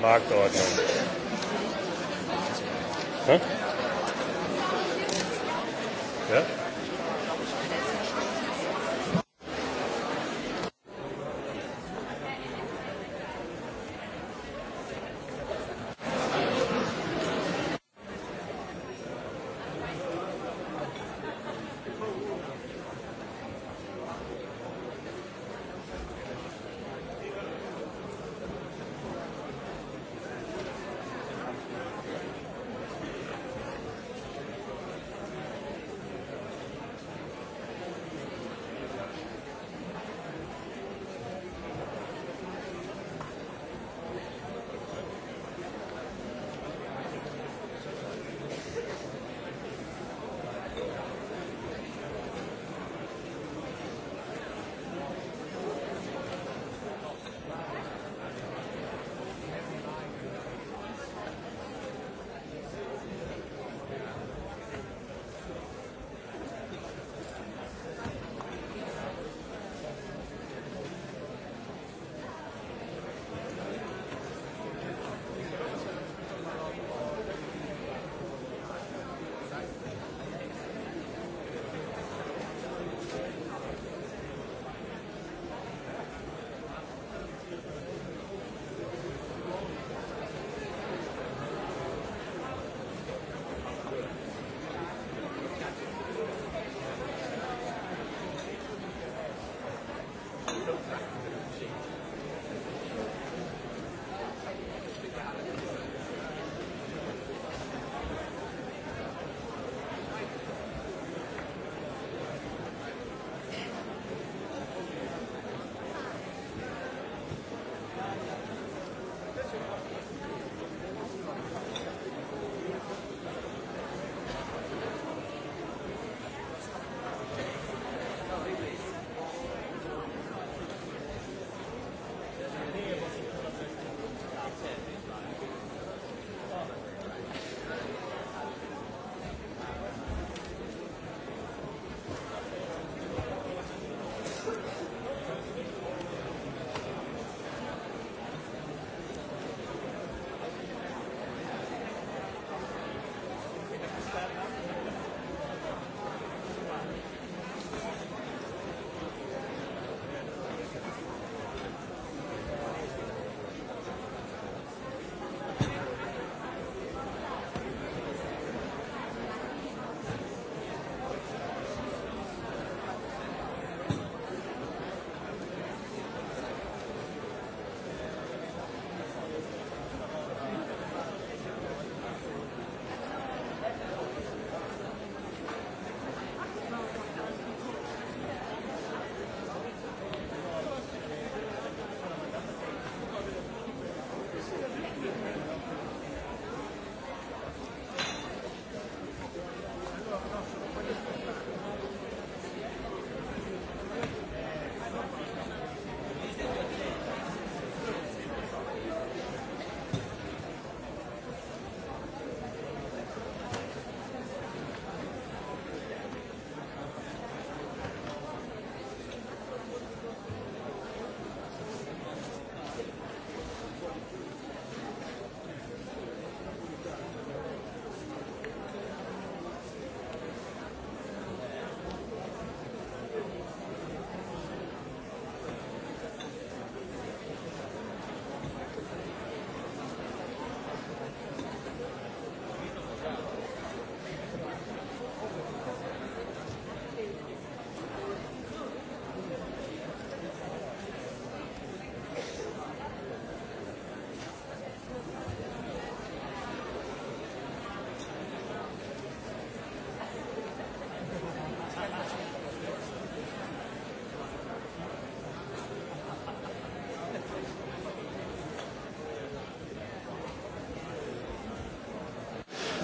Marktordnung.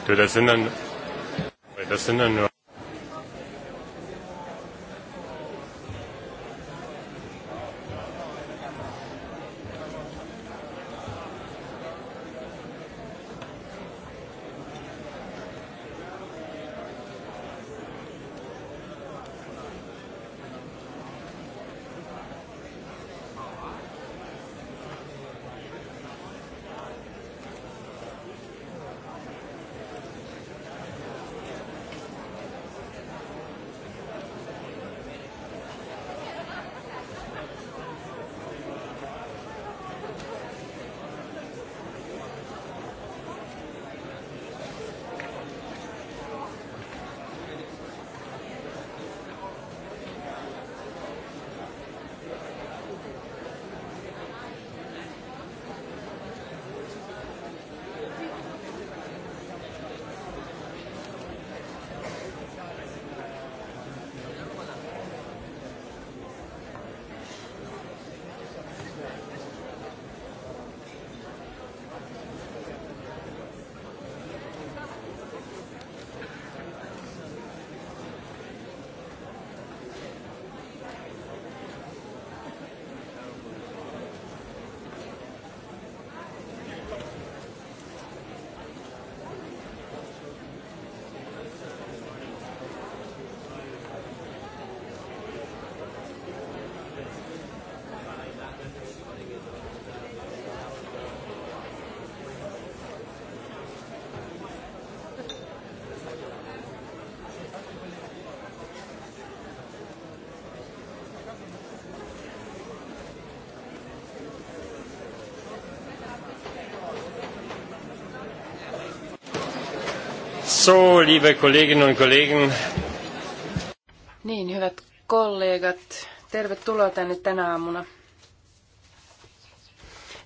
Du, das sind dann, das sind dann nur So, liebe Kolleginnen und Kollegen. Niin, hyvät kollegat, tervetuloa tänne tänä aamuna.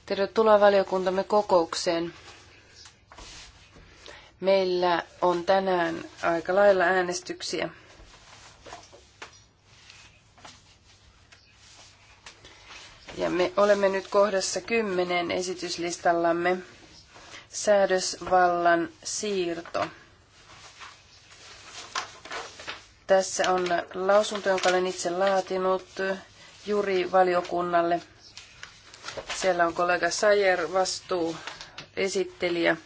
Tervetuloa valiokuntamme kokoukseen. Meillä on tänään aika lailla äänestyksiä. Ja me olemme nyt kohdassa kymmenen esityslistallamme säädösvallan siirto. Tässä on lausunto, jonka olen itse laatinut juri valiokunnalle. Siellä on kollega Sajer vastuu esittelijä.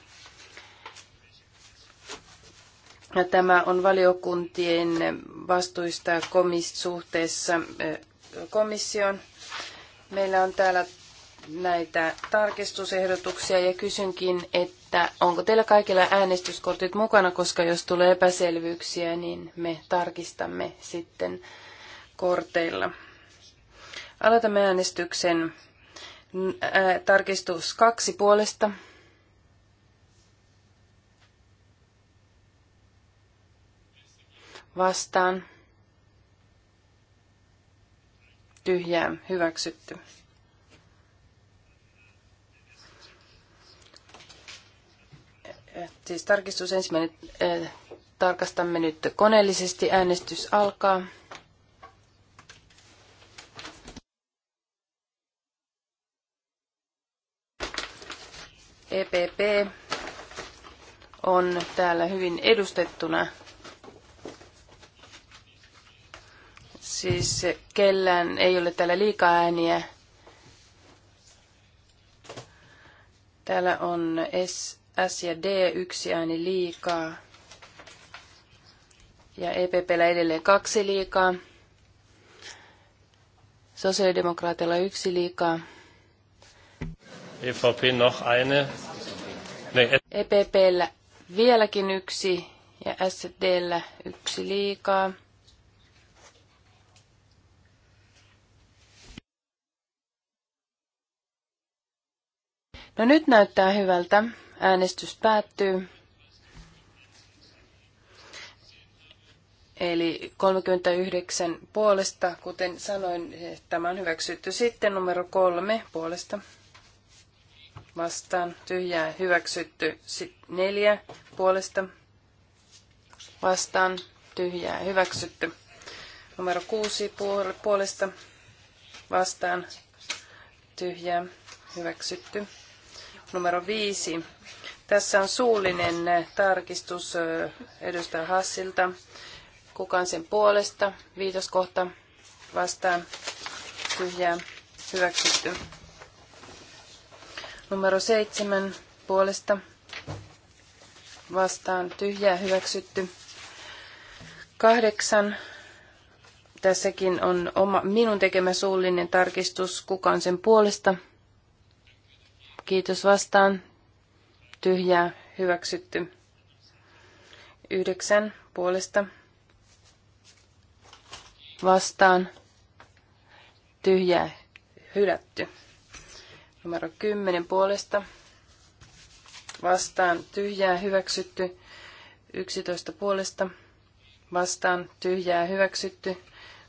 Ja tämä on valiokuntien vastuista komis- suhteessa komission. Meillä on täällä näitä tarkistusehdotuksia ja kysynkin, että onko teillä kaikilla äänestyskortit mukana, koska jos tulee epäselvyyksiä, niin me tarkistamme sitten korteilla. Aloitamme äänestyksen. Ää, äh, tarkistus kaksi puolesta. Vastaan. Tyhjää. Hyväksytty. Siis tarkistus ensimmäinen. Eh, tarkastamme nyt koneellisesti. Äänestys alkaa. EPP on täällä hyvin edustettuna. Siis kellään ei ole täällä liikaa ääniä. Täällä on S, S ja D yksi ääni liikaa. Ja EPPllä edelleen kaksi liikaa. Sosiaalidemokraatilla yksi liikaa. EVP noch eine. Nee. EPPllä e vieläkin yksi ja SDllä yksi liikaa. No nyt näyttää hyvältä. Äänestys päättyy. Eli 39 puolesta, kuten sanoin, tämä on hyväksytty. Sitten numero kolme puolesta vastaan, tyhjää hyväksytty. Sitten neljä puolesta vastaan, tyhjää hyväksytty. Numero kuusi puolesta vastaan, tyhjää hyväksytty numero viisi. Tässä on suullinen tarkistus edustaja Hassilta. Kukaan sen puolesta? Viitoskohta vastaan. Tyhjää. Hyväksytty. Numero seitsemän puolesta vastaan. Tyhjää. Hyväksytty. Kahdeksan. Tässäkin on oma, minun tekemä suullinen tarkistus. Kukaan sen puolesta? Kiitos vastaan. Tyhjää. Hyväksytty. Yhdeksän puolesta. Vastaan. Tyhjää. Hylätty. Numero kymmenen puolesta. Vastaan. Tyhjää. Hyväksytty. Yksitoista puolesta. Vastaan. Tyhjää. Hyväksytty.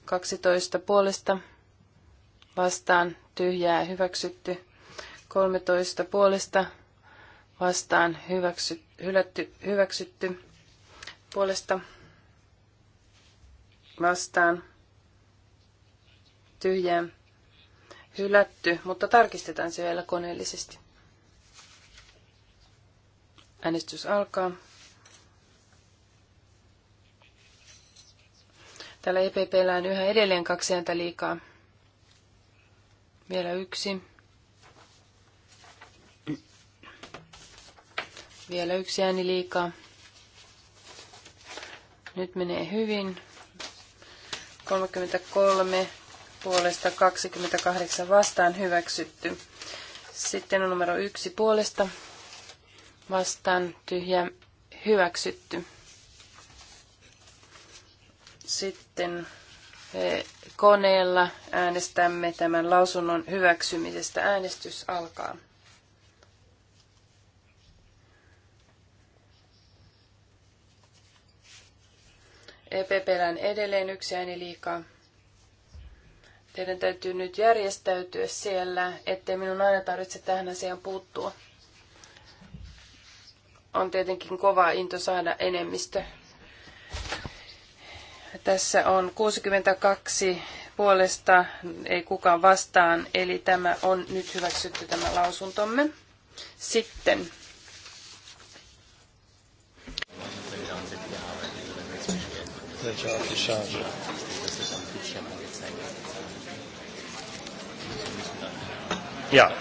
Kaksitoista puolesta vastaan tyhjää hyväksytty, 13 puolesta vastaan hyväksy, hylätty, hyväksytty puolesta vastaan tyhjään hylätty, mutta tarkistetaan se vielä koneellisesti. Äänestys alkaa. Täällä EPPllä on yhä edelleen kaksi ääntä liikaa. Vielä yksi. Vielä yksi ääni liikaa. Nyt menee hyvin. 33 puolesta 28 vastaan hyväksytty. Sitten on numero yksi puolesta vastaan tyhjä hyväksytty. Sitten eh, koneella äänestämme tämän lausunnon hyväksymisestä. Äänestys alkaa. EPPllä on edelleen yksi ääni liikaa. Teidän täytyy nyt järjestäytyä siellä, ettei minun aina tarvitse tähän asiaan puuttua. On tietenkin kova into saada enemmistö. Tässä on 62 puolesta, ei kukaan vastaan, eli tämä on nyt hyväksytty tämä lausuntomme. Sitten Noi ce Ja.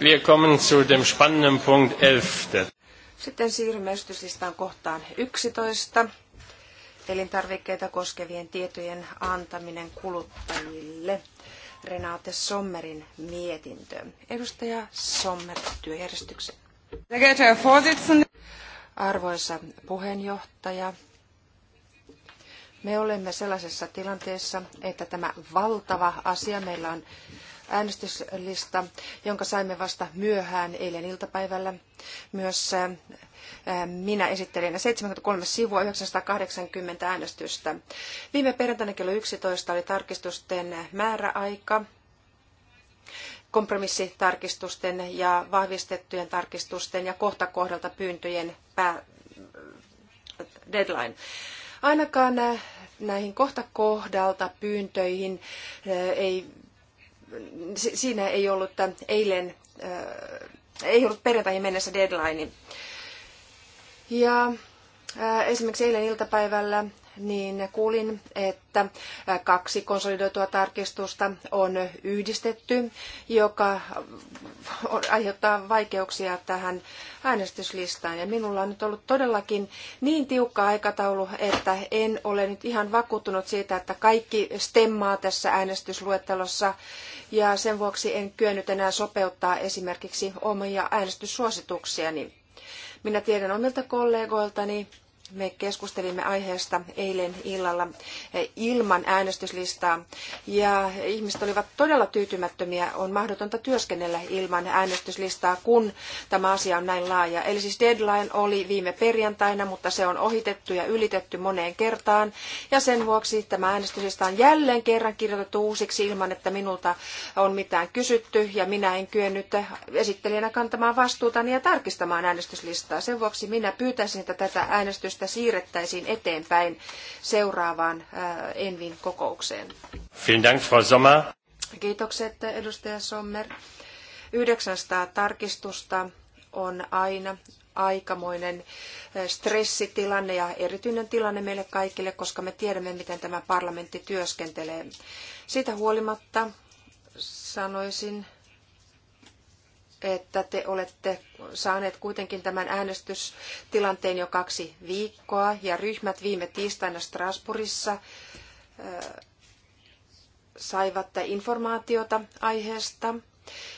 Wir kommen zu dem spannenden Punkt 11. Sitten siirrymme esityslistan kohtaan 11. Elintarvikkeita koskevien tietojen antaminen kuluttajille. Renate Sommerin mietintö. Edustaja Sommer työjärjestyksen Arvoisa puheenjohtaja, me olemme sellaisessa tilanteessa, että tämä valtava asia, meillä on äänestyslista, jonka saimme vasta myöhään eilen iltapäivällä. Myös minä esittelin 73 sivua 980 äänestystä. Viime perjantaina kello 11 oli tarkistusten määräaika kompromissitarkistusten ja vahvistettujen tarkistusten ja kohta kohdalta pyyntöjen pää, deadline. Ainakaan äh, näihin kohta kohdalta pyyntöihin äh, ei, siinä ei ollut äh, eilen, ei ollut perjantaihin mennessä deadline. Ja esimerkiksi eilen iltapäivällä niin kuulin, että kaksi konsolidoitua tarkistusta on yhdistetty, joka aiheuttaa vaikeuksia tähän äänestyslistaan. Ja minulla on nyt ollut todellakin niin tiukka aikataulu, että en ole nyt ihan vakuuttunut siitä, että kaikki stemmaa tässä äänestysluettelossa. Ja sen vuoksi en kyennyt enää sopeuttaa esimerkiksi omia äänestyssuosituksiani. Minä tiedän omilta kollegoiltani, me keskustelimme aiheesta eilen illalla eh, ilman äänestyslistaa ja ihmiset olivat todella tyytymättömiä. On mahdotonta työskennellä ilman äänestyslistaa, kun tämä asia on näin laaja. Eli siis deadline oli viime perjantaina, mutta se on ohitettu ja ylitetty moneen kertaan. Ja sen vuoksi tämä äänestyslista on jälleen kerran kirjoitettu uusiksi ilman, että minulta on mitään kysytty ja minä en kyennyt esittelijänä kantamaan vastuutani ja tarkistamaan äänestyslistaa. Sen vuoksi minä pyytäisin, että tätä äänestystä sitä siirrettäisiin eteenpäin seuraavaan Envin kokoukseen. Dank, Frau Sommer. Kiitokset, edustaja Sommer. 900 tarkistusta on aina aikamoinen stressitilanne ja erityinen tilanne meille kaikille, koska me tiedämme, miten tämä parlamentti työskentelee. Siitä huolimatta sanoisin, että te olette saaneet kuitenkin tämän äänestystilanteen jo kaksi viikkoa ja ryhmät viime tiistaina Strasbourgissa saivat informaatiota aiheesta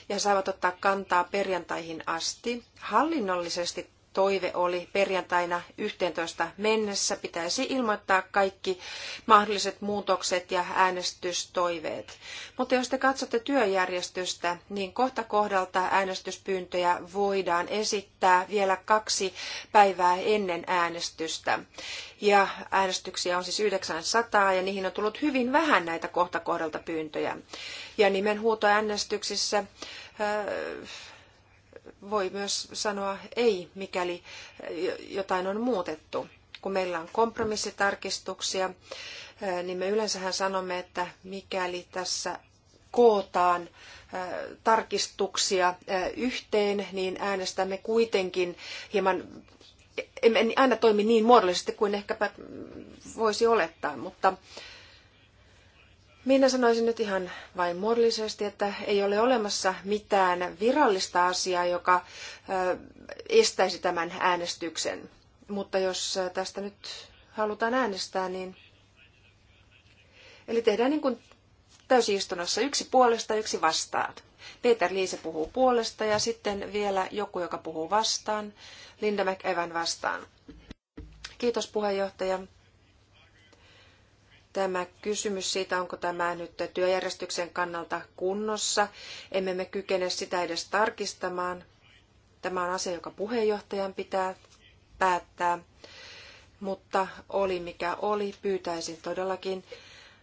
ja saivat ottaa kantaa perjantaihin asti. Hallinnollisesti toive oli perjantaina 11 mennessä pitäisi ilmoittaa kaikki mahdolliset muutokset ja äänestystoiveet. Mutta jos te katsotte työjärjestystä, niin kohta kohdalta äänestyspyyntöjä voidaan esittää vielä kaksi päivää ennen äänestystä. Ja äänestyksiä on siis 900 ja niihin on tullut hyvin vähän näitä kohta kohdalta pyyntöjä. Ja nimenhuutoäänestyksissä voi myös sanoa ei, mikäli jotain on muutettu. Kun meillä on kompromissitarkistuksia, niin me yleensähän sanomme, että mikäli tässä kootaan tarkistuksia yhteen, niin äänestämme kuitenkin hieman emme aina toimi niin muodollisesti kuin ehkäpä voisi olettaa, mutta minä sanoisin nyt ihan vain muodollisesti, että ei ole olemassa mitään virallista asiaa, joka estäisi tämän äänestyksen. Mutta jos tästä nyt halutaan äänestää, niin... Eli tehdään niin kuin täysistunnossa yksi puolesta, yksi vastaan. Peter Liise puhuu puolesta ja sitten vielä joku, joka puhuu vastaan. Linda McEvan vastaan. Kiitos puheenjohtaja tämä kysymys siitä, onko tämä nyt työjärjestyksen kannalta kunnossa. Emme me kykene sitä edes tarkistamaan. Tämä on asia, joka puheenjohtajan pitää päättää. Mutta oli mikä oli, pyytäisin todellakin,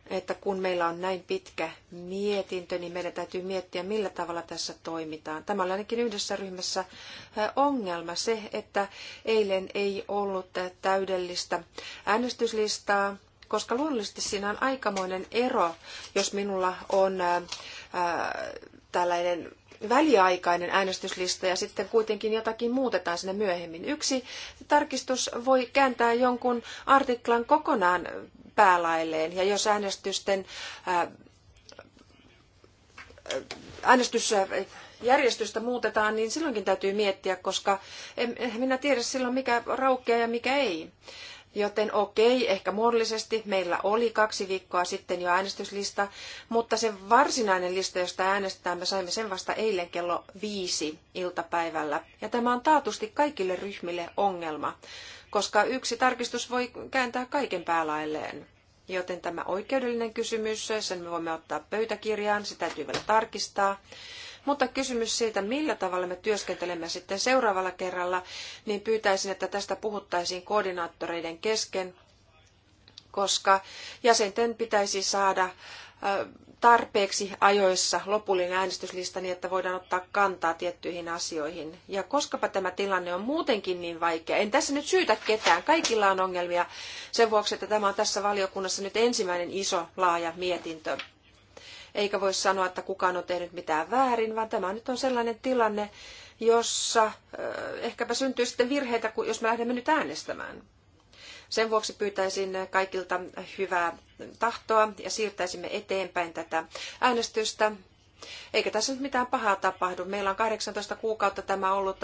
että kun meillä on näin pitkä mietintö, niin meidän täytyy miettiä, millä tavalla tässä toimitaan. Tämä oli ainakin yhdessä ryhmässä ongelma se, että eilen ei ollut täydellistä äänestyslistaa, koska luonnollisesti siinä on aikamoinen ero, jos minulla on ää, tällainen väliaikainen äänestyslista ja sitten kuitenkin jotakin muutetaan sinne myöhemmin. Yksi tarkistus voi kääntää jonkun artiklan kokonaan päälailleen ja jos äänestysten ää, äänestysjärjestystä muutetaan, niin silloinkin täytyy miettiä, koska en, en minä tiedä silloin mikä raukeaa ja mikä ei. Joten okei, ehkä muodollisesti meillä oli kaksi viikkoa sitten jo äänestyslista, mutta se varsinainen lista, josta äänestetään, me saimme sen vasta eilen kello viisi iltapäivällä. Ja tämä on taatusti kaikille ryhmille ongelma, koska yksi tarkistus voi kääntää kaiken päälailleen. Joten tämä oikeudellinen kysymys, sen me voimme ottaa pöytäkirjaan, se täytyy vielä tarkistaa. Mutta kysymys siitä, millä tavalla me työskentelemme sitten seuraavalla kerralla, niin pyytäisin, että tästä puhuttaisiin koordinaattoreiden kesken, koska jäsenten pitäisi saada tarpeeksi ajoissa lopullinen äänestyslista niin, että voidaan ottaa kantaa tiettyihin asioihin. Ja koskapa tämä tilanne on muutenkin niin vaikea, en tässä nyt syytä ketään, kaikilla on ongelmia sen vuoksi, että tämä on tässä valiokunnassa nyt ensimmäinen iso laaja mietintö eikä voi sanoa, että kukaan on tehnyt mitään väärin, vaan tämä nyt on sellainen tilanne, jossa ehkäpä syntyy sitten virheitä, jos me lähdemme nyt äänestämään. Sen vuoksi pyytäisin kaikilta hyvää tahtoa ja siirtäisimme eteenpäin tätä äänestystä eikä tässä nyt mitään pahaa tapahdu. Meillä on 18 kuukautta tämä ollut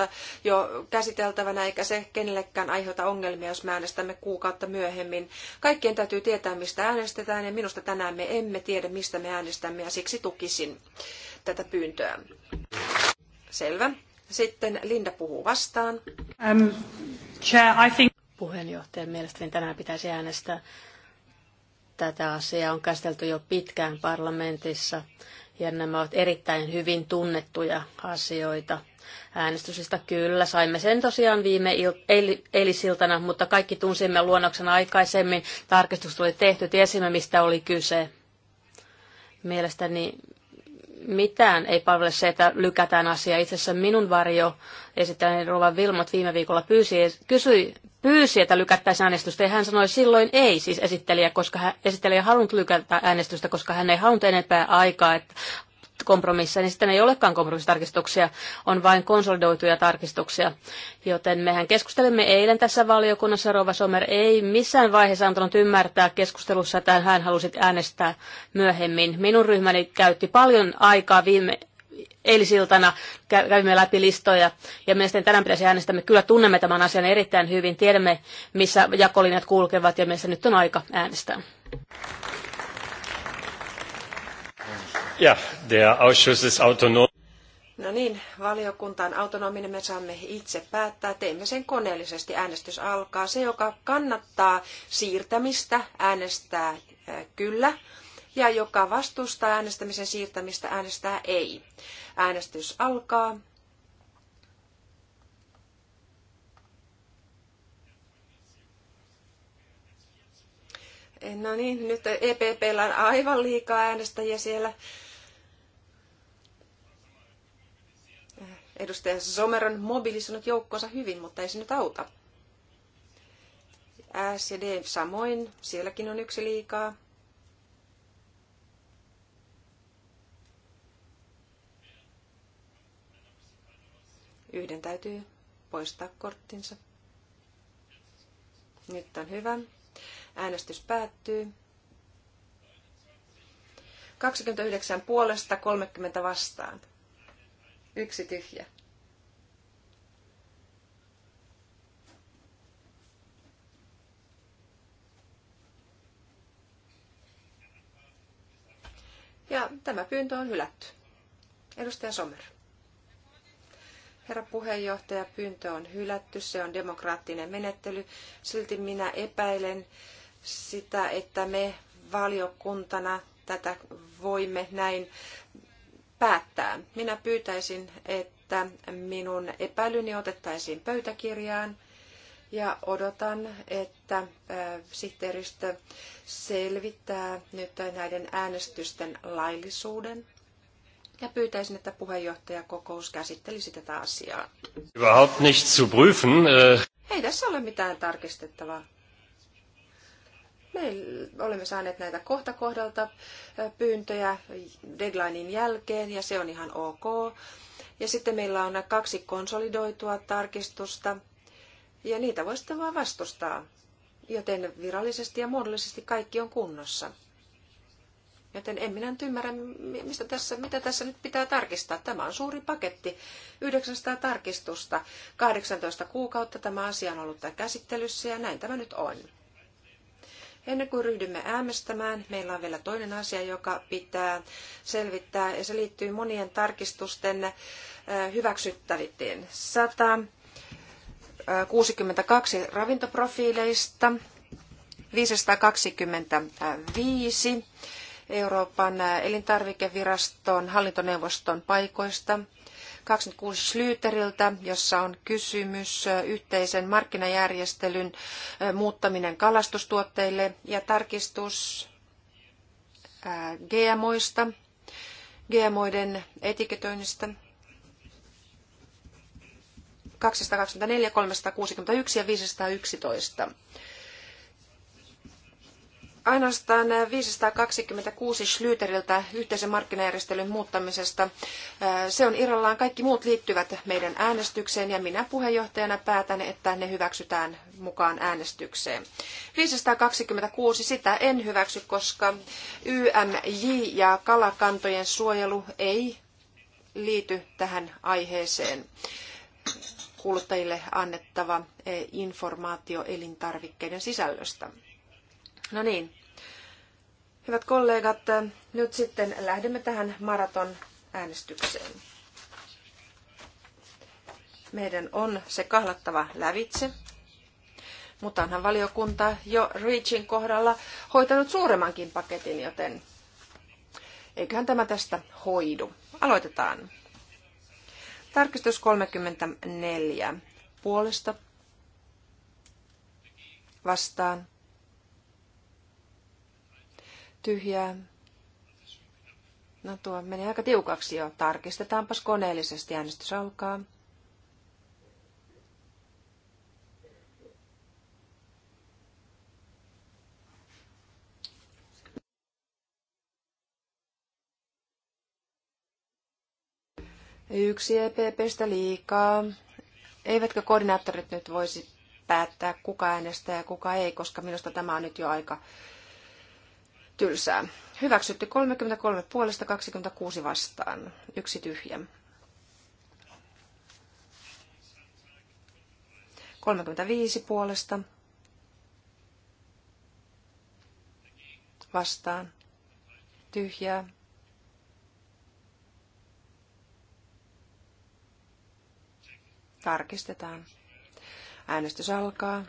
jo käsiteltävänä, eikä se kenellekään aiheuta ongelmia, jos me äänestämme kuukautta myöhemmin. Kaikkien täytyy tietää, mistä äänestetään, ja minusta tänään me emme tiedä, mistä me äänestämme, ja siksi tukisin tätä pyyntöä. Selvä. Sitten Linda puhuu vastaan. Um, chair, I think... Puheenjohtajan mielestäni tänään pitäisi äänestää. Tätä asiaa on käsitelty jo pitkään parlamentissa ja nämä ovat erittäin hyvin tunnettuja asioita äänestysistä. Kyllä, saimme sen tosiaan viime il- eil- eilisiltana, mutta kaikki tunsimme luonnoksen aikaisemmin. Tarkistus oli tehty, tiesimme mistä oli kyse. Mielestäni mitään ei palvele se, että lykätään asiaa. Itse asiassa minun varjo esittäjäni Rova Vilmot viime viikolla pyysi, kysyi pyysi, että lykättäisiin äänestystä, ja hän sanoi silloin ei, siis esittelijä, koska hän, esittelijä halunnut lykätä äänestystä, koska hän ei halunnut enempää aikaa, että kompromissa, niin sitten ei olekaan kompromissitarkistuksia, on vain konsolidoituja tarkistuksia. Joten mehän keskustelimme eilen tässä valiokunnassa, Rova Sommer ei missään vaiheessa antanut ymmärtää keskustelussa, että hän halusi äänestää myöhemmin. Minun ryhmäni käytti paljon aikaa viime eilisiltana kävimme läpi listoja ja mielestäni tänään pitäisi äänestää. Me kyllä tunnemme tämän asian erittäin hyvin, tiedämme missä jakolinjat kulkevat ja mielestäni nyt on aika äänestää. Ja, der Ausschuss ist autonom. No niin, valiokunta on autonominen, me saamme itse päättää. Teemme sen koneellisesti. Äänestys alkaa. Se, joka kannattaa siirtämistä, äänestää äh, kyllä ja joka vastustaa äänestämisen siirtämistä äänestää ei. Äänestys alkaa. No niin, nyt EPPllä on aivan liikaa äänestäjiä siellä. Edustaja Sommer on mobilisoinut joukkonsa hyvin, mutta ei se nyt auta. S ja D samoin, sielläkin on yksi liikaa. Yhden täytyy poistaa korttinsa. Nyt on hyvä. Äänestys päättyy. 29 puolesta, 30 vastaan. Yksi tyhjä. Ja tämä pyyntö on hylätty. Edustaja Sommer. Herra puheenjohtaja, pyyntö on hylätty, se on demokraattinen menettely. Silti minä epäilen sitä, että me valiokuntana tätä voimme näin päättää. Minä pyytäisin, että minun epäilyni otettaisiin pöytäkirjaan ja odotan, että sihteeristö selvittää nyt näiden äänestysten laillisuuden ja pyytäisin, että puheenjohtajakokous käsittelisi tätä asiaa. Überhaupt nicht zu prüfen. Äh. Ei tässä ole mitään tarkistettavaa. Me olemme saaneet näitä kohta kohdalta äh, pyyntöjä deadlinein jälkeen ja se on ihan ok. Ja sitten meillä on kaksi konsolidoitua tarkistusta ja niitä voi sitten vaan vastustaa. Joten virallisesti ja muodollisesti kaikki on kunnossa. Joten en minä nyt ymmärrä, mistä tässä, mitä tässä nyt pitää tarkistaa. Tämä on suuri paketti, 900 tarkistusta, 18 kuukautta tämä asia on ollut käsittelyssä ja näin tämä nyt on. Ennen kuin ryhdymme äämestämään, meillä on vielä toinen asia, joka pitää selvittää, ja se liittyy monien tarkistusten äh, hyväksyttävyyteen. 162 äh, ravintoprofiileista, 525 Euroopan elintarvikeviraston hallintoneuvoston paikoista. 26 Slyteriltä, jossa on kysymys yhteisen markkinajärjestelyn muuttaminen kalastustuotteille ja tarkistus GMOista, GMOiden etiketöinnistä. 224, 361 ja 511. Ainoastaan 526 Schlüteriltä yhteisen markkinajärjestelyn muuttamisesta. Se on irrallaan. Kaikki muut liittyvät meidän äänestykseen ja minä puheenjohtajana päätän, että ne hyväksytään mukaan äänestykseen. 526 sitä en hyväksy, koska YMJ ja kalakantojen suojelu ei liity tähän aiheeseen kuluttajille annettava e, informaatio elintarvikkeiden sisällöstä. No niin, hyvät kollegat, nyt sitten lähdemme tähän maraton äänestykseen. Meidän on se kahlattava lävitse, mutta onhan valiokunta jo Reachin kohdalla hoitanut suuremmankin paketin, joten eiköhän tämä tästä hoidu. Aloitetaan. Tarkistus 34. Puolesta. Vastaan tyhjää. No tuo meni aika tiukaksi jo. Tarkistetaanpas koneellisesti. Äänestys alkaa. Yksi EPPstä liikaa. Eivätkö koordinaattorit nyt voisi päättää, kuka äänestää ja kuka ei, koska minusta tämä on nyt jo aika Tylsää. Hyväksytty 33 puolesta 26 vastaan. Yksi tyhjä. 35 puolesta vastaan. Tyhjää. Tarkistetaan. Äänestys alkaa.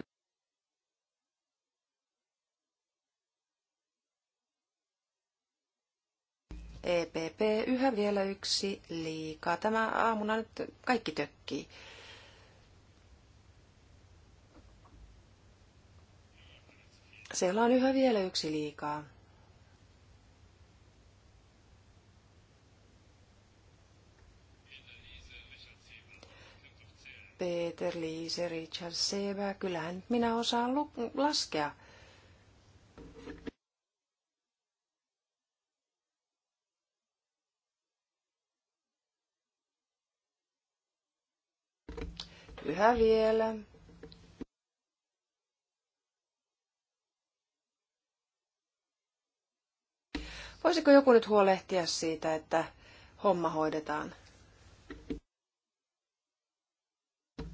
EPP, yhä vielä yksi liikaa. Tämä aamuna nyt kaikki tökkii. Siellä on yhä vielä yksi liikaa. Peter, Liise, Richard, Seba, kyllähän minä osaan laskea. Yhä vielä. Voisiko joku nyt huolehtia siitä, että homma hoidetaan?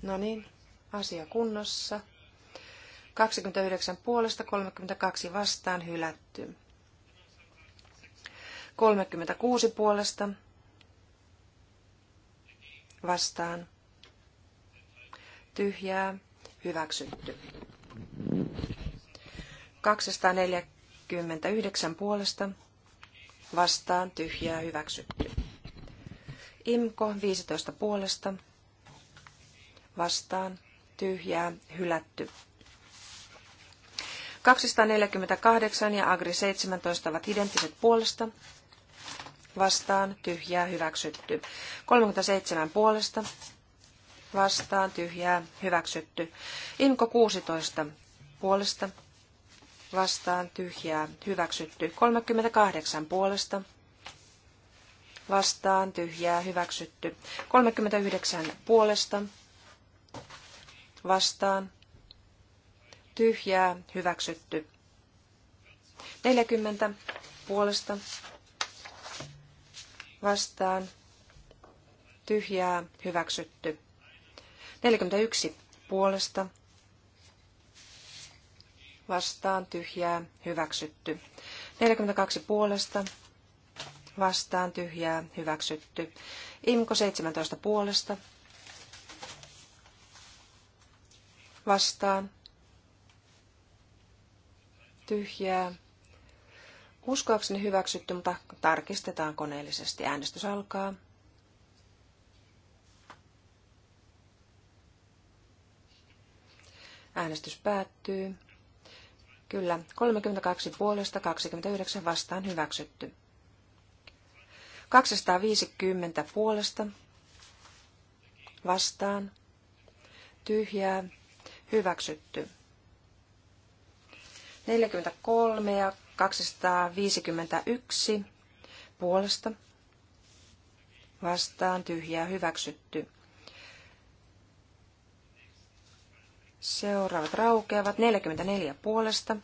No niin, asia kunnossa. 29 puolesta 32 vastaan hylätty. 36 puolesta vastaan tyhjää, hyväksytty. 249 puolesta, vastaan, tyhjää, hyväksytty. Imko 15 puolesta, vastaan, tyhjää, hylätty. 248 ja Agri 17 ovat identtiset puolesta, vastaan, tyhjää, hyväksytty. 37 puolesta, vastaan tyhjää hyväksytty. Imko 16 puolesta vastaan tyhjää hyväksytty. 38 puolesta vastaan tyhjää hyväksytty. 39 puolesta vastaan tyhjää hyväksytty. 40 puolesta vastaan tyhjää hyväksytty. 41 puolesta vastaan tyhjää hyväksytty. 42 puolesta vastaan tyhjää hyväksytty. Imko 17 puolesta vastaan tyhjää. Uskoakseni hyväksytty, mutta tarkistetaan koneellisesti. Äänestys alkaa. Äänestys päättyy. Kyllä, 32 puolesta 29 vastaan hyväksytty. 250 puolesta vastaan tyhjää hyväksytty. 43 ja 251 puolesta vastaan tyhjää hyväksytty. Seuraavat raukeavat. 44 puolesta.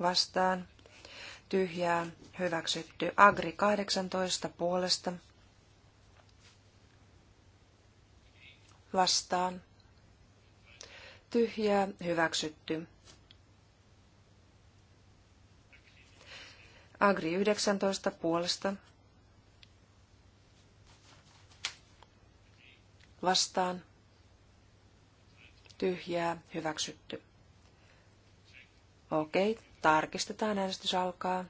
Vastaan. Tyhjää. Hyväksytty. Agri 18 puolesta. Vastaan. Tyhjää. Hyväksytty. Agri 19 puolesta. Vastaan tyhjää, hyväksytty. Okei, tarkistetaan, äänestys alkaa.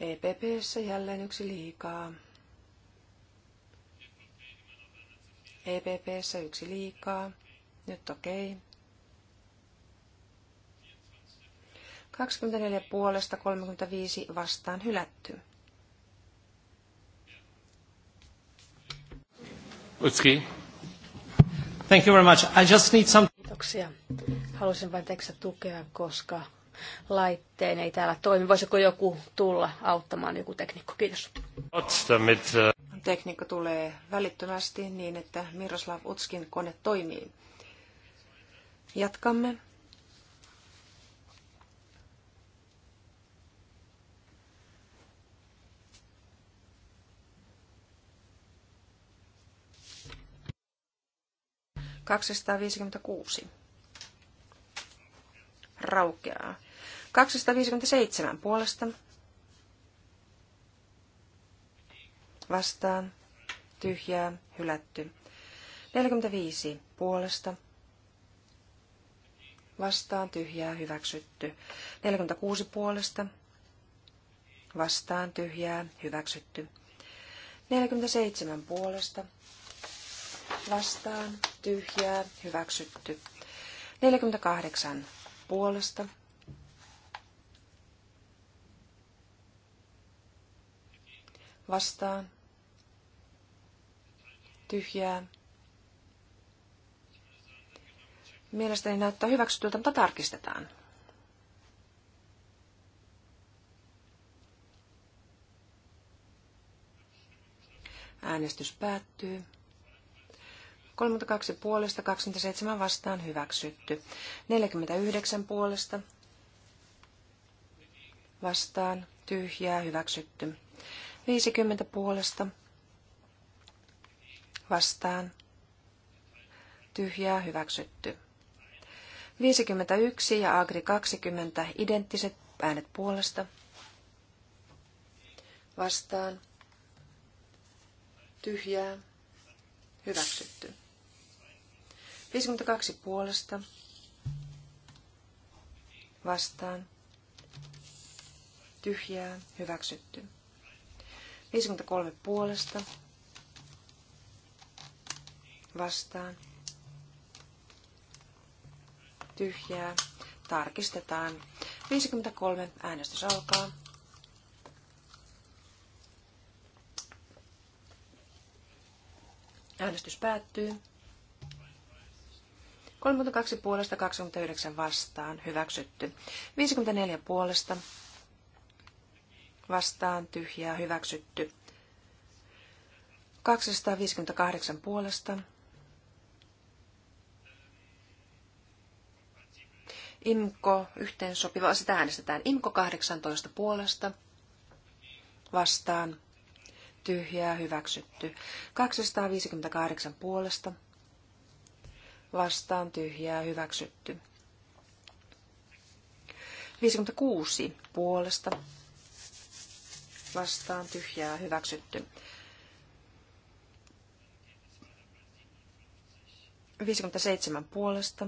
EPPssä jälleen yksi liikaa. EPPssä yksi liikaa. Nyt okei. Okay. 24 puolesta 35 vastaan hylätty. Utski. Thank you very much. I just need some... Kiitoksia. Haluaisin vain tekstiä tukea, koska laitteen ei täällä toimi. Voisiko joku tulla auttamaan, joku teknikko? Kiitos. Äh, teknikko tulee välittömästi niin, että Miroslav Utskin kone toimii. Jatkamme. 256 raukeaa. 257 puolesta vastaan tyhjää hylätty. 45 puolesta vastaan tyhjää hyväksytty. 46 puolesta vastaan tyhjää hyväksytty. 47 puolesta vastaan tyhjää, hyväksytty. 48 puolesta. Vastaan. Tyhjää. Mielestäni näyttää hyväksytyltä, mutta tarkistetaan. Äänestys päättyy. 32 puolesta, 27 vastaan hyväksytty. 49 puolesta vastaan tyhjää hyväksytty. 50 puolesta vastaan tyhjää hyväksytty. 51 ja Agri 20 identtiset äänet puolesta vastaan tyhjää hyväksytty. 52 puolesta vastaan tyhjää hyväksytty. 53 puolesta vastaan tyhjää tarkistetaan. 53 äänestys alkaa. Äänestys päättyy. 32 puolesta 29 vastaan hyväksytty. 54 puolesta vastaan tyhjää hyväksytty. 258 puolesta. Imko yhteen sopiva, sitä äänestetään. Imko 18 puolesta vastaan tyhjää hyväksytty. 258 puolesta vastaan tyhjää hyväksytty. 56 puolesta vastaan tyhjää hyväksytty. 57 puolesta.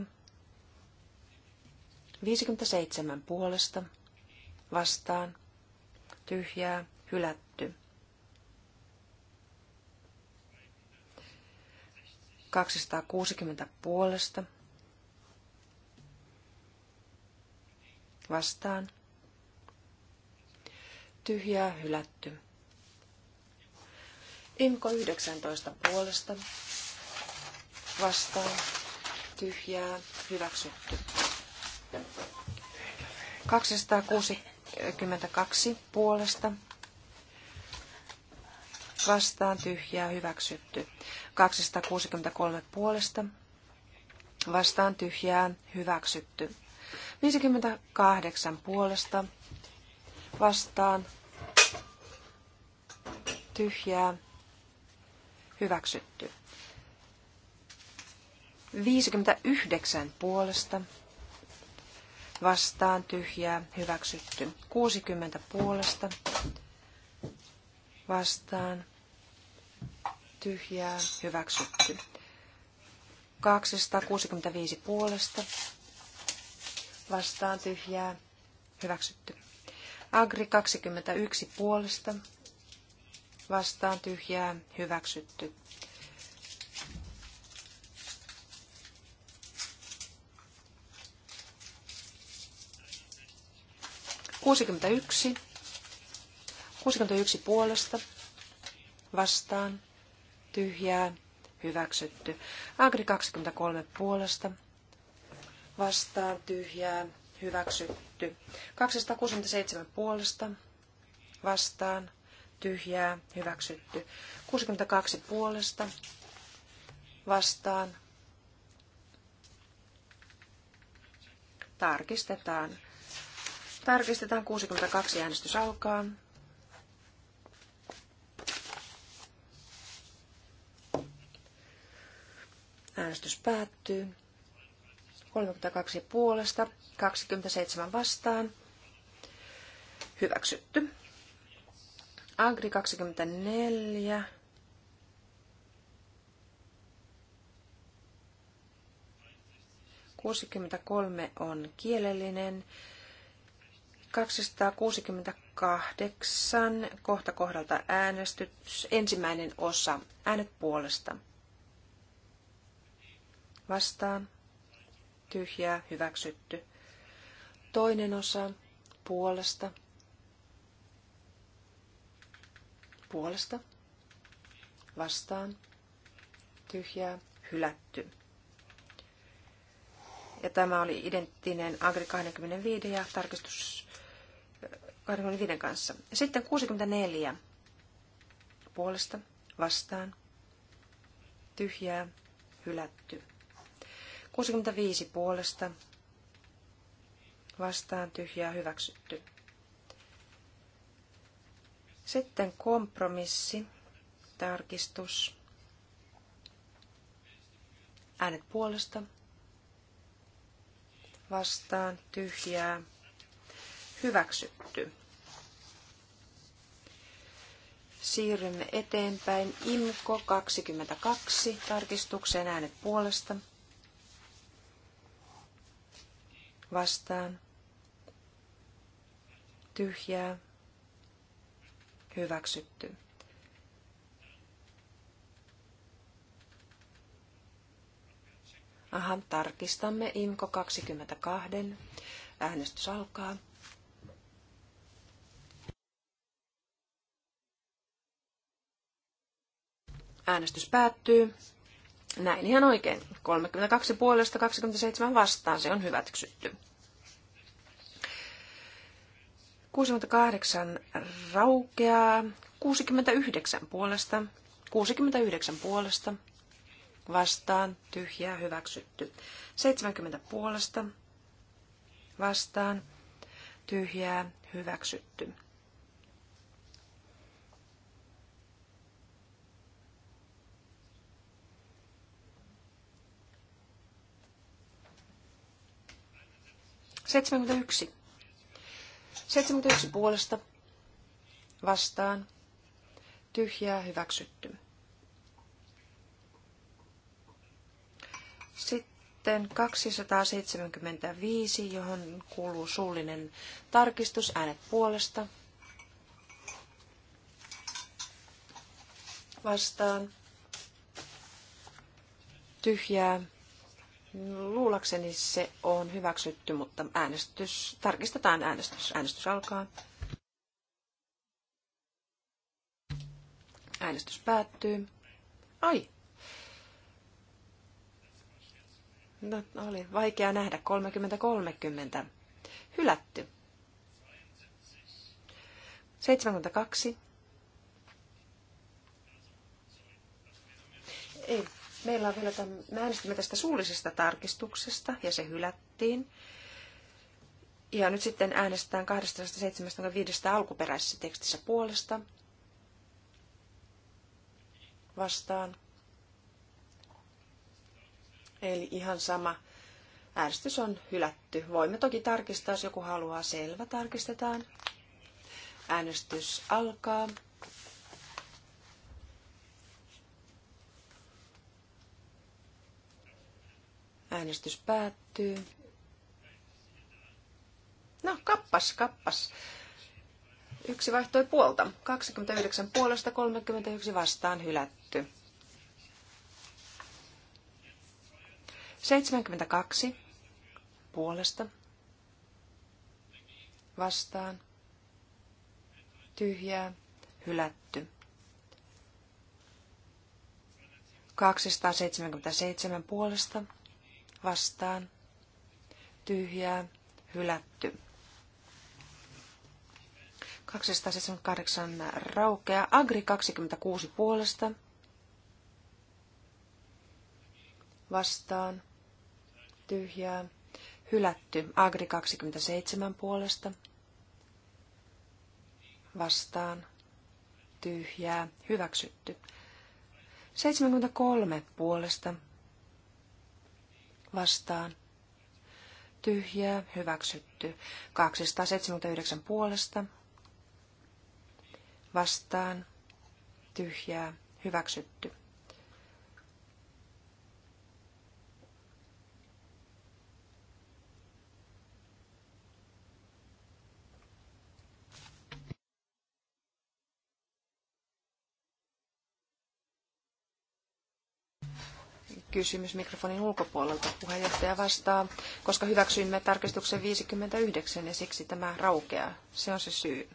57 puolesta vastaan tyhjää hylätty. 260 puolesta vastaan. Tyhjää hylätty. Inko 19 puolesta vastaan. Tyhjää hyväksytty. 262 puolesta vastaan tyhjää hyväksytty. 263 puolesta vastaan tyhjää hyväksytty. 58 puolesta vastaan tyhjää hyväksytty. 59 puolesta vastaan tyhjää hyväksytty. 60 puolesta vastaan tyhjää, hyväksytty. 265 puolesta, vastaan tyhjää, hyväksytty. Agri 21 puolesta, vastaan tyhjää, hyväksytty. Kuusikymmentäyksi. Kuusikymmentäyksi puolesta vastaan tyhjää, hyväksytty. Agri 23 puolesta, vastaan, tyhjää, hyväksytty. 267 puolesta, vastaan, tyhjää, hyväksytty. 62 puolesta, vastaan, tarkistetaan. Tarkistetaan 62 äänestys alkaa. Äänestys päättyy. 32 puolesta, 27 vastaan. Hyväksytty. Agri 24. Kuusikymmentäkolme on kielellinen. 268 kohta kohdalta äänestys. Ensimmäinen osa. Äänet puolesta vastaan, tyhjää, hyväksytty. Toinen osa puolesta, puolesta, vastaan, tyhjää, hylätty. Ja tämä oli identtinen Agri 25 ja tarkistus 25 äh, kanssa. Sitten 64 puolesta, vastaan, tyhjää, hylätty. 65 puolesta vastaan tyhjää hyväksytty. Sitten kompromissi, tarkistus, äänet puolesta, vastaan tyhjää, hyväksytty. Siirrymme eteenpäin. IMKO 22, tarkistukseen äänet puolesta, vastaan, tyhjää, hyväksytty. Aha, tarkistamme IMKO 22. Äänestys alkaa. Äänestys päättyy. Näin ihan oikein. 32 puolesta 27 vastaan se on hyväksytty. 68 raukeaa. 69 puolesta. 69 puolesta. Vastaan. Tyhjää. Hyväksytty. 70 puolesta. Vastaan. Tyhjää. Hyväksytty. 71. 71 puolesta vastaan tyhjää hyväksytty. Sitten 275, johon kuuluu suullinen tarkistus, äänet puolesta. Vastaan. Tyhjää Luulakseni se on hyväksytty, mutta äänestys, tarkistetaan äänestys. Äänestys alkaa. Äänestys päättyy. Ai! No, oli vaikea nähdä. 30-30. Hylätty. 72. Ei, Meillä on vielä tämän, me äänestimme tästä suullisesta tarkistuksesta ja se hylättiin. Ja nyt sitten äänestetään 275 alkuperäisessä tekstissä puolesta. Vastaan. Eli ihan sama. Äänestys on hylätty. Voimme toki tarkistaa, jos joku haluaa. Selvä, tarkistetaan. Äänestys alkaa. Äänestys päättyy. No, kappas, kappas. Yksi vaihtoi puolta. 29 puolesta 31 vastaan hylätty. 72 puolesta vastaan tyhjää hylätty. 277 puolesta vastaan, tyhjää, hylätty. 278 raukea, Agri 26 puolesta, vastaan, tyhjää, hylätty, Agri 27 puolesta, vastaan, tyhjää, hyväksytty. 73 puolesta, vastaan. Tyhjää, hyväksytty. 279 puolesta vastaan. Tyhjää, hyväksytty. kysymys mikrofonin ulkopuolelta. Puheenjohtaja vastaa, koska hyväksyimme tarkistuksen 59 ja siksi tämä raukeaa. Se on se syy.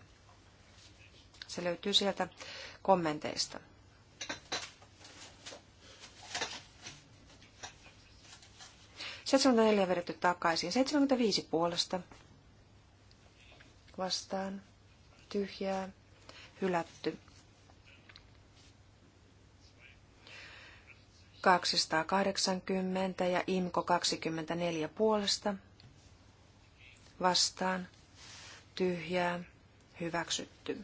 Se löytyy sieltä kommenteista. Seitsemänkymmentäneljä vedetty takaisin. 75 puolesta. Vastaan. Tyhjää. Hylätty. 280 ja IMKO 24 puolesta. Vastaan. Tyhjää. Hyväksytty.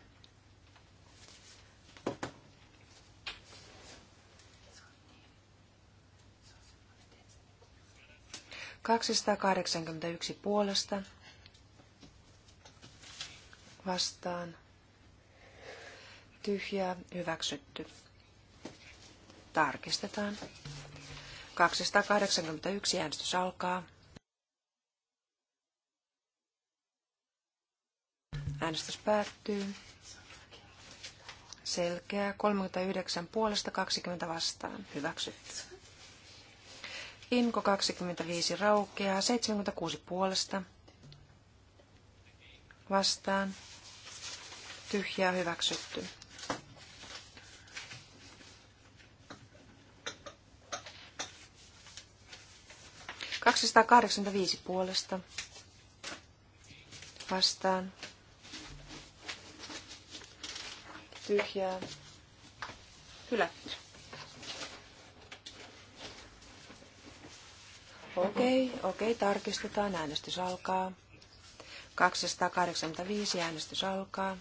Kaksisataakahdeksankymmentäyksi puolesta vastaan tyhjää hyväksytty. Tarkistetaan. 281 äänestys alkaa. Äänestys päättyy. Selkeä. 39 puolesta 20 vastaan. Hyväksytty. Inko 25 raukeaa. 76 puolesta. Vastaan. Tyhjää hyväksytty. 285 puolesta vastaan. Tyhjää. Hylätty. Okei, okay, okei, okay, tarkistetaan. Äänestys alkaa. 285 äänestys alkaa.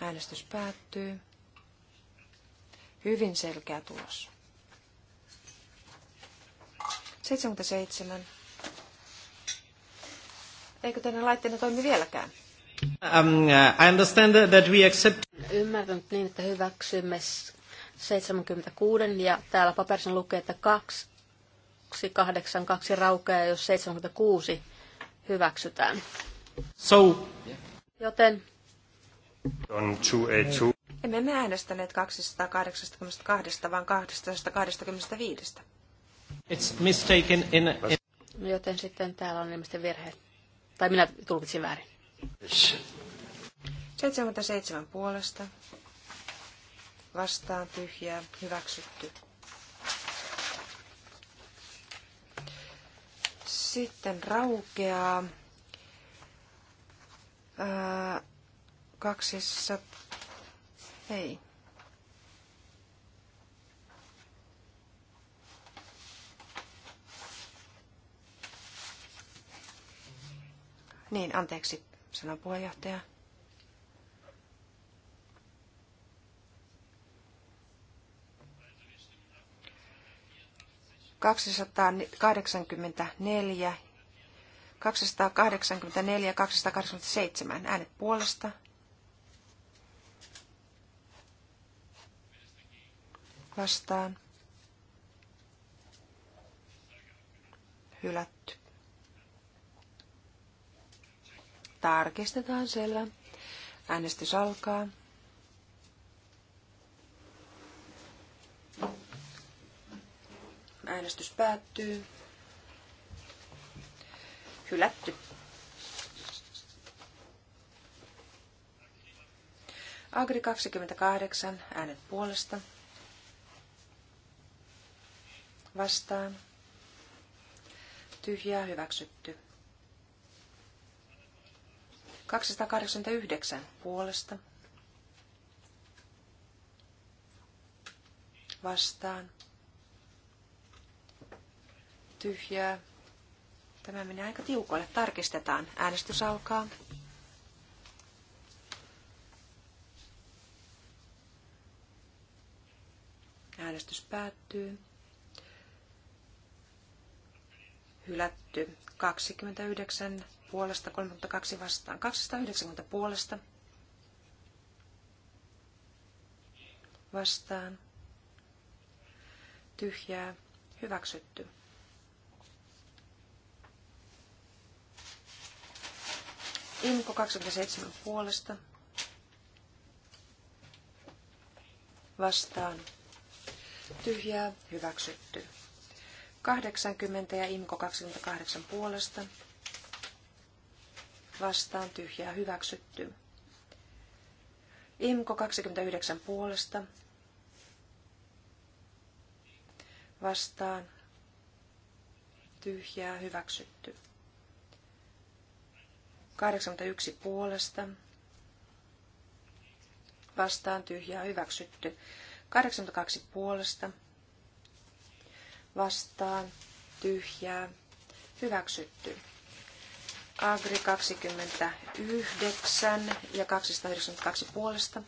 Äänestys päättyy. Hyvin selkeä tulos. 77. Eikö teidän laitteenne toimi vieläkään? Um, uh, I understand that we accept... Ymmärtänyt niin, että hyväksymme 76 ja täällä paperissa lukee, että 282 raukeaa, jos 76 hyväksytään. So. Joten... On 282. Emme me äänestäneet 282, vaan 225. It's mistaken in, in... No joten sitten täällä on ilmeisesti virhe. Tai minä tulkitsin väärin. 77 puolesta. Vastaan tyhjää. Hyväksytty. Sitten raukeaa. Ää, kaksissa... Ei, Niin, anteeksi, sanoi puheenjohtaja. Kaksisataakahdeksankymmentäneljä, 284, 287 äänet puolesta. Vastaan. Hylät. Tarkistetaan, selvä. Äänestys alkaa. Äänestys päättyy. Hylätty. Agri 28, äänet puolesta. Vastaan. Tyhjää hyväksytty. 289 puolesta. Vastaan. Tyhjää. Tämä menee aika tiukoille. Tarkistetaan. Äänestys alkaa. Äänestys päättyy. Hylätty 29 puolesta, 32 vastaan, 290 puolesta vastaan, tyhjää, hyväksytty. Inko 27 puolesta vastaan, tyhjää, hyväksytty. 80 ja Inko 28 puolesta vastaan tyhjää hyväksytty. Imko 29 puolesta vastaan tyhjää hyväksytty. 81 puolesta vastaan tyhjää hyväksytty. 82 puolesta vastaan tyhjää hyväksytty. Agri 29 ja 292 puolesta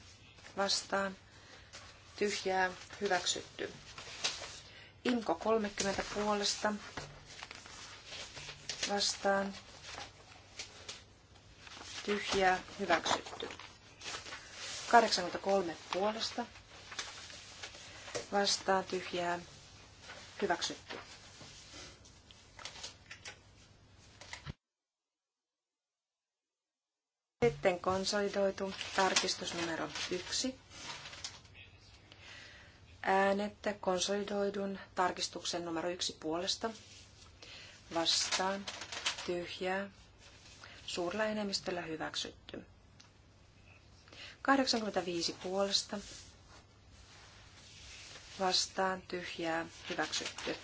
vastaan. Tyhjää hyväksytty. Imko 30 puolesta vastaan. Tyhjää hyväksytty. 83 puolesta vastaan tyhjää hyväksytty. Sitten konsolidoitu tarkistus numero yksi. Äänet konsolidoidun tarkistuksen numero yksi puolesta. Vastaan. Tyhjää. Suurella enemmistöllä hyväksytty. 85 puolesta. Vastaan. Tyhjää. Hyväksytty.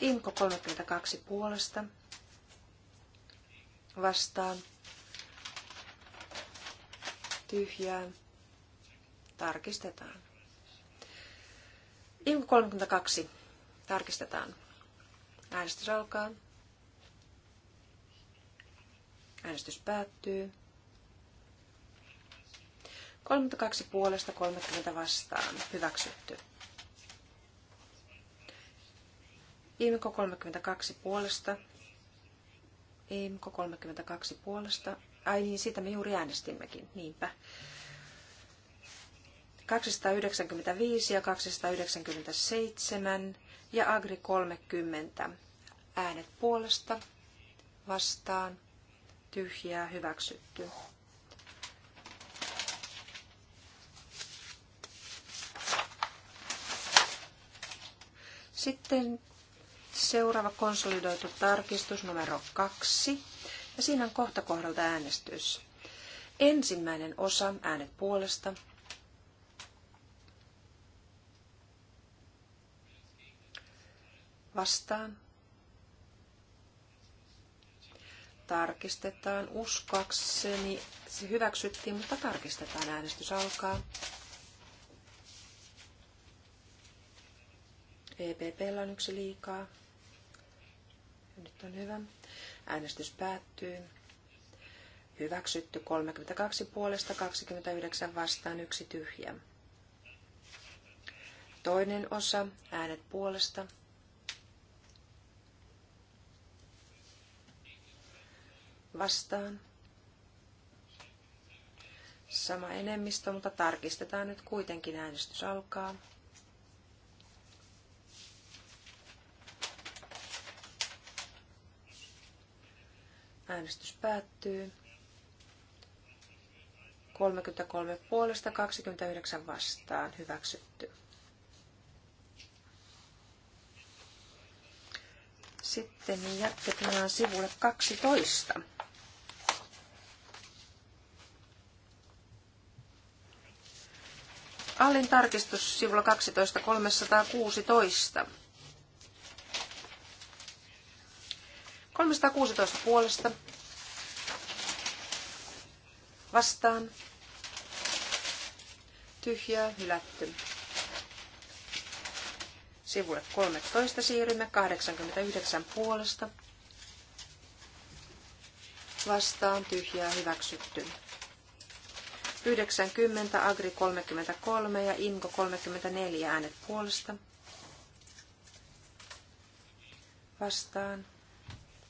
Inko 32 puolesta. Vastaan tyhjään. Tarkistetaan. Ilku 32. Tarkistetaan. Äänestys alkaa. Äänestys päättyy. 32 puolesta 30 vastaan. Hyväksytty. Imko 32 puolesta. Imko 32 puolesta Ai niin, siitä me juuri äänestimmekin, niinpä. 295 ja 297 ja Agri 30. Äänet puolesta, vastaan, tyhjää, hyväksytty. Sitten seuraava konsolidoitu tarkistus numero kaksi. Ja siinä on kohta kohdalta äänestys. Ensimmäinen osa, äänet puolesta. Vastaan. Tarkistetaan. Uskoakseni se hyväksyttiin, mutta tarkistetaan. Äänestys alkaa. EPP on yksi liikaa. Nyt on hyvä. Äänestys päättyy. Hyväksytty 32 puolesta 29 vastaan yksi tyhjä. Toinen osa, äänet puolesta. Vastaan. Sama enemmistö, mutta tarkistetaan nyt kuitenkin äänestys alkaa. Äänestys päättyy. 33 puolesta 29 vastaan hyväksytty. Sitten jatketaan sivulle 12. Allin tarkistus sivulla 12 316. 316 puolesta vastaan. Tyhjää, hylätty. Sivulle 13 siirrymme 89 puolesta. Vastaan tyhjää hyväksytty. 90, Agri 33 ja Inko 34 äänet puolesta. Vastaan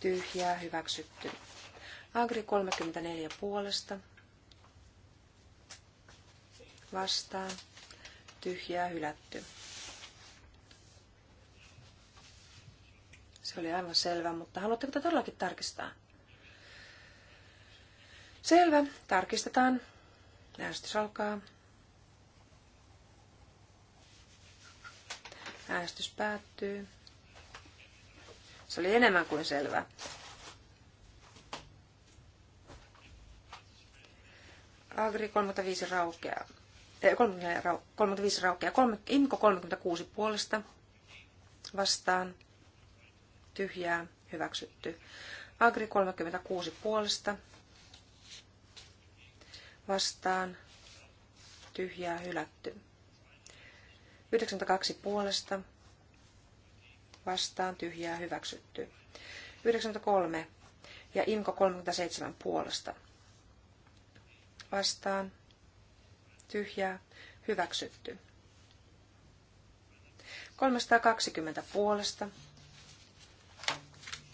tyhjää hyväksytty. Agri 34 puolesta vastaan tyhjää hylätty. Se oli aivan selvä, mutta haluatteko tätä todellakin tarkistaa? Selvä, tarkistetaan. Äänestys alkaa. Äänestys päättyy. Se oli enemmän kuin selvää. Agri 35 raukeaa. 35 eh, raukeaa. Inko 36 puolesta vastaan. Tyhjää. Hyväksytty. Agri 36 puolesta vastaan. Tyhjää. Hylätty. 92 puolesta vastaan tyhjää hyväksytty. 93 ja Imko 37 puolesta vastaan tyhjää hyväksytty. 320 puolesta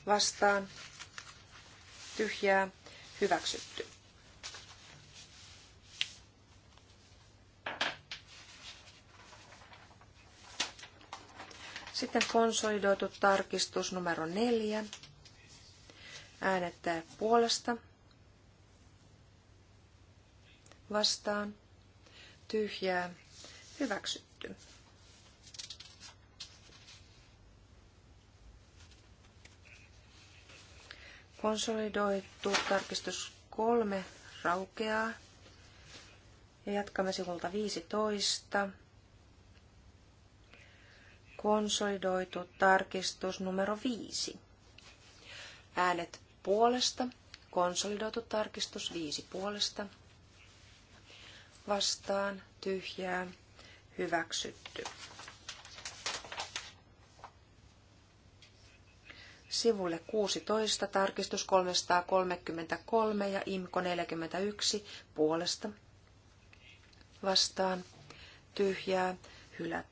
vastaan tyhjää hyväksytty. Sitten konsolidoitu tarkistus numero neljä. Äänettää puolesta. Vastaan. Tyhjää. Hyväksytty. Konsolidoitu tarkistus kolme raukeaa. Ja jatkamme sivulta 15 konsolidoitu tarkistus numero 5. Äänet puolesta, konsolidoitu tarkistus 5 puolesta, vastaan, tyhjää, hyväksytty. Sivulle 16, tarkistus 333 ja IMKO 41 puolesta, vastaan, tyhjää, hylätty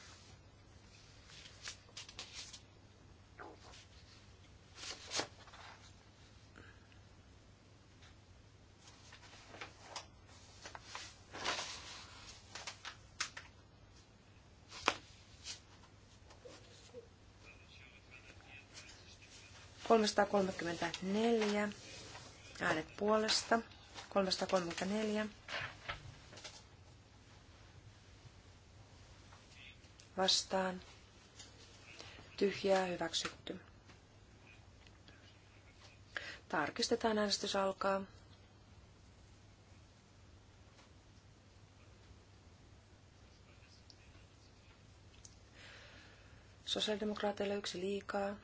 334 äänet puolesta. 334 vastaan. Tyhjää hyväksytty. Tarkistetaan äänestys alkaa. Sosiaalidemokraateille yksi liikaa.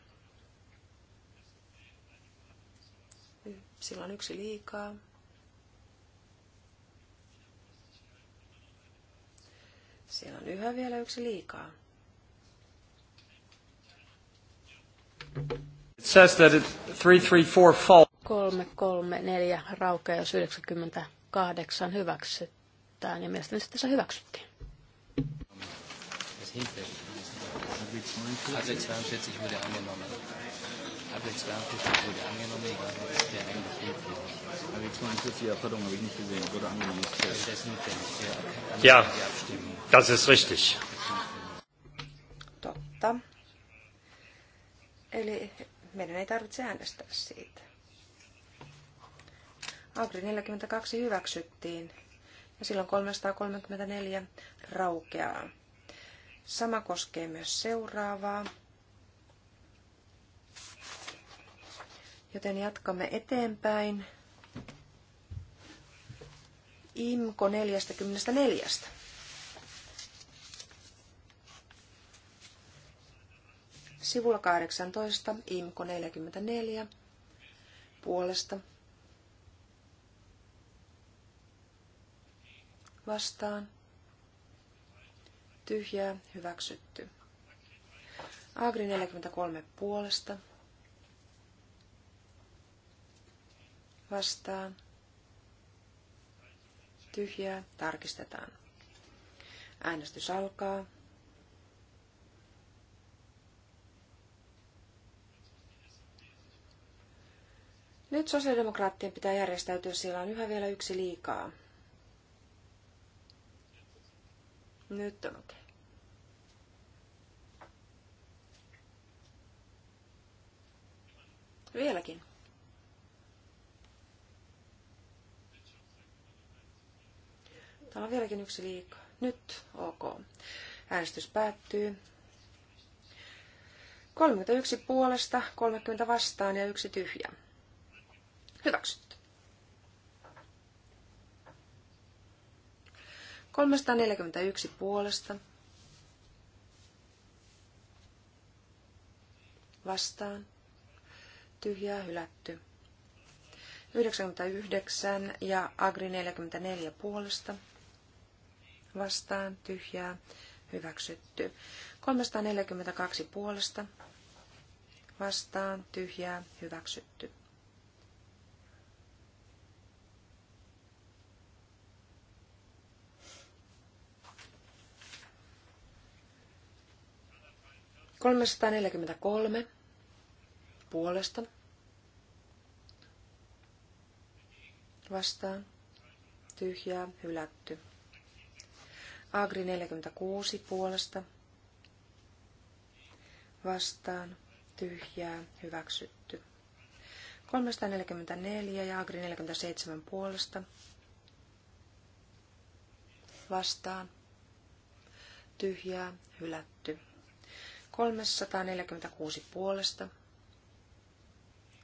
on yksi liikaa. Siellä on yhä vielä yksi liikaa. It says that it four, fall. 334 raukeaa, jos 98 hyväksytään, ja mielestäni sitten se hyväksyttiin. Also 42 wurde angenommen. Abwehrungsbeantrag wurde habe ich nicht gesehen, wurde angenommen. Ja, das ist richtig. Totta. Eli meidän ei tarvitse äänestää siitä. Agri 42 hyväksyttiin ja silloin 334 raukeaa. Sama koskee myös seuraavaa. Joten jatkamme eteenpäin. IMKO 44. Sivulla 18, IMKO 44, puolesta. Vastaan. Tyhjää, hyväksytty. Agri 43 puolesta. vastaan, tyhjää, tarkistetaan. Äänestys alkaa. Nyt sosiaalidemokraattien pitää järjestäytyä, siellä on yhä vielä yksi liikaa. Nyt on okei. Vieläkin. Täällä on vieläkin yksi liikaa. Nyt, ok. Äänestys päättyy. 31 puolesta, 30 vastaan ja yksi tyhjä. Hyväksytty. 341 puolesta. Vastaan. Tyhjää hylätty. 99 ja Agri 44 puolesta vastaan tyhjää hyväksytty. 342 puolesta vastaan tyhjää hyväksytty. kolme puolesta vastaan tyhjää hylätty. Agri 46 puolesta vastaan tyhjää hyväksytty. 344 ja Agri 47 puolesta vastaan tyhjää hylätty. 346 puolesta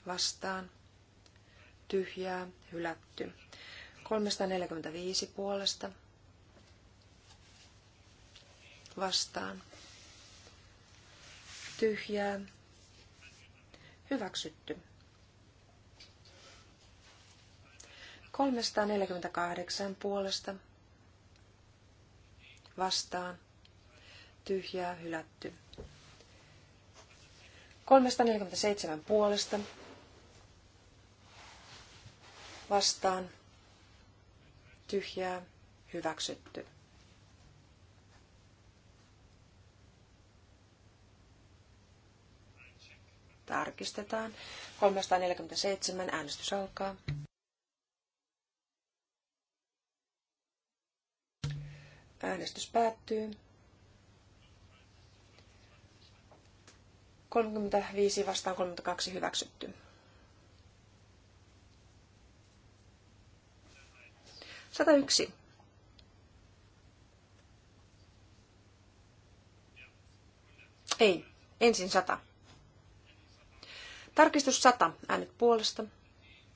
vastaan tyhjää hylätty. 345 puolesta vastaan, vastaan. Tyhjää. Hyväksytty. 348 puolesta vastaan. Tyhjää hylätty. 347 puolesta vastaan. Tyhjää hyväksytty. Tarkistetaan. 347. Äänestys alkaa. Äänestys päättyy. 35 vastaan 32 hyväksytty. 101. Ei, ensin 100. Tarkistus 100. Äänet puolesta.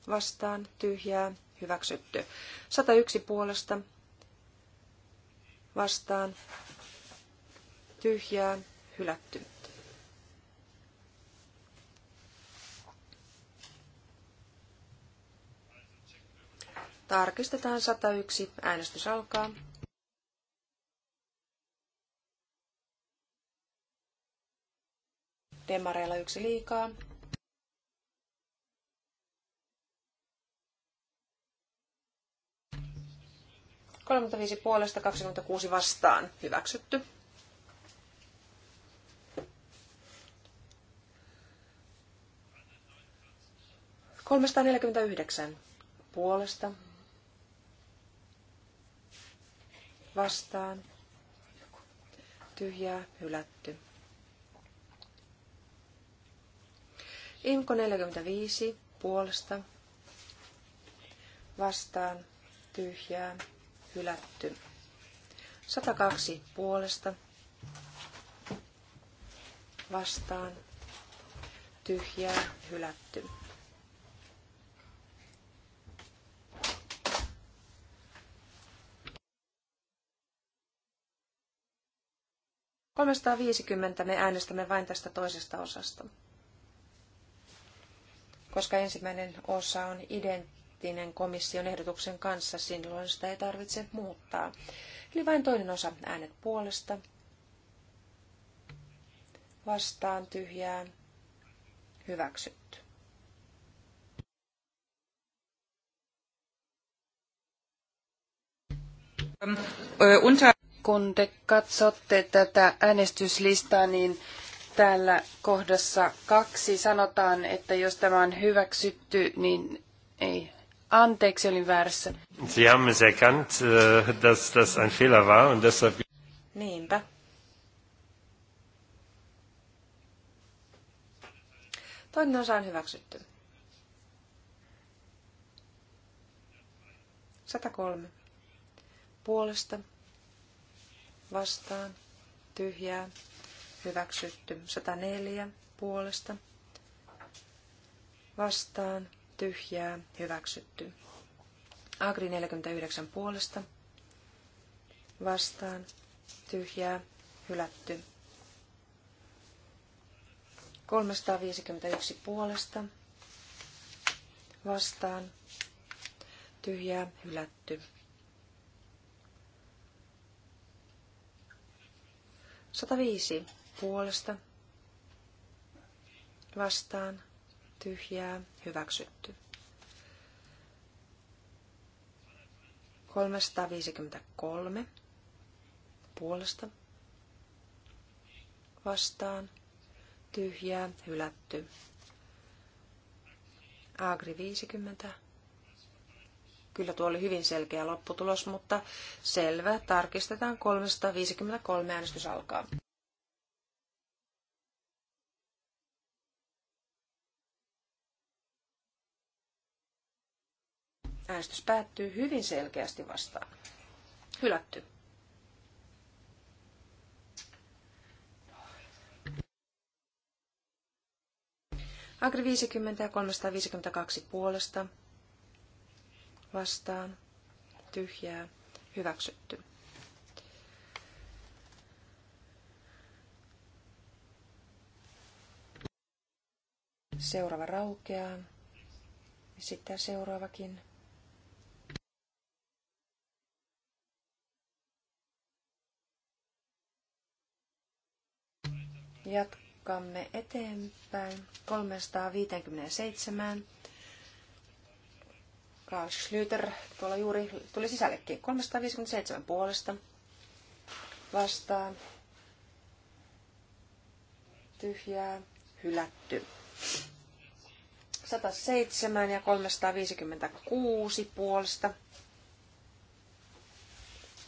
Vastaan. Tyhjää. Hyväksytty. 101 puolesta. Vastaan. Tyhjää. Hylätty. Tarkistetaan 101. Äänestys alkaa. Demareilla yksi liikaa. 35 puolesta 26 vastaan. Hyväksytty. Kolmesta puolesta vastaan tyhjää hylätty. Imko 45 puolesta vastaan tyhjää hylätty. 102 puolesta vastaan tyhjää hylätty. viisikymmentä me äänestämme vain tästä toisesta osasta, koska ensimmäinen osa on identtinen identtinen komission ehdotuksen kanssa, silloin sitä ei tarvitse muuttaa. Eli vain toinen osa äänet puolesta, vastaan tyhjää, hyväksytty. Kun te katsotte tätä äänestyslistaa, niin täällä kohdassa kaksi sanotaan, että jos tämä on hyväksytty, niin ei Anteeksi, olin väärässä. Sie haben es erkannt, äh, dass das ein Fehler war und deshalb... Niinpä. Toinen osa on hyväksytty. 103. Puolesta, vastaan, tyhjää, hyväksytty. 104. Puolesta, vastaan, tyhjää, hyväksytty. Agri 49 puolesta, vastaan, tyhjää, hylätty. 351 puolesta, vastaan, tyhjää, hylätty. 105 puolesta, vastaan, tyhjää, hyväksytty. 353 puolesta vastaan, tyhjää, hylätty. Agri 50. Kyllä tuo oli hyvin selkeä lopputulos, mutta selvä. Tarkistetaan 353 äänestys alkaa. Äänestys päättyy hyvin selkeästi vastaan. Hylätty. Agri 50 ja 352 puolesta. Vastaan. Tyhjää. Hyväksytty. Seuraava raukeaa. Sitten seuraavakin. Jatkamme eteenpäin 357. Karl Schlüter tuolla juuri tuli sisällekin. 357 puolesta vastaa Tyhjää, hylätty. 107 ja 356 puolesta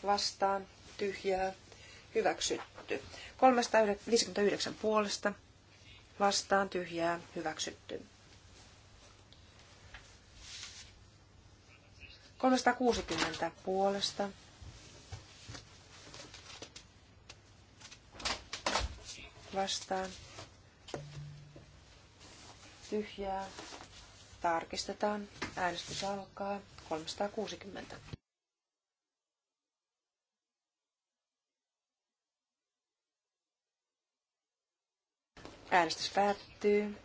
vastaan tyhjää hyväksytty. 359 puolesta vastaan tyhjää hyväksytty. 360 puolesta vastaan tyhjää tarkistetaan. Äänestys alkaa 360. Äänestys päättyy.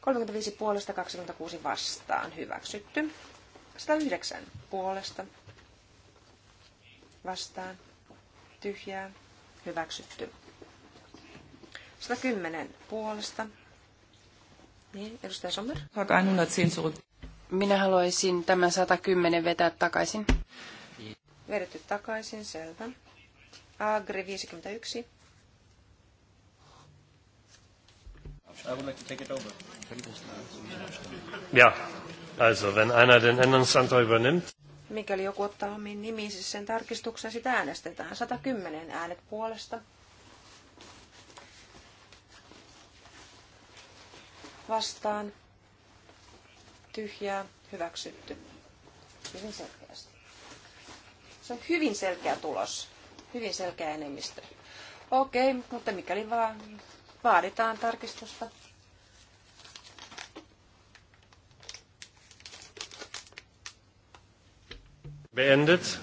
35 puolesta, 26 vastaan. Hyväksytty. 109 puolesta. Vastaan. Tyhjää. Hyväksytty. 110 puolesta. Niin, edustaja Sommer. Minä haluaisin tämän 110 vetää takaisin. Vedetty takaisin, selvä. Agri 51 I would like to take it over. Ja, also wenn einer den Änderungsantrag übernimmt. Mikäli joku ottaa omiin nimiinsä siis sen tarkistuksen, sitä äänestetään. 110 äänet puolesta. Vastaan. Tyhjää. Hyväksytty. Hyvin selkeästi. Se on hyvin selkeä tulos. Hyvin selkeä enemmistö. Okei, mutta mikäli vaan Vaaditaan tarkistusta. Beendet.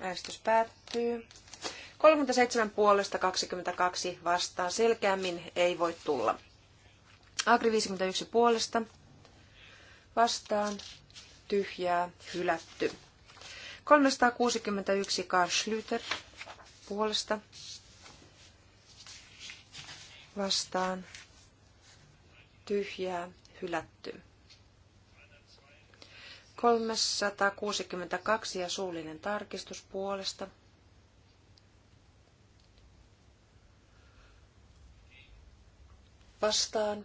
Äänestys päättyy. 37 puolesta 22 vastaan. Selkeämmin ei voi tulla. Agri 51 puolesta vastaan. Tyhjää hylätty. 361 Karl Schlüter puolesta vastaan tyhjää hylätty. 362 ja suullinen tarkistus puolesta. Vastaan.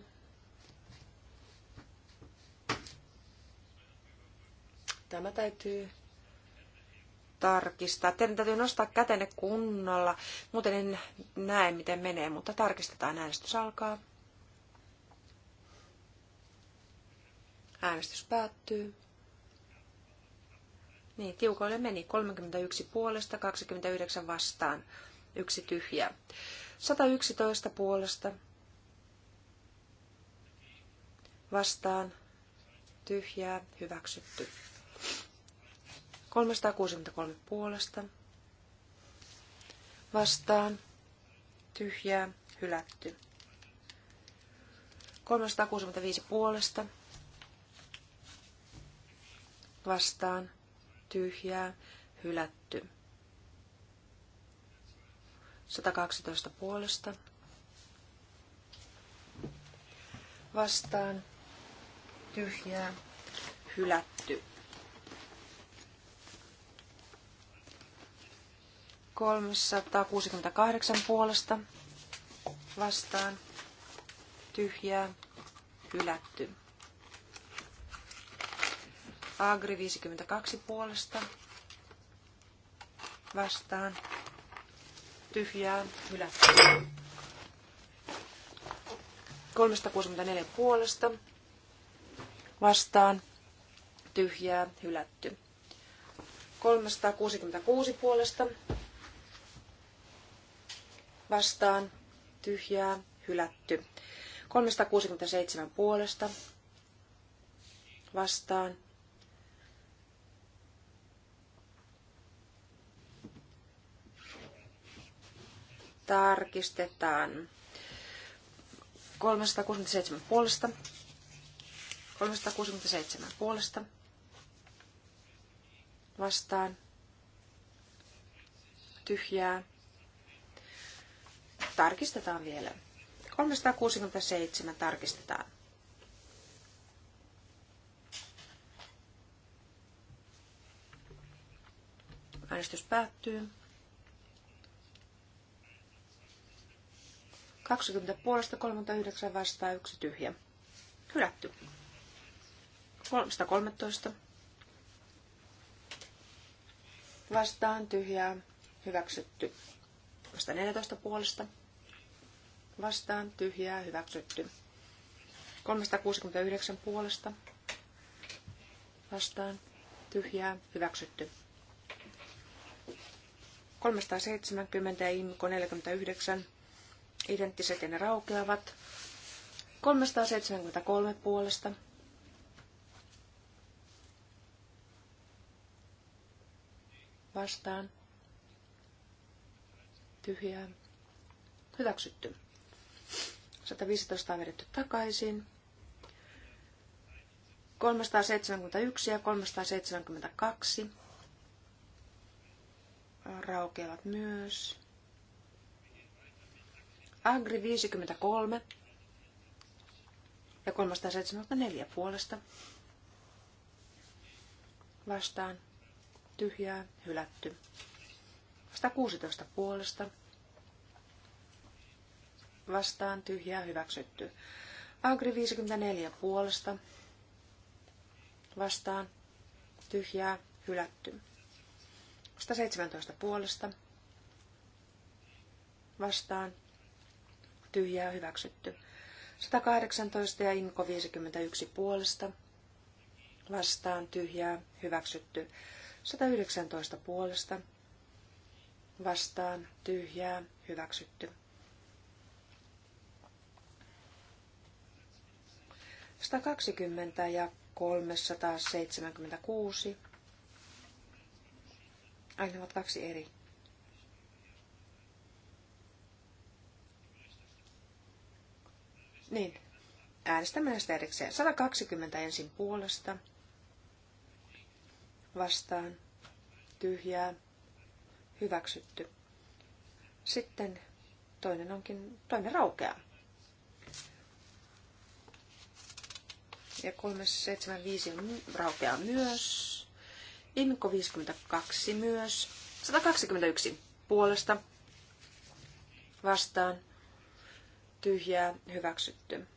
Tämä täytyy tarkistaa. Teidän täytyy nostaa kätenne kunnolla, muuten en näe miten menee, mutta tarkistetaan. Äänestys alkaa. Äänestys päättyy. Niin, tiukoille meni 31 puolesta, 29 vastaan, yksi tyhjä. 111 puolesta vastaan, tyhjää, hyväksytty. 363 puolesta. Vastaan. Tyhjää. Hylätty. 365 puolesta. Vastaan. Tyhjää. Hylätty. 112 puolesta. Vastaan. Tyhjää. Hylätty. 368 puolesta vastaan tyhjää hylätty. Agri 52 puolesta vastaan tyhjää hylätty. 364 puolesta vastaan tyhjää hylätty. 366 puolesta vastaan, tyhjää, hylätty. 367 puolesta vastaan. Tarkistetaan. 367 puolesta. 367 puolesta. Vastaan. Tyhjää. Tarkistetaan vielä. 367 tarkistetaan. Äänestys päättyy. 20 puolesta 39 vastaa, yksi tyhjä. Hylätty. 313 vastaan tyhjää. Hyväksytty. Vasta 14 puolesta vastaan tyhjää hyväksytty. 369 puolesta vastaan tyhjää hyväksytty. 370 ja IMKO 49 identtiset ja ne raukeavat. 373 puolesta vastaan tyhjää hyväksytty. 115 on vedetty takaisin. 371 ja 372 raukeavat myös. Agri 53 ja 374 puolesta. Vastaan tyhjää, hylätty. 116 puolesta vastaan tyhjää hyväksytty. Agri 54 puolesta vastaan tyhjää hylätty. 117 puolesta vastaan tyhjää hyväksytty. 118 ja Inko 51 puolesta vastaan tyhjää hyväksytty. 119 puolesta vastaan tyhjää hyväksytty. 120 ja 376. ne ovat kaksi eri. Niin, äänestämme näistä erikseen. 120 ensin puolesta. Vastaan. Tyhjää. Hyväksytty. Sitten toinen onkin, toinen raukeaa. ja 375 on raukeaa myös. Inko 52 myös. 121 puolesta vastaan tyhjää hyväksytty.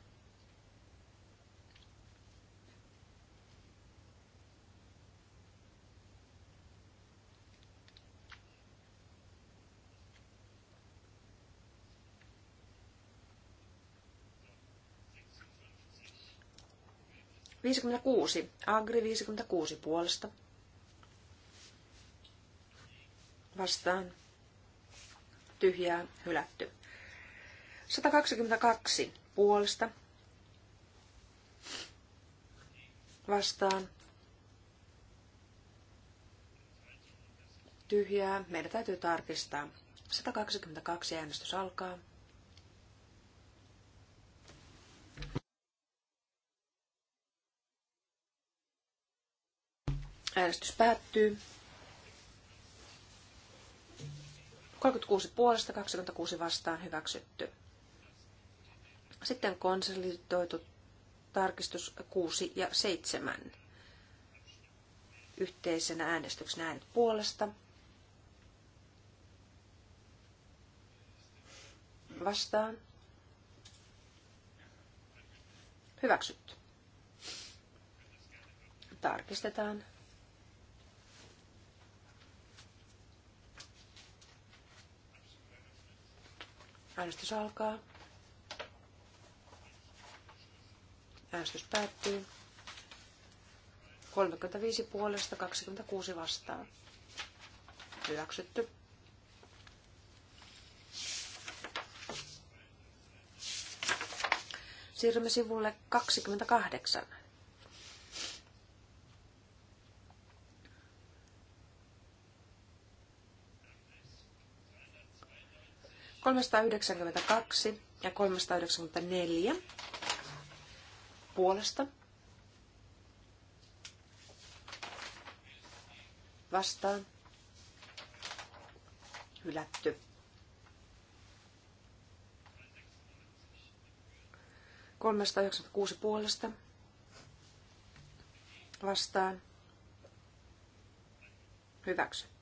56. Agri 56 puolesta. Vastaan. Tyhjää hylätty. 122 puolesta. Vastaan. Tyhjää. Meidän täytyy tarkistaa. 122 äänestys alkaa. Äänestys päättyy. 36 puolesta, 26 vastaan hyväksytty. Sitten konsolidoitu tarkistus 6 ja 7. Yhteisenä äänestyksenä äänet puolesta. Vastaan. Hyväksytty. Tarkistetaan. Äänestys alkaa. Äänestys päättyy. 35 puolesta, 26 vastaan. Hyväksytty. Siirrymme sivulle 28. 392 ja 394 puolesta vastaan hylätty. kuusi puolesta vastaan hyväksytty.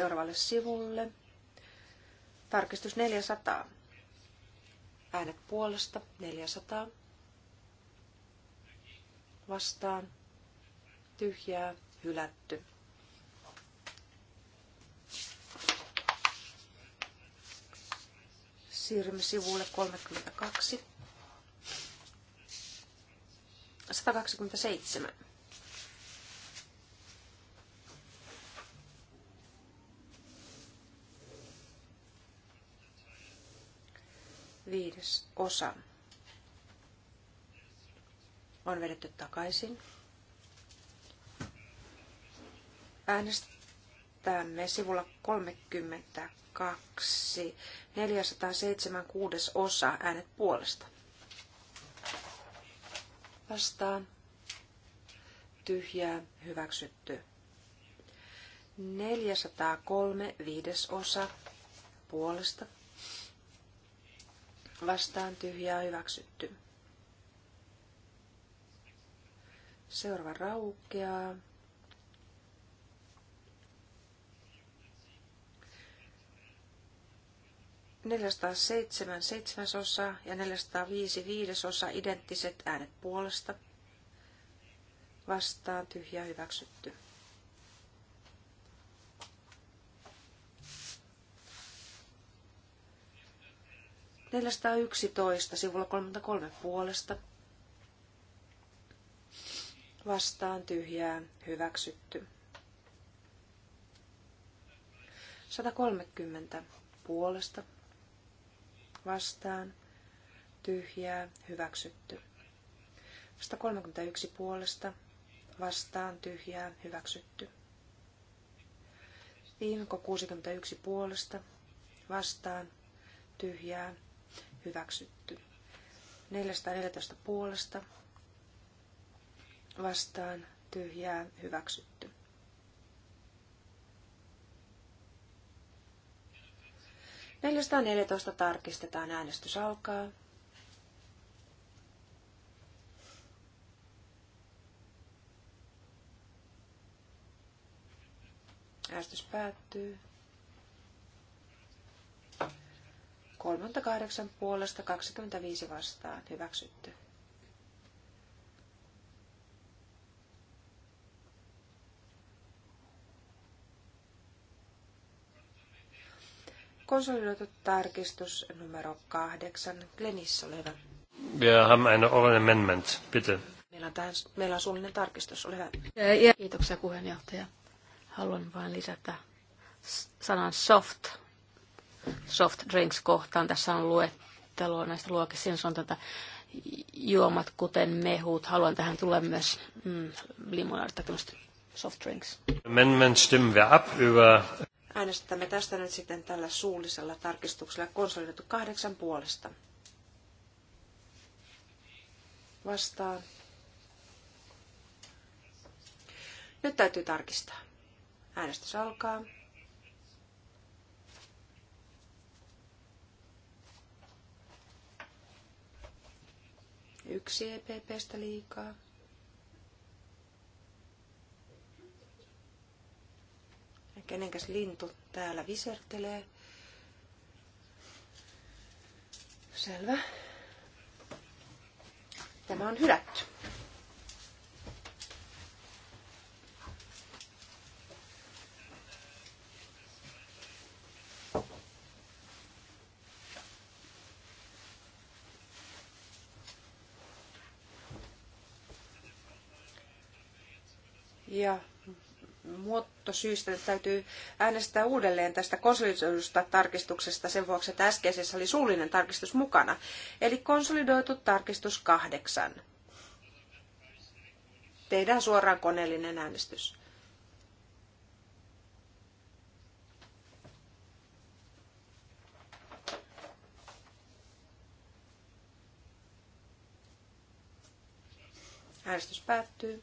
seuraavalle sivulle. Tarkistus 400. Äänet puolesta 400. Vastaan. Tyhjää. Hylätty. Siirrymme sivulle 32. 127. viides osa on vedetty takaisin. Äänestämme sivulla 32 407 kuudes osa äänet puolesta. Vastaan. Tyhjää. Hyväksytty. 403 viides osa puolesta vastaan tyhjää hyväksytty. Seuraava raukeaa. seitsemän seitsemäsosa ja 405 viidesosa identtiset äänet puolesta. Vastaan tyhjä hyväksytty. 411 sivulla 33 puolesta. Vastaan tyhjää hyväksytty. 130 puolesta. Vastaan tyhjää hyväksytty. 131 puolesta. Vastaan tyhjää hyväksytty. Viimeko 61 puolesta. Vastaan tyhjää hyväksytty. 414 puolesta vastaan tyhjää hyväksytty. Neljästään neljätoista tarkistetaan. Äänestys alkaa. Äänestys päättyy. 38 puolesta 25 vastaan. Hyväksytty. Konsolidoitu tarkistus numero 8. Glenis, ole hyvä. Wir haben oral amendment, bitte. Meillä on, tähän, meillä on suullinen tarkistus, ole hyvä. Kiitoksia puheenjohtaja. Haluan vain lisätä sanan soft soft drinks kohtaan. Tässä on luettelo näistä luokista. Siinä on tätä juomat, kuten mehut. Haluan tähän tulla myös mm, limonaarista tämmöistä soft drinks. Amendment stimmen wir ab über... Äänestämme tästä nyt sitten tällä suullisella tarkistuksella konsolidoitu kahdeksan puolesta. Vastaan. Nyt täytyy tarkistaa. Äänestys alkaa. Yksi EPPstä liikaa. Kenenkäs lintu täällä visertelee? Selvä. Tämä on hylätty. ja muottosyistä täytyy äänestää uudelleen tästä konsolidoidusta tarkistuksesta sen vuoksi, että äskeisessä oli suullinen tarkistus mukana. Eli konsolidoitu tarkistus kahdeksan. Tehdään suoraan koneellinen äänestys. Äänestys päättyy.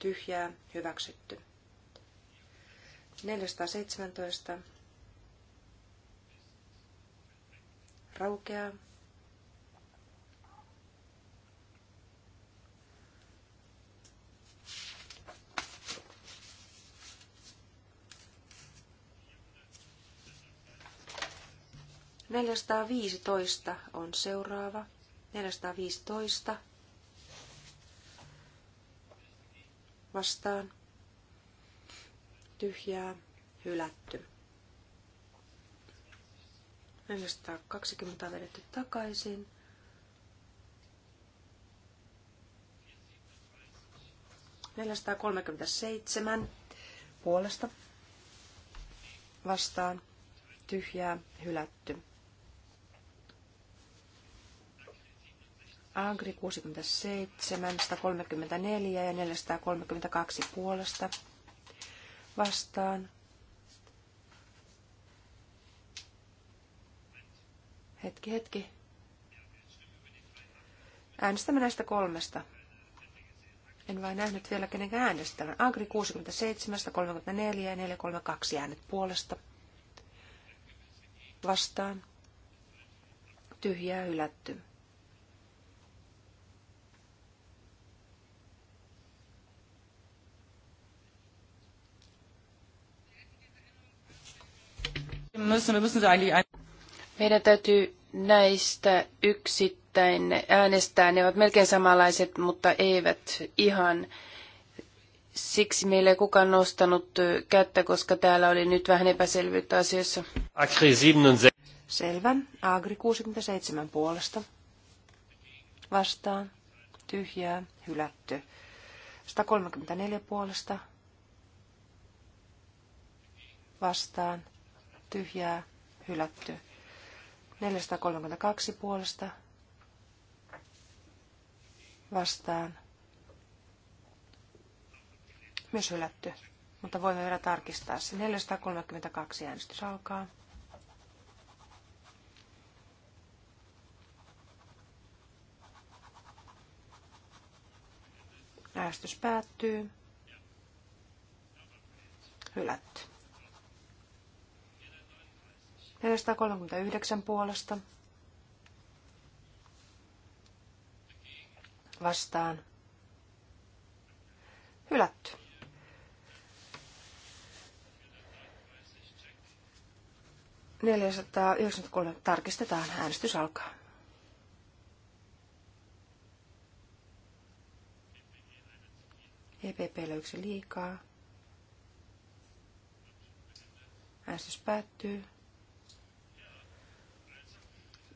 tyhjää, hyväksytty. 417 raukeaa. Neljäsataaviisitoista on seuraava. 415 vastaan tyhjää hylätty. 420 on vedetty takaisin. 437 puolesta vastaan tyhjää hylätty. Agri 67, 134 ja 432 puolesta vastaan. Hetki, hetki. Äänestämme näistä kolmesta. En vain nähnyt vielä kenenkään äänestävän. Agri 67, 134 ja 432 äänet puolesta. Vastaan. Tyhjää hylätty. Meidän täytyy näistä yksittäin äänestää. Ne ovat melkein samanlaiset, mutta eivät ihan. Siksi meillä kukaan nostanut kättä, koska täällä oli nyt vähän epäselvyyttä asiassa. Agri 67. Selvä. Agri 67 puolesta. Vastaan. Tyhjää. Hylätty. 134 puolesta. Vastaan tyhjää, hylätty. 432 puolesta vastaan, myös hylätty, mutta voimme vielä tarkistaa se. 432 äänestys alkaa. Äänestys päättyy. Hylätty. 439 puolesta vastaan. Hylätty. Neljäsataa tarkistetaan. Äänestys alkaa. EPP löyksi liikaa. Äänestys päättyy.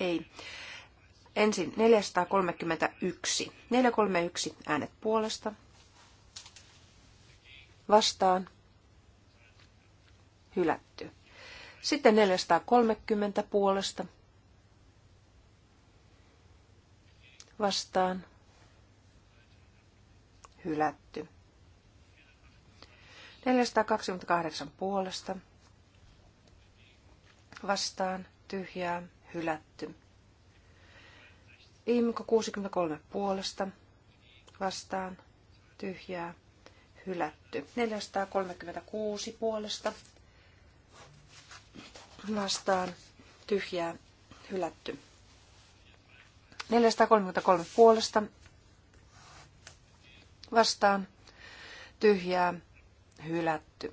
Ei. Ensin 431. 431 äänet puolesta. Vastaan. Hylätty. Sitten 430 puolesta. Vastaan. Hylätty. 428 puolesta. Vastaan. Tyhjää hylätty. Imko 63 puolesta vastaan tyhjää hylätty. 436 puolesta vastaan tyhjää hylätty. 433 puolesta vastaan tyhjää hylätty.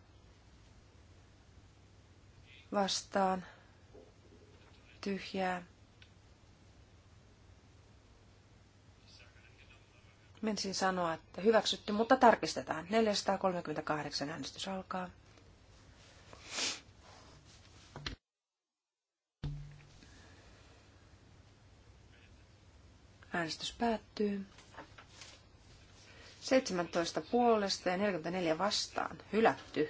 vastaan tyhjää. Mensin sanoa, että hyväksytty, mutta tarkistetaan. 438 äänestys alkaa. Äänestys päättyy. 17 puolesta ja 44 vastaan. Hylätty.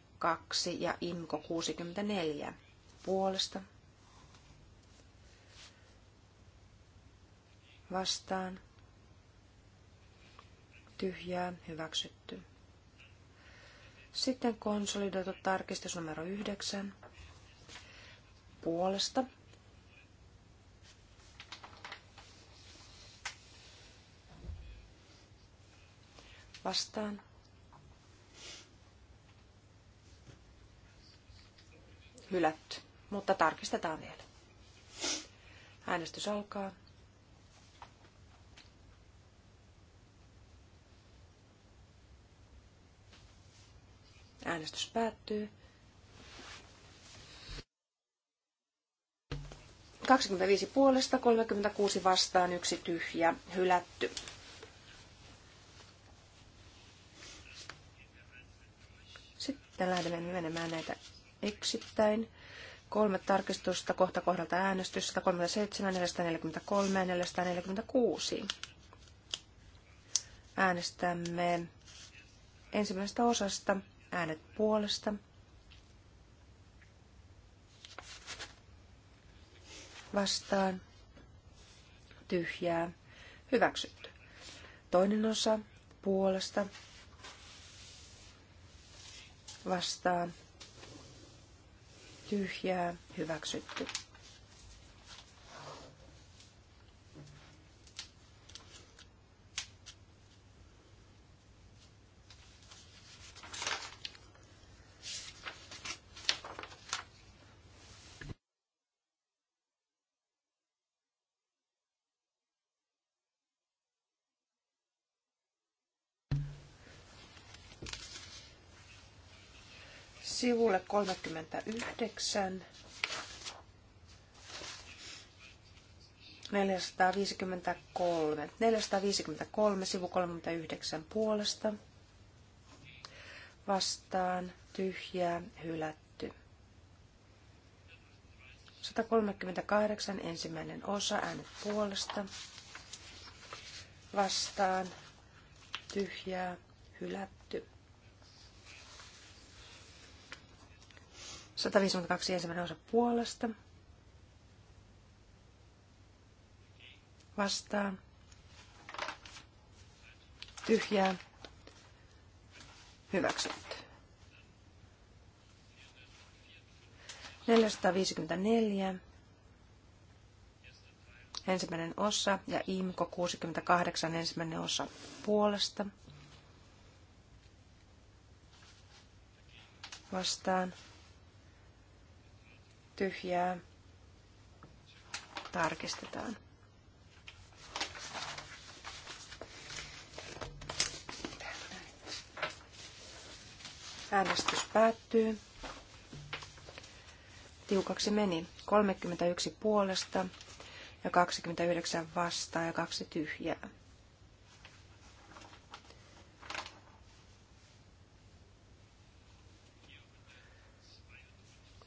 kaksi ja IMKO 64 puolesta. Vastaan. Tyhjää hyväksytty. Sitten konsolidoitu tarkistus numero 9 puolesta. Vastaan hylätty, mutta tarkistetaan vielä. Äänestys alkaa. Äänestys päättyy. 25 puolesta, 36 vastaan, yksi tyhjä, hylätty. Sitten lähdemme menemään näitä yksittäin. Kolme tarkistusta kohta kohdalta äänestys 137, 443 ja 446. Äänestämme ensimmäisestä osasta äänet puolesta. Vastaan. Tyhjää. Hyväksytty. Toinen osa puolesta. Vastaan tyhjää hyväksytty. sivulle 39. 453. 453 sivu 39 puolesta. Vastaan tyhjää hylätty. 138 ensimmäinen osa äänet puolesta. Vastaan tyhjää hylätty. 152 ensimmäinen osa puolesta. Vastaan. Tyhjää. Hyväksytty. 454. Ensimmäinen osa ja IMKO 68 ensimmäinen osa puolesta. Vastaan tyhjää tarkistetaan. Äänestys päättyy. Tiukaksi meni 31 puolesta ja 29 vastaan ja kaksi tyhjää.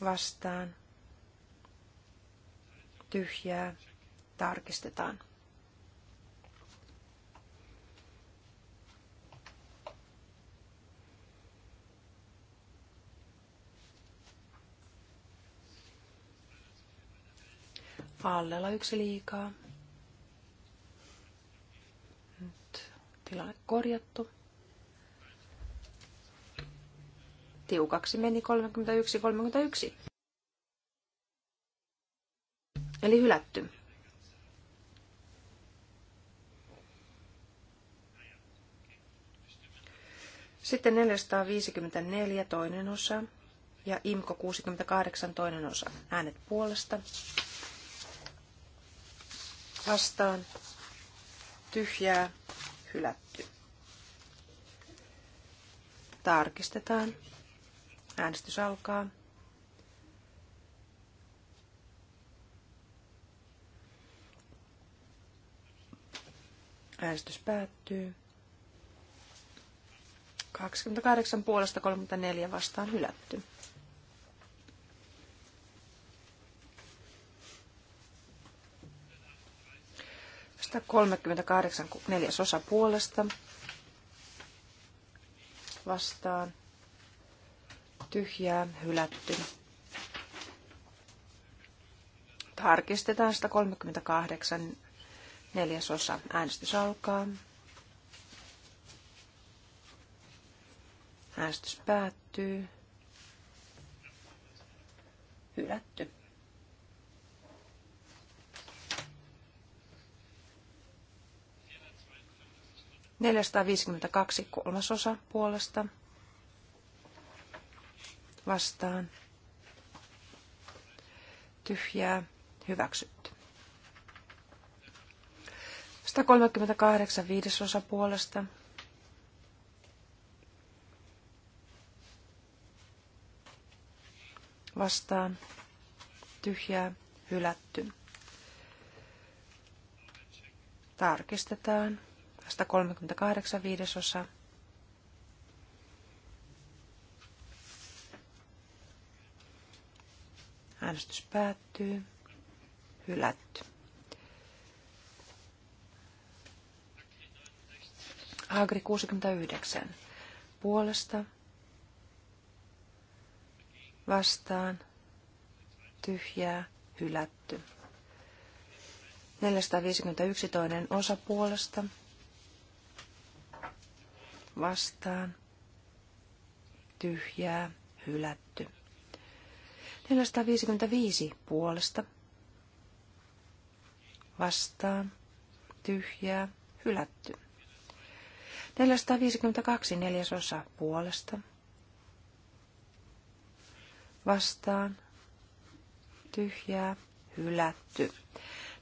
vastaan, tyhjää, tarkistetaan. Allella yksi liikaa. Nyt tilanne korjattu. tiukaksi meni 31-31. Eli hylätty. Sitten 454 toinen osa ja IMKO 68 toinen osa. Äänet puolesta. Vastaan. Tyhjää. Hylätty. Tarkistetaan. Äänestys alkaa. Äänestys päättyy. 28 puolesta 34 vastaan hylätty. Sitä 38 neljäsosa puolesta vastaan tyhjää hylätty. Tarkistetaan 138 neljäsosa. Äänestys alkaa. Äänestys päättyy. Hylätty. kaksi kolmasosa puolesta vastaan. Tyhjää. Hyväksytty. 138 viidesosa puolesta. Vastaan. Tyhjää. Hylätty. Tarkistetaan. 138 viidesosa. Äänestys päättyy. Hylätty. Agri 69. Puolesta. Vastaan. Tyhjää. Hylätty. 451 toinen osa puolesta. Vastaan. Tyhjää. Hylätty. 455 puolesta. Vastaan. Tyhjää. Hylätty. 452 neljäsosa puolesta. Vastaan. Tyhjää. Hylätty.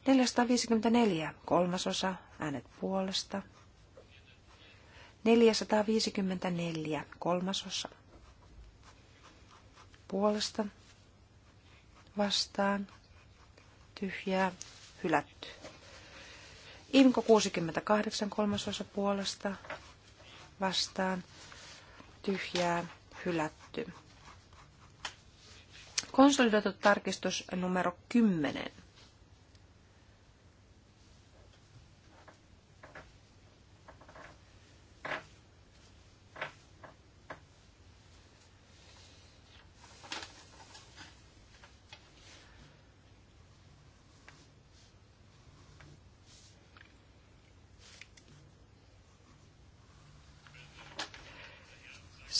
454 kolmasosa äänet puolesta. 454 kolmasosa puolesta vastaan, tyhjää, hylätty. Imko 68 kolmasosa puolesta vastaan, tyhjää, hylätty. Konsolidoitu tarkistus numero 10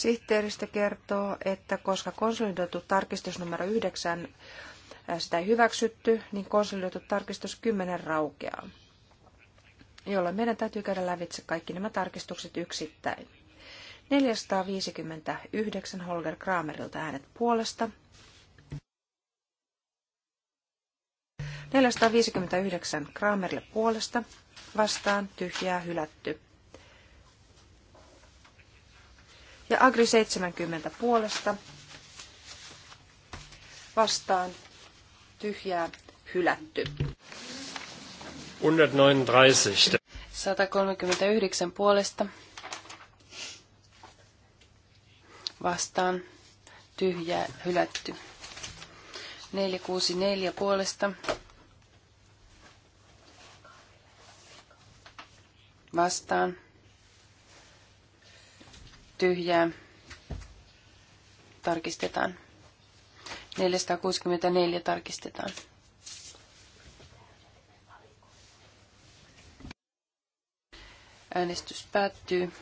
Sihteeristö kertoo, että koska konsolidoitu tarkistus numero 9 sitä ei hyväksytty, niin konsolidoitu tarkistus 10 raukeaa, jolloin meidän täytyy käydä lävitse kaikki nämä tarkistukset yksittäin. 459 Holger Kramerilta äänet puolesta. 459 Kramerille puolesta, vastaan, tyhjää, hylätty. Ja Agri 70 puolesta vastaan tyhjää hylätty. 139. 139 puolesta vastaan tyhjää hylätty. 464 puolesta vastaan tyhjää. Tarkistetaan. 464 tarkistetaan. Äänestys päättyy.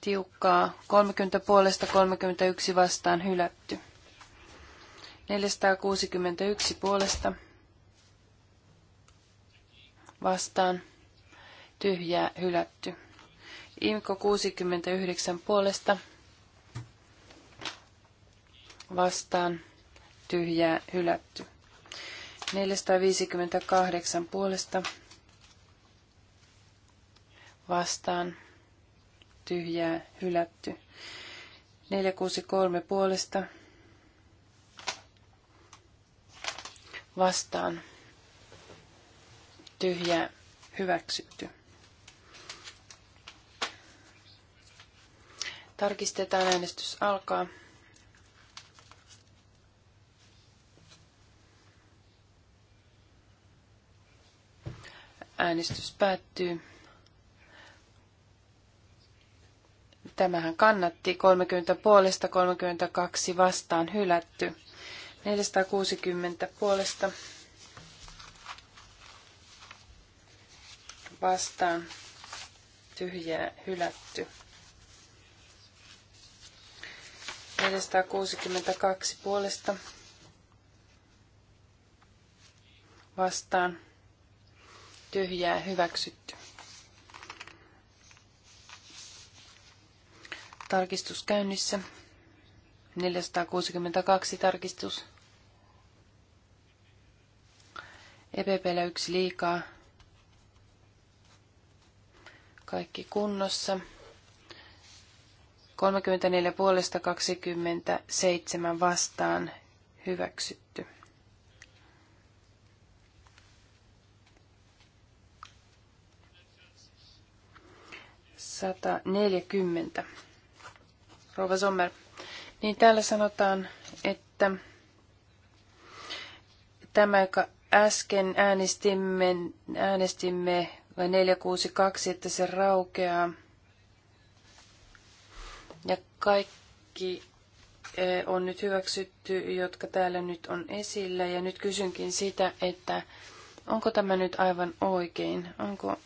Tiukkaa. 30 puolesta 31 vastaan hylätty. 461 puolesta vastaan tyhjää hylätty. Imko 69 puolesta vastaan tyhjää hylätty. 458 puolesta vastaan tyhjää hylätty. 463 puolesta vastaan tyhjää hyväksytty. Tarkistetaan äänestys alkaa. Äänestys päättyy. Tämähän kannatti 30 puolesta 32 vastaan hylätty. 460 puolesta vastaan tyhjää hylätty. 462 puolesta vastaan tyhjää hyväksytty. Tarkistus käynnissä. 462 tarkistus. EPPllä yksi liikaa. Kaikki kunnossa. 34 puolesta 27 vastaan hyväksytty. Sata neljäkymmentä. Sommer. Niin täällä sanotaan, että tämä, joka äsken äänestimme, äänestimme 462, että se raukeaa – kaikki eh, on nyt hyväksytty, jotka täällä nyt on esillä. Ja nyt kysynkin sitä, että onko tämä nyt aivan oikein? Onko...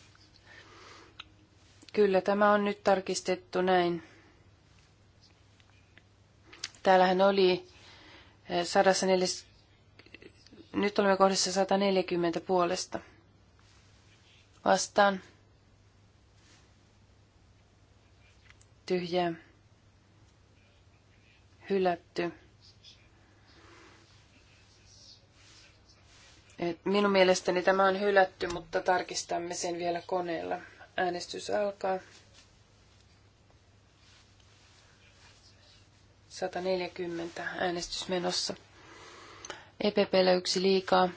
Kyllä, tämä on nyt tarkistettu näin. Täällähän oli 140... Eh, nyt olemme kohdassa 140 puolesta. Vastaan. Tyhjää hylätty. Et minun mielestäni tämä on hylätty, mutta tarkistamme sen vielä koneella. Äänestys alkaa. 140 äänestys menossa. EPPllä yksi liikaa.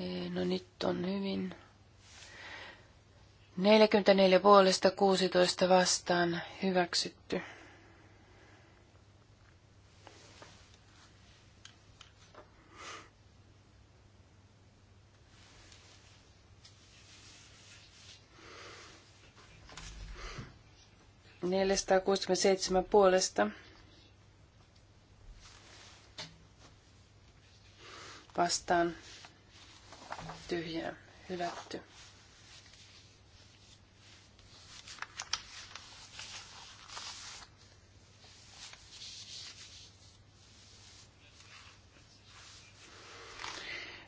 E, no nyt on hyvin. 44 puolesta 16 vastaan hyväksytty. 467 puolesta vastaan tyhjää hylätty.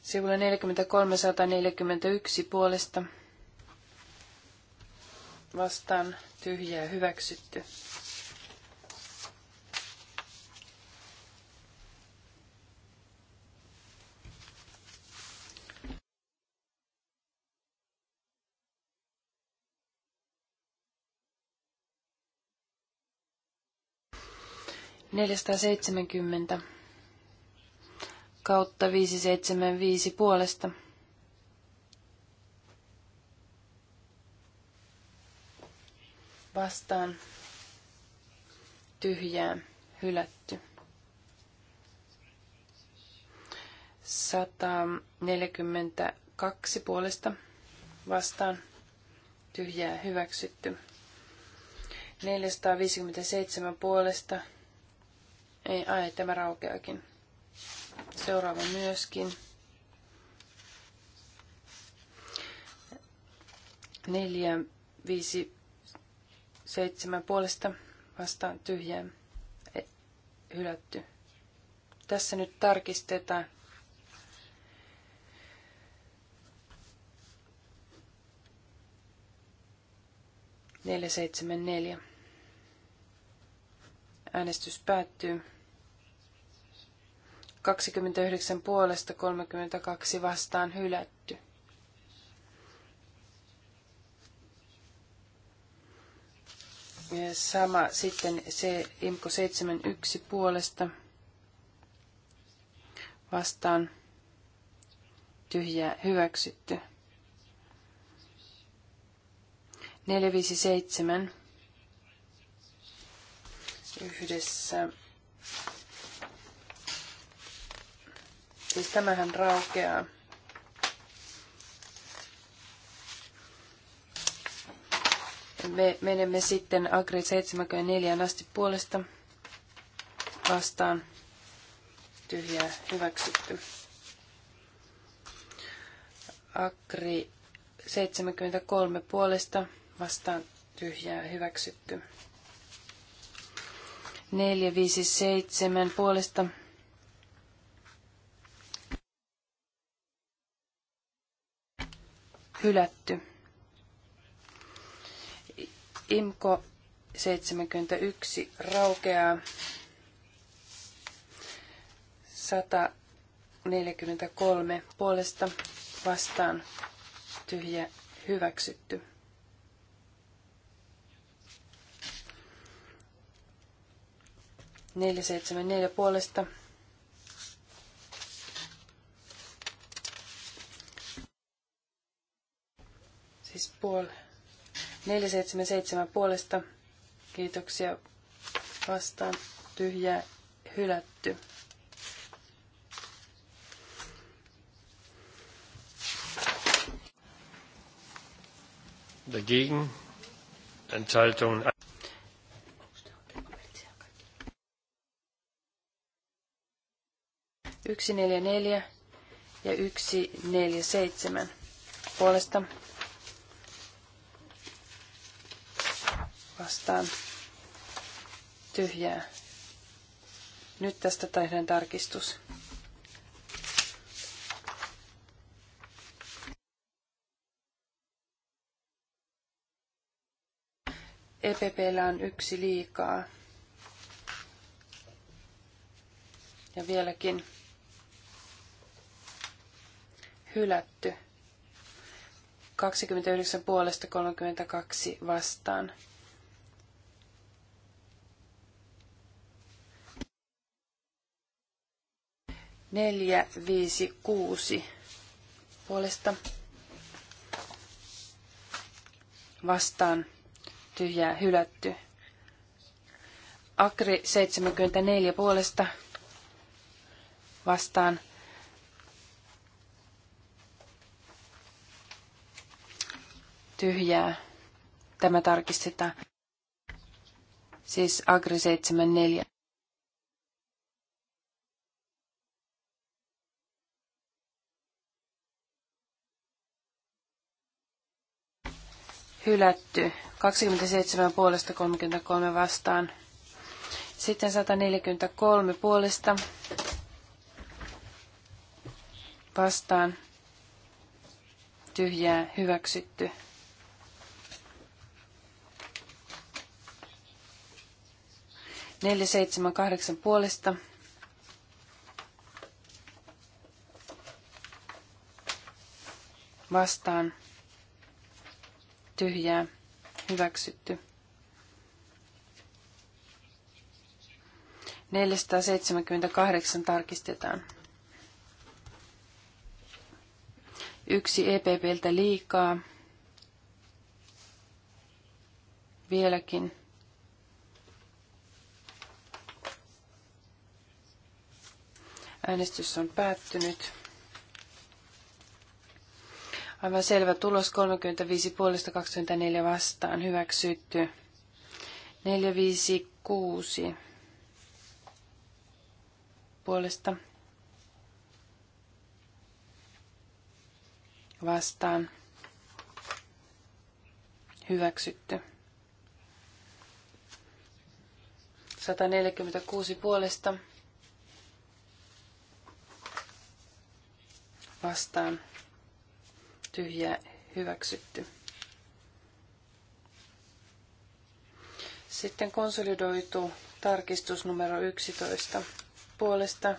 Sivulla 43 141 puolesta vastaan tyhjää hyväksytty. neljästä seitsemänkymmentä kautta viisi seitsemän viisi puolesta vastaan tyhjää hylätty. 142 puolesta vastaan tyhjää hyväksytty. 457 puolesta. Ei, ai, tämä raukeakin. Seuraava myöskin. 4, 5, Seitsemän puolesta vastaan tyhjään e, hylätty. Tässä nyt tarkistetaan. Neljä seitsemän neljä. Äänestys päättyy. 29 puolesta 32 vastaan hylätty. Sama sitten se IMKO 71 puolesta vastaan tyhjää hyväksytty. 457 yhdessä. Siis tämähän raukeaa. me menemme sitten Agri 74 asti puolesta vastaan tyhjää hyväksytty. Agri 73 puolesta vastaan tyhjää hyväksytty. 457 puolesta hylätty. Imko 71 raukeaa 143 puolesta vastaan tyhjä hyväksytty. Neljä seitsemän neljä puolesta. Siis puoli. 477 puolesta. Kiitoksia vastaan. Tyhjää hylätty. Dagegen Enthaltung. Yksi neljä neljä ja yksi neljä seitsemän puolesta vastaan tyhjää. Nyt tästä tehdään tarkistus. EPPllä on yksi liikaa. Ja vieläkin hylätty. 29 puolesta 32 vastaan. 4, 5, 6 puolesta vastaan tyhjää hylätty. Akri 74 puolesta vastaan tyhjää. Tämä tarkistetaan. Siis Agri 74. hylätty 27 puolesta 33 vastaan. Sitten 143 puolesta vastaan tyhjää hyväksytty. Neljä, seitsemän, kahdeksan puolesta. Vastaan tyhjää hyväksytty. 478 tarkistetaan. Yksi EPPltä liikaa. Vieläkin. Äänestys on päättynyt. Aivan selvä tulos 35 puolesta 24 vastaan hyväksytty. 456 puolesta vastaan hyväksytty. 146 puolesta vastaan tyhjää hyväksytty. Sitten konsolidoitu tarkistus numero 11 puolesta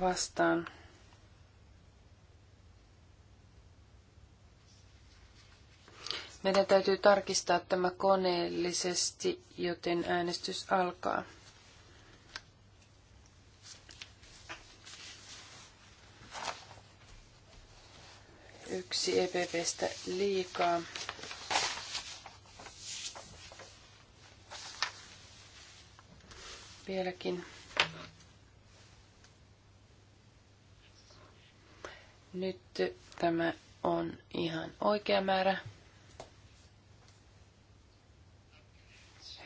vastaan. Meidän täytyy tarkistaa tämä koneellisesti, joten äänestys alkaa. Yksi EPPstä liikaa. Vieläkin. Nyt tämä on ihan oikea määrä.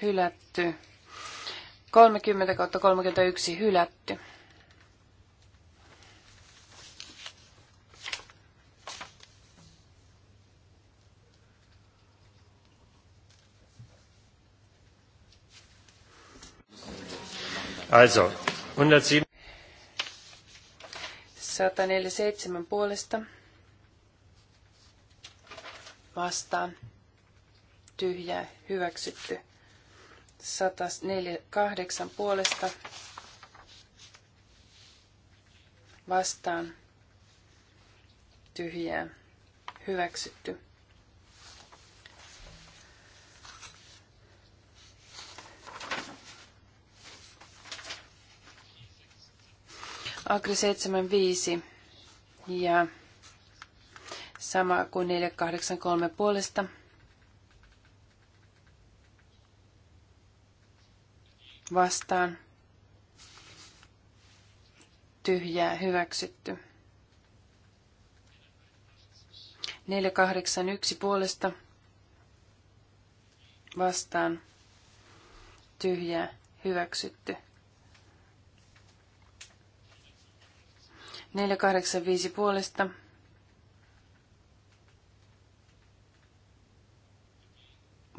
Hylätty. 30 kautta 31 hylätty. Also, 107. 147 puolesta. Vastaan. Tyhjää. Hyväksytty. 148 puolesta. Vastaan. Tyhjää. Hyväksytty. Agri 75 ja sama kuin 483 puolesta. Vastaan. Tyhjää hyväksytty. 481 puolesta vastaan tyhjää hyväksytty. 485 puolesta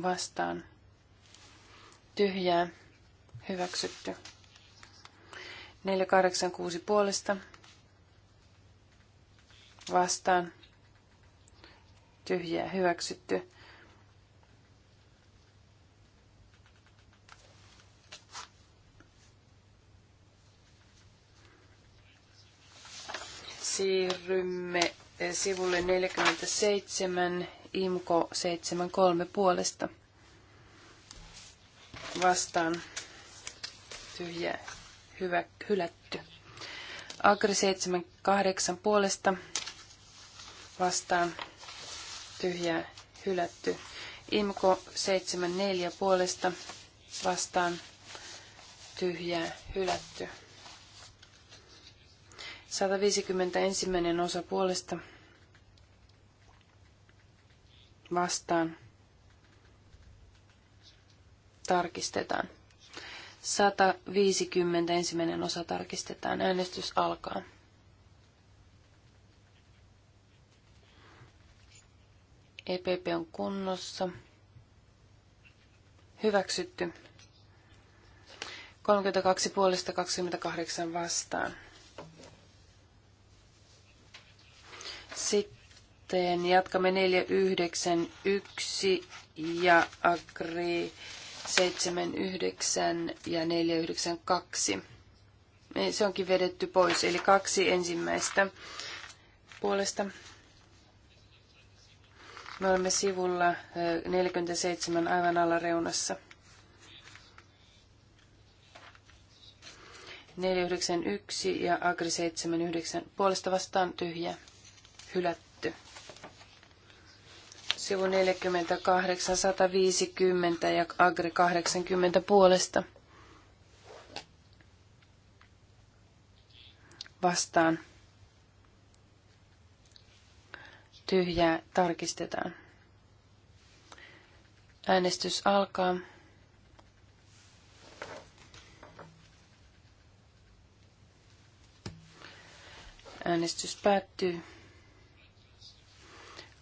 vastaan. Tyhjää. Hyväksytty. 486 puolesta. Vastaan. Tyhjää. Hyväksytty. siirrymme eh, sivulle 47, IMKO 73 puolesta. Vastaan tyhjä, hyvä, hylätty. Agri 78 puolesta vastaan tyhjä, hylätty. IMKO 74 puolesta vastaan tyhjä hylätty. 151. osa puolesta vastaan tarkistetaan. 151. osa tarkistetaan. Äänestys alkaa. EPP on kunnossa. Hyväksytty. 32 puolesta 28 vastaan. Sitten jatkamme 491 ja Agri 79 ja 492. Se onkin vedetty pois, eli kaksi ensimmäistä puolesta. Me olemme sivulla 47 aivan alareunassa. 491 ja Agri 79 puolesta vastaan tyhjä hylätty. Sivu 48, 150 ja Agri 80 puolesta. Vastaan. Tyhjää tarkistetaan. Äänestys alkaa. Äänestys päättyy.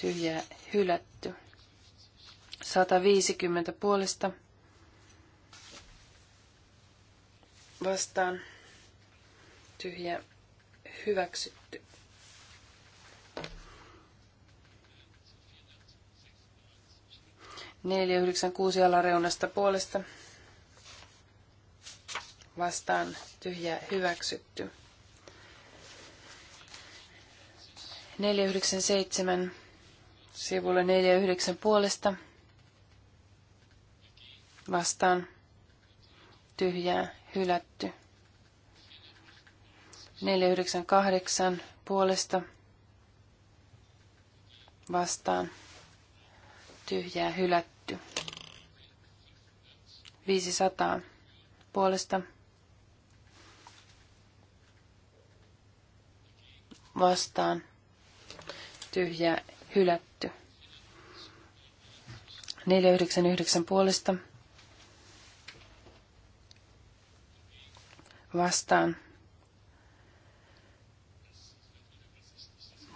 tyhjää hylätty. 150 puolesta vastaan tyhjä hyväksytty. Neljä, yhdeksän, kuusi alareunasta puolesta vastaan tyhjä hyväksytty. Neljä, yhdeksän, seitsemän sivulla 49 puolesta vastaan tyhjää hylätty. 498 puolesta vastaan tyhjää hylätty. 500 puolesta vastaan tyhjää hylätty. 499 puolesta vastaan.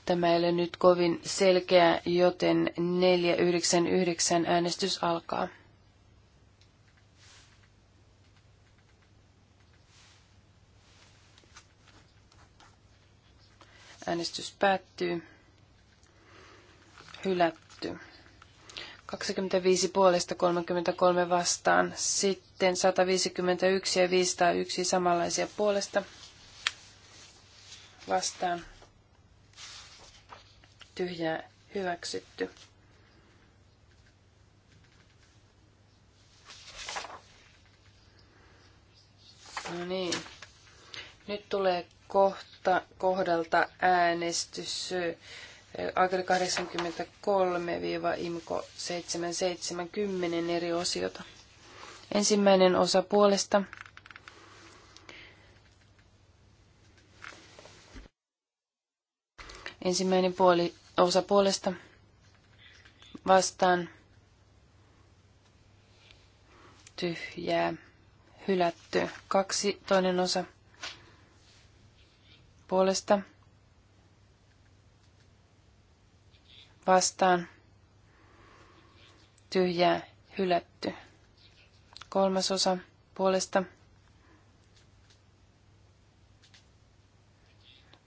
Tämä ei ole nyt kovin selkeä, joten 499 äänestys alkaa. Äänestys päättyy hylätty. 25 puolesta 33 vastaan. Sitten 151 ja 501 samanlaisia puolesta vastaan. Tyhjää hyväksytty. No niin. Nyt tulee kohta kohdalta äänestys Agri 83-Imko 770 eri osiota. Ensimmäinen osa puolesta. Ensimmäinen puoli, osa puolesta vastaan tyhjää hylätty. Kaksi toinen osa puolesta vastaan tyhjää hylätty. Kolmas osa puolesta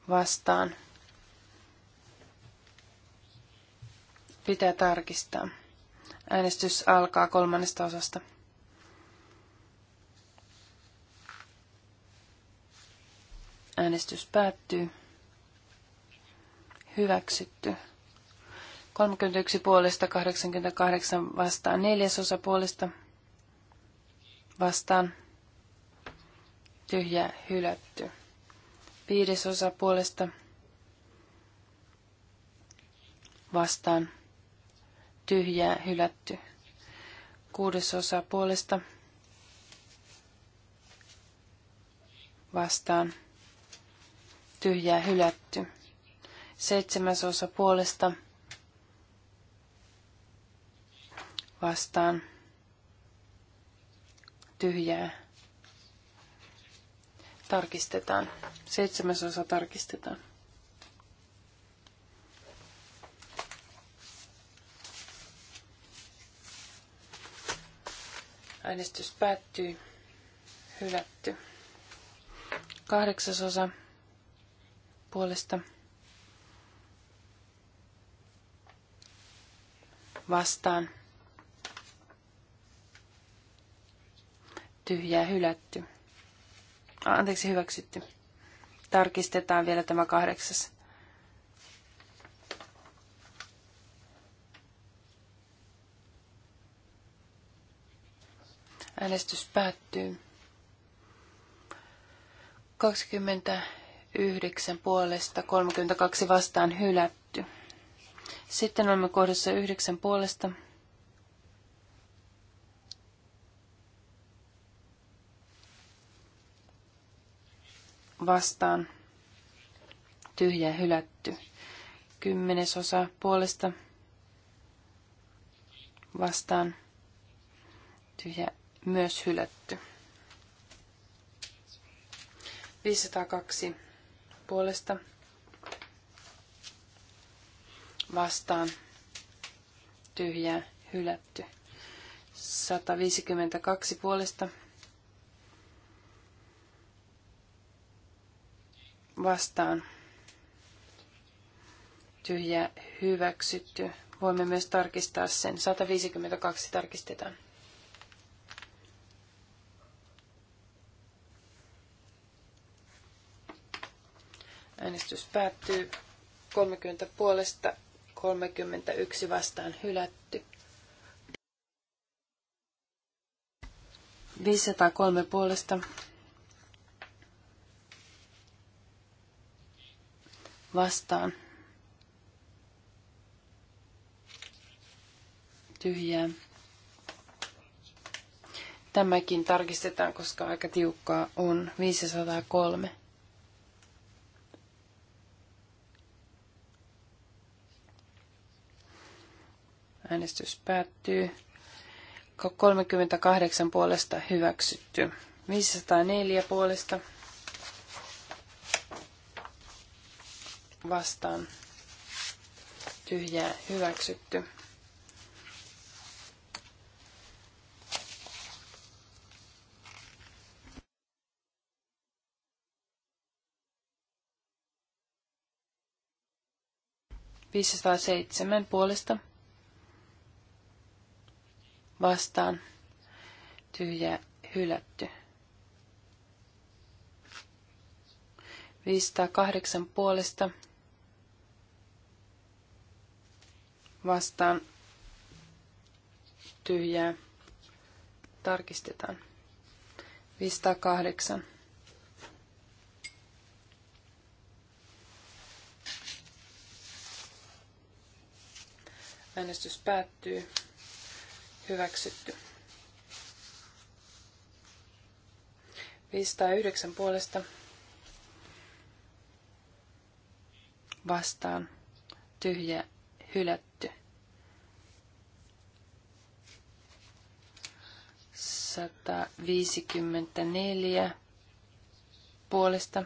vastaan pitää tarkistaa. Äänestys alkaa kolmannesta osasta. Äänestys päättyy. Hyväksytty. 31 puolesta 88 vastaan neljäsosa puolesta vastaan tyhjä hylätty. Viidesosa puolesta vastaan tyhjää hylätty. Kuudesosa puolesta vastaan tyhjää hylätty. Seitsemäsosa puolesta vastaan, vastaan tyhjää. Tarkistetaan. Seitsemäsosa tarkistetaan. Äänestys päättyy. Hylätty. Kahdeksasosa puolesta. Vastaan. tyhjää hylätty. Anteeksi, hyväksytty. Tarkistetaan vielä tämä kahdeksas. Äänestys päättyy. 29 puolesta, 32 vastaan hylätty. Sitten olemme kohdassa 9 puolesta vastaan tyhjä hylätty. Kymmenesosa puolesta vastaan tyhjä myös hylätty. 502 puolesta vastaan tyhjä hylätty. 152 puolesta vastaan vastaan tyhjä hyväksytty. Voimme myös tarkistaa sen. 152 tarkistetaan. Äänestys päättyy 30 puolesta 31 vastaan hylätty. 503 puolesta vastaan. Tyhjää. Tämäkin tarkistetaan, koska aika tiukkaa on 503. Äänestys päättyy. 38 puolesta hyväksytty. 504 puolesta vastaan tyhjää hyväksytty. seitsemän puolesta vastaan tyhjä hylätty. 508 puolesta vastaan tyhjää tarkistetaan. 508. Äänestys päättyy. Hyväksytty. 509 puolesta vastaan tyhjä hylätty. 154 puolesta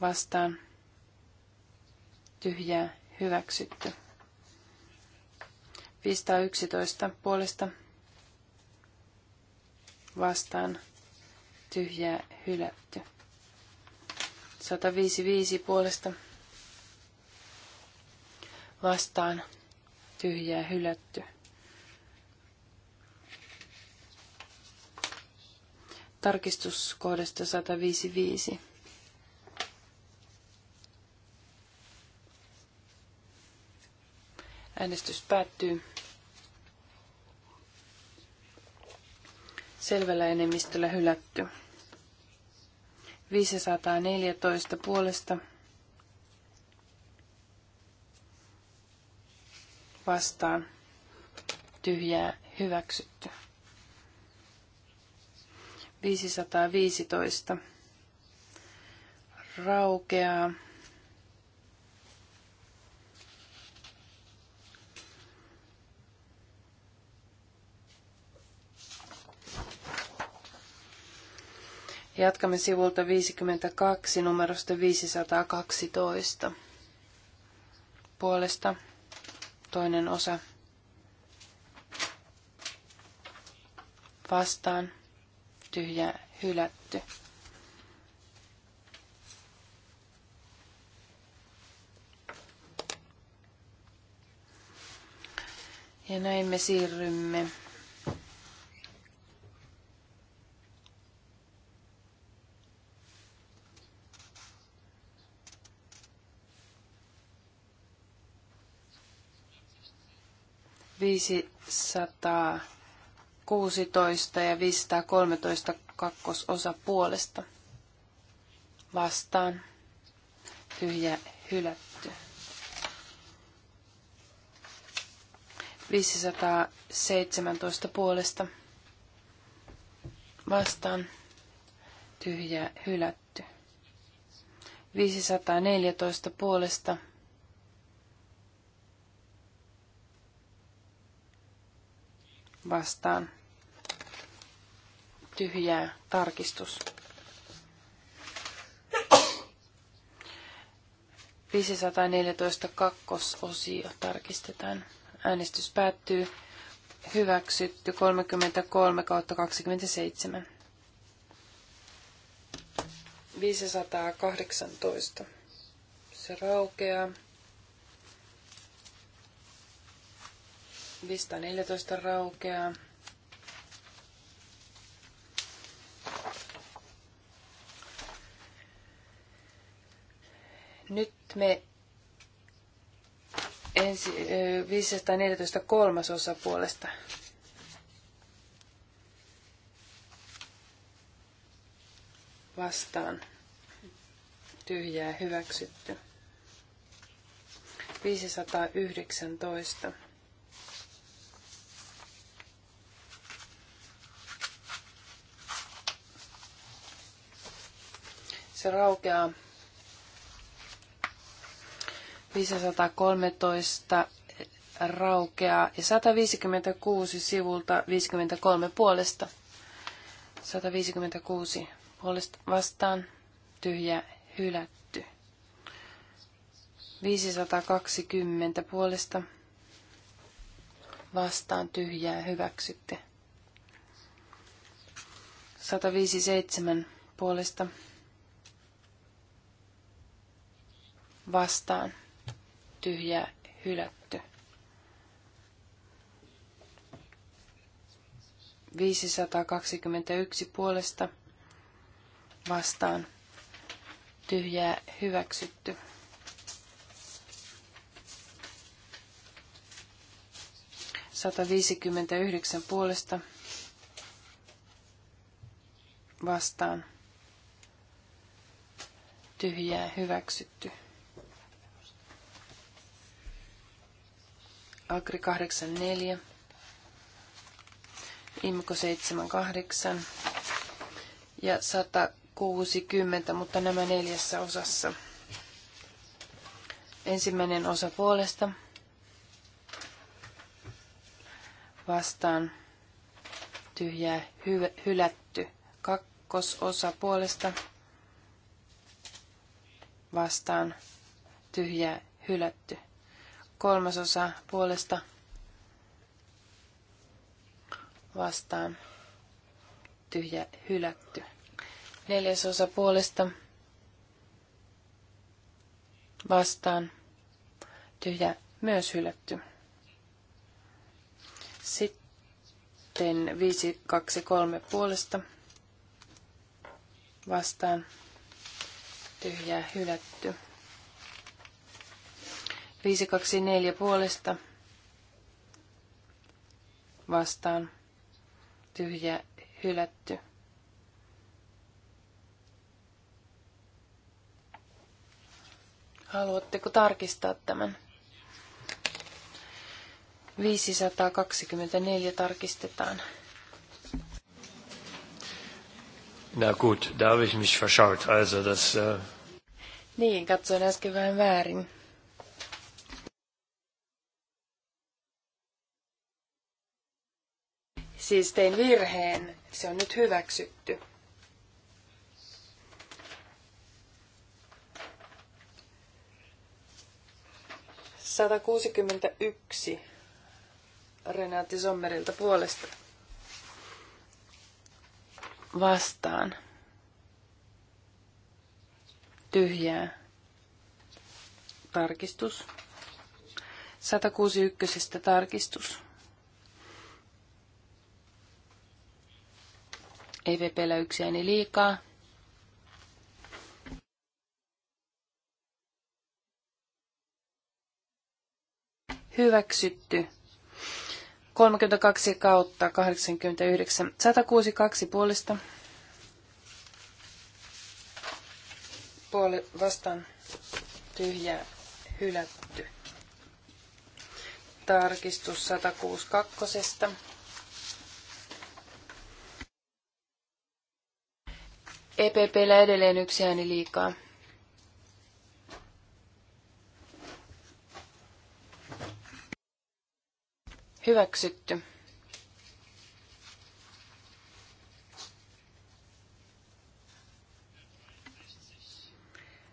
vastaan tyhjää hyväksytty. 511 puolesta vastaan tyhjää hylätty. 155 puolesta vastaan tyhjää hylätty. Tarkistuskohdasta 155. Äänestys päättyy. Selvällä enemmistöllä hylätty. 514 puolesta vastaan tyhjää hyväksytty. 515 raukeaa. Jatkamme sivulta 52 numerosta 512 puolesta toinen osa vastaan tyhjä hylätty. Ja näin me siirrymme 516 ja 513 kakkososa puolesta. Vastaan. Tyhjä hylätty. 517 puolesta. Vastaan. Tyhjä hylätty. 514 puolesta vastaan tyhjää tarkistus. 514 kakkososio tarkistetaan. Äänestys päättyy. Hyväksytty 33 kautta 27. 518. Se raukeaa. 14 raukeaa. Nyt me ensi, 514 kolmasosa puolesta. Vastaan. Tyhjää hyväksytty. 519 se raukeaa. 513 raukeaa ja 156 sivulta 53 puolesta. 156 puolesta vastaan tyhjä hylätty. 520 puolesta vastaan tyhjää hyväksytty. 157 puolesta vastaan tyhjä hylätty. 521 puolesta vastaan tyhjää hyväksytty. Sata viisikymmentäyhdeksän puolesta vastaan tyhjää hyväksytty. Agri 84, Imko 78 ja 160, mutta nämä neljässä osassa. Ensimmäinen osa puolesta vastaan tyhjää hy- hylätty. Kakkososa puolesta vastaan tyhjää hylätty kolmasosa puolesta vastaan tyhjä hylätty. Neljäsosa puolesta vastaan tyhjä myös hylätty. Sitten 5, 2, 3 puolesta vastaan tyhjää hylätty. 524 puolesta vastaan tyhjä hylätty. Haluatteko tarkistaa tämän? 524 tarkistetaan. Na gut, da habe ich mich verschaut. Also das, äh... Niin, katsoin äsken vähän väärin. Siis tein virheen, se on nyt hyväksytty. Sata kuusikymmentä yksi Renati Sommerilta puolesta vastaan. Tyhjää. Tarkistus. 161. tarkistus. ei yksi yksiäni liikaa. Hyväksytty. 32 kautta 89. 162 puolista. Puoli vastaan tyhjä hylätty. Tarkistus 162. EPPllä edelleen yksi ääni liikaa. Hyväksytty.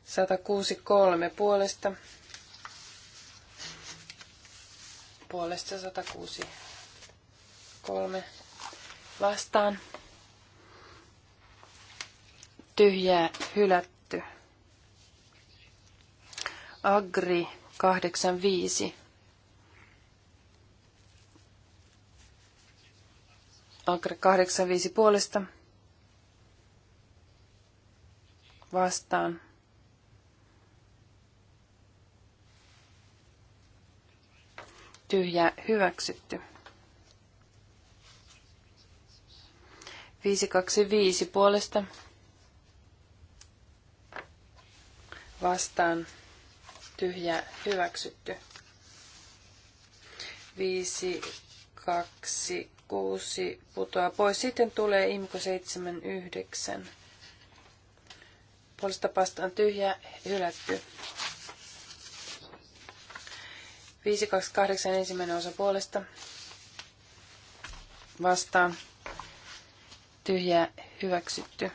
Sata kuusi kolme puolesta. Puolesta sata kuusi kolme vastaan tyhjää hylätty. Agri 85. Agri 85 puolesta. Vastaan. Tyhjä hyväksytty. 525 puolesta vastaan tyhjä hyväksytty. 5, 2, 6 putoaa pois. Sitten tulee imko 7, 9. Puolesta vastaan tyhjä hylätty. 5, 2, 8 ensimmäinen osa puolesta vastaan tyhjä hyväksytty.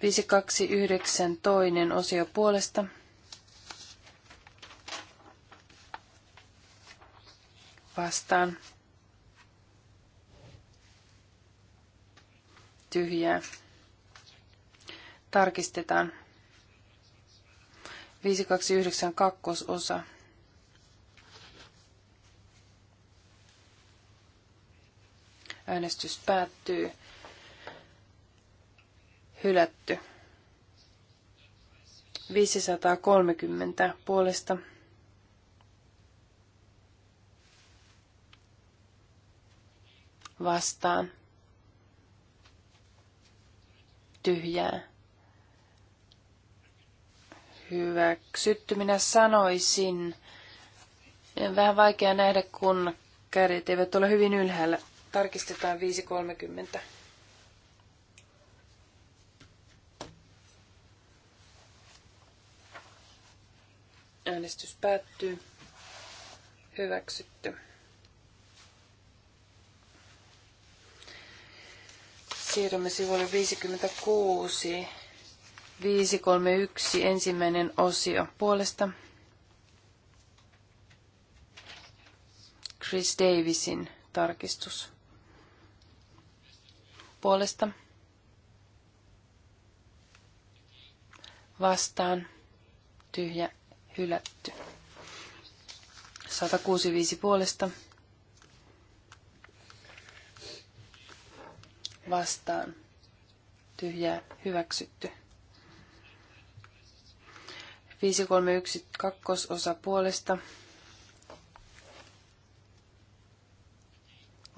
529 toinen osio puolesta. Vastaan. Tyhjää. Tarkistetaan. 529 kakkososa. Äänestys päättyy hylätty. 530 puolesta vastaan tyhjää. Hyväksytty, minä sanoisin. Vähän vaikea nähdä, kun kädet eivät ole hyvin ylhäällä. Tarkistetaan 530. Äänestys päättyy. Hyväksytty. Siirrymme sivulle 56. 531 ensimmäinen osio puolesta. Chris Davisin tarkistus puolesta. Vastaan tyhjä hylätty. 165 puolesta vastaan tyhjää hyväksytty. 531 kakkososa puolesta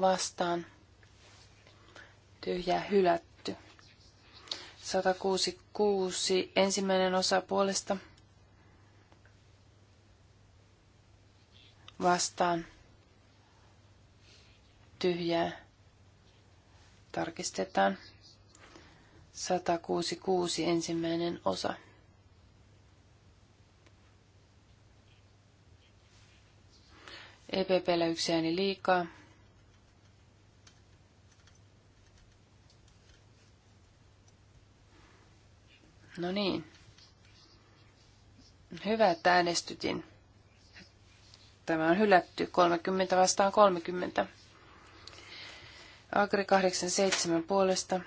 vastaan tyhjää hylätty. 166 ensimmäinen osa puolesta vastaan tyhjää. Tarkistetaan. 166 ensimmäinen osa. EPPllä yksi ääni liikaa. No niin. Hyvä, että äänestytin. Tämä on hylätty 30 vastaan 30. Agri 87 puolesta.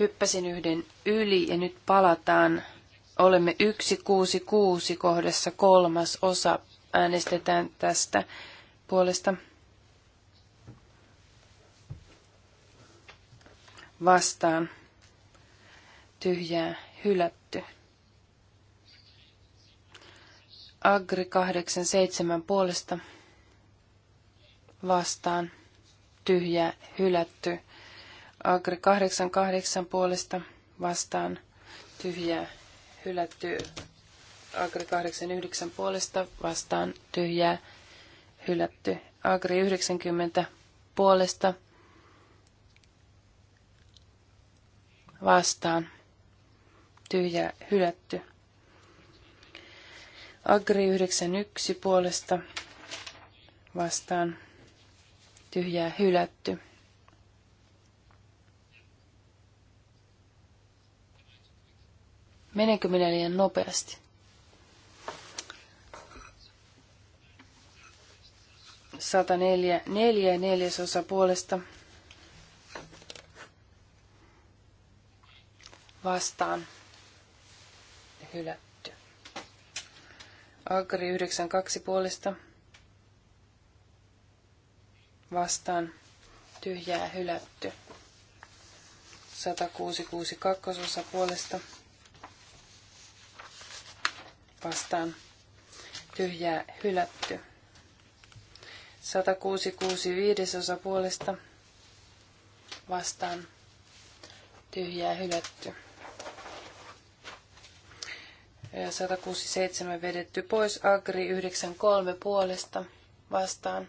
Hyppäsin yhden yli ja nyt palataan. Olemme 166 kohdassa kolmas osa. Äänestetään tästä puolesta. vastaan tyhjää hylätty. Agri 87 puolesta vastaan tyhjää hylätty. Agri 88 puolesta vastaan tyhjää hylätty. Agri 89 puolesta vastaan tyhjää hylätty. Agri 90 puolesta vastaan tyhjä hylätty. Agri 91 puolesta vastaan tyhjää hylätty. Menenkö minä liian nopeasti? Sata neljä, neljä neljäsosa puolesta vastaan hylätty. Agri 92 puolesta vastaan tyhjää hylätty. 166 kakkososa puolesta vastaan tyhjää hylätty. 166 viidesosa puolesta vastaan tyhjää hylätty. 167 vedetty pois. Agri 93 puolesta vastaan.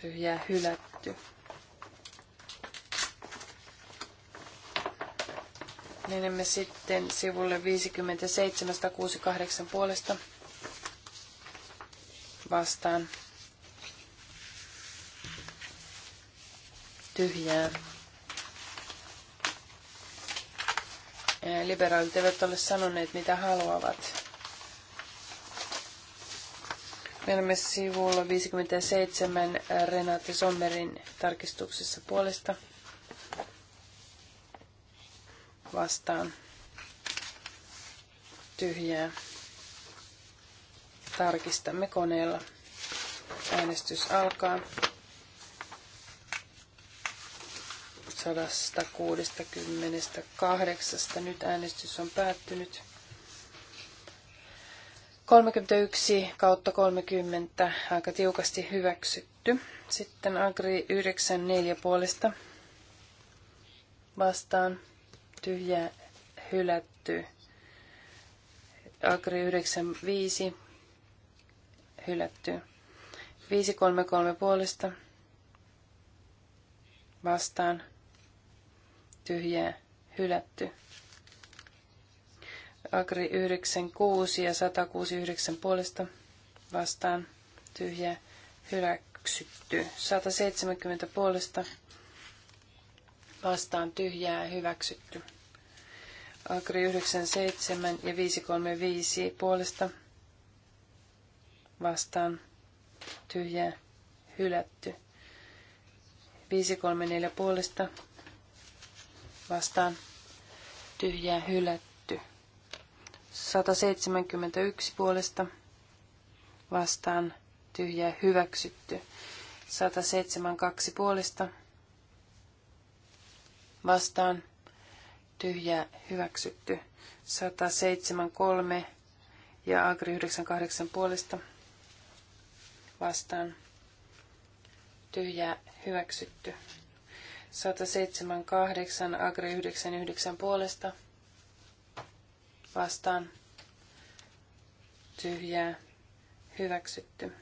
Tyhjää hylätty. 4 menemme sitten sivulle 57 168 puolesta vastaan. Tyhjää liberaalit eivät ole sanoneet, mitä haluavat. Me olemme sivulla 57 Renate Sommerin tarkistuksessa puolesta vastaan tyhjää. Tarkistamme koneella. Äänestys alkaa. 168. Nyt äänestys on päättynyt. 31 kautta 30 aika tiukasti hyväksytty. Sitten Agri 94 puolesta vastaan tyhjä hylätty. Agri 95 hylätty. 533 puolesta vastaan tyhjää hylätty. Agri 96 ja 169 puolesta vastaan tyhjä hyväksytty. 170 puolesta vastaan tyhjää hyväksytty. Agri 97 ja 535 puolesta vastaan tyhjää hylätty. 534 puolesta vastaan tyhjää hylätty. 171 puolesta vastaan tyhjää hyväksytty. 172 puolesta vastaan tyhjää hyväksytty. 173 ja Agri 98 puolesta vastaan tyhjää hyväksytty. 178 Agri 99 puolesta vastaan tyhjää hyväksytty.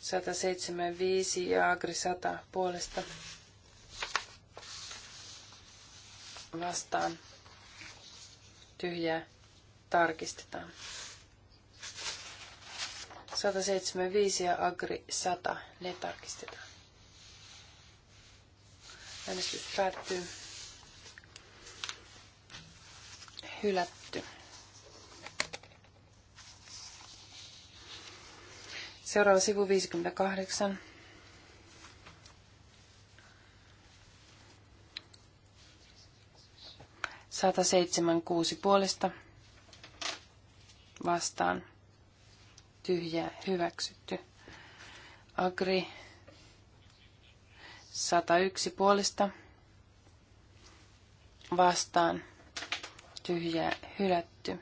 175 ja Agri 100 puolesta vastaan tyhjää tarkistetaan. 175 ja Agri 100, ne tarkistetaan. Äänestys päättyy. Hylätty. Seuraava sivu 58. Sata seitsemän kuusi puolesta vastaan tyhjää hyväksytty. Agri 101 puolesta vastaan tyhjä hylätty.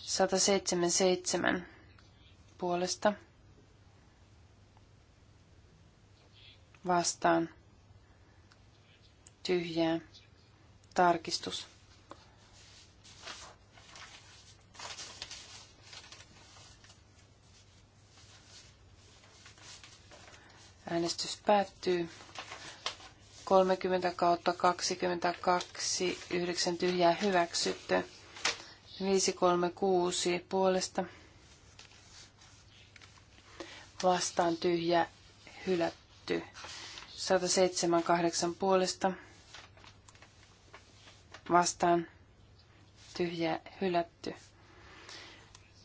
177 puolesta vastaan tyhjää tarkistus. Äänestys päättyy. 30 kautta 22, 9 tyhjää hyväksytty. 536 puolesta. Vastaan tyhjä hylätty. 178 puolesta. Vastaan tyhjä hylätty.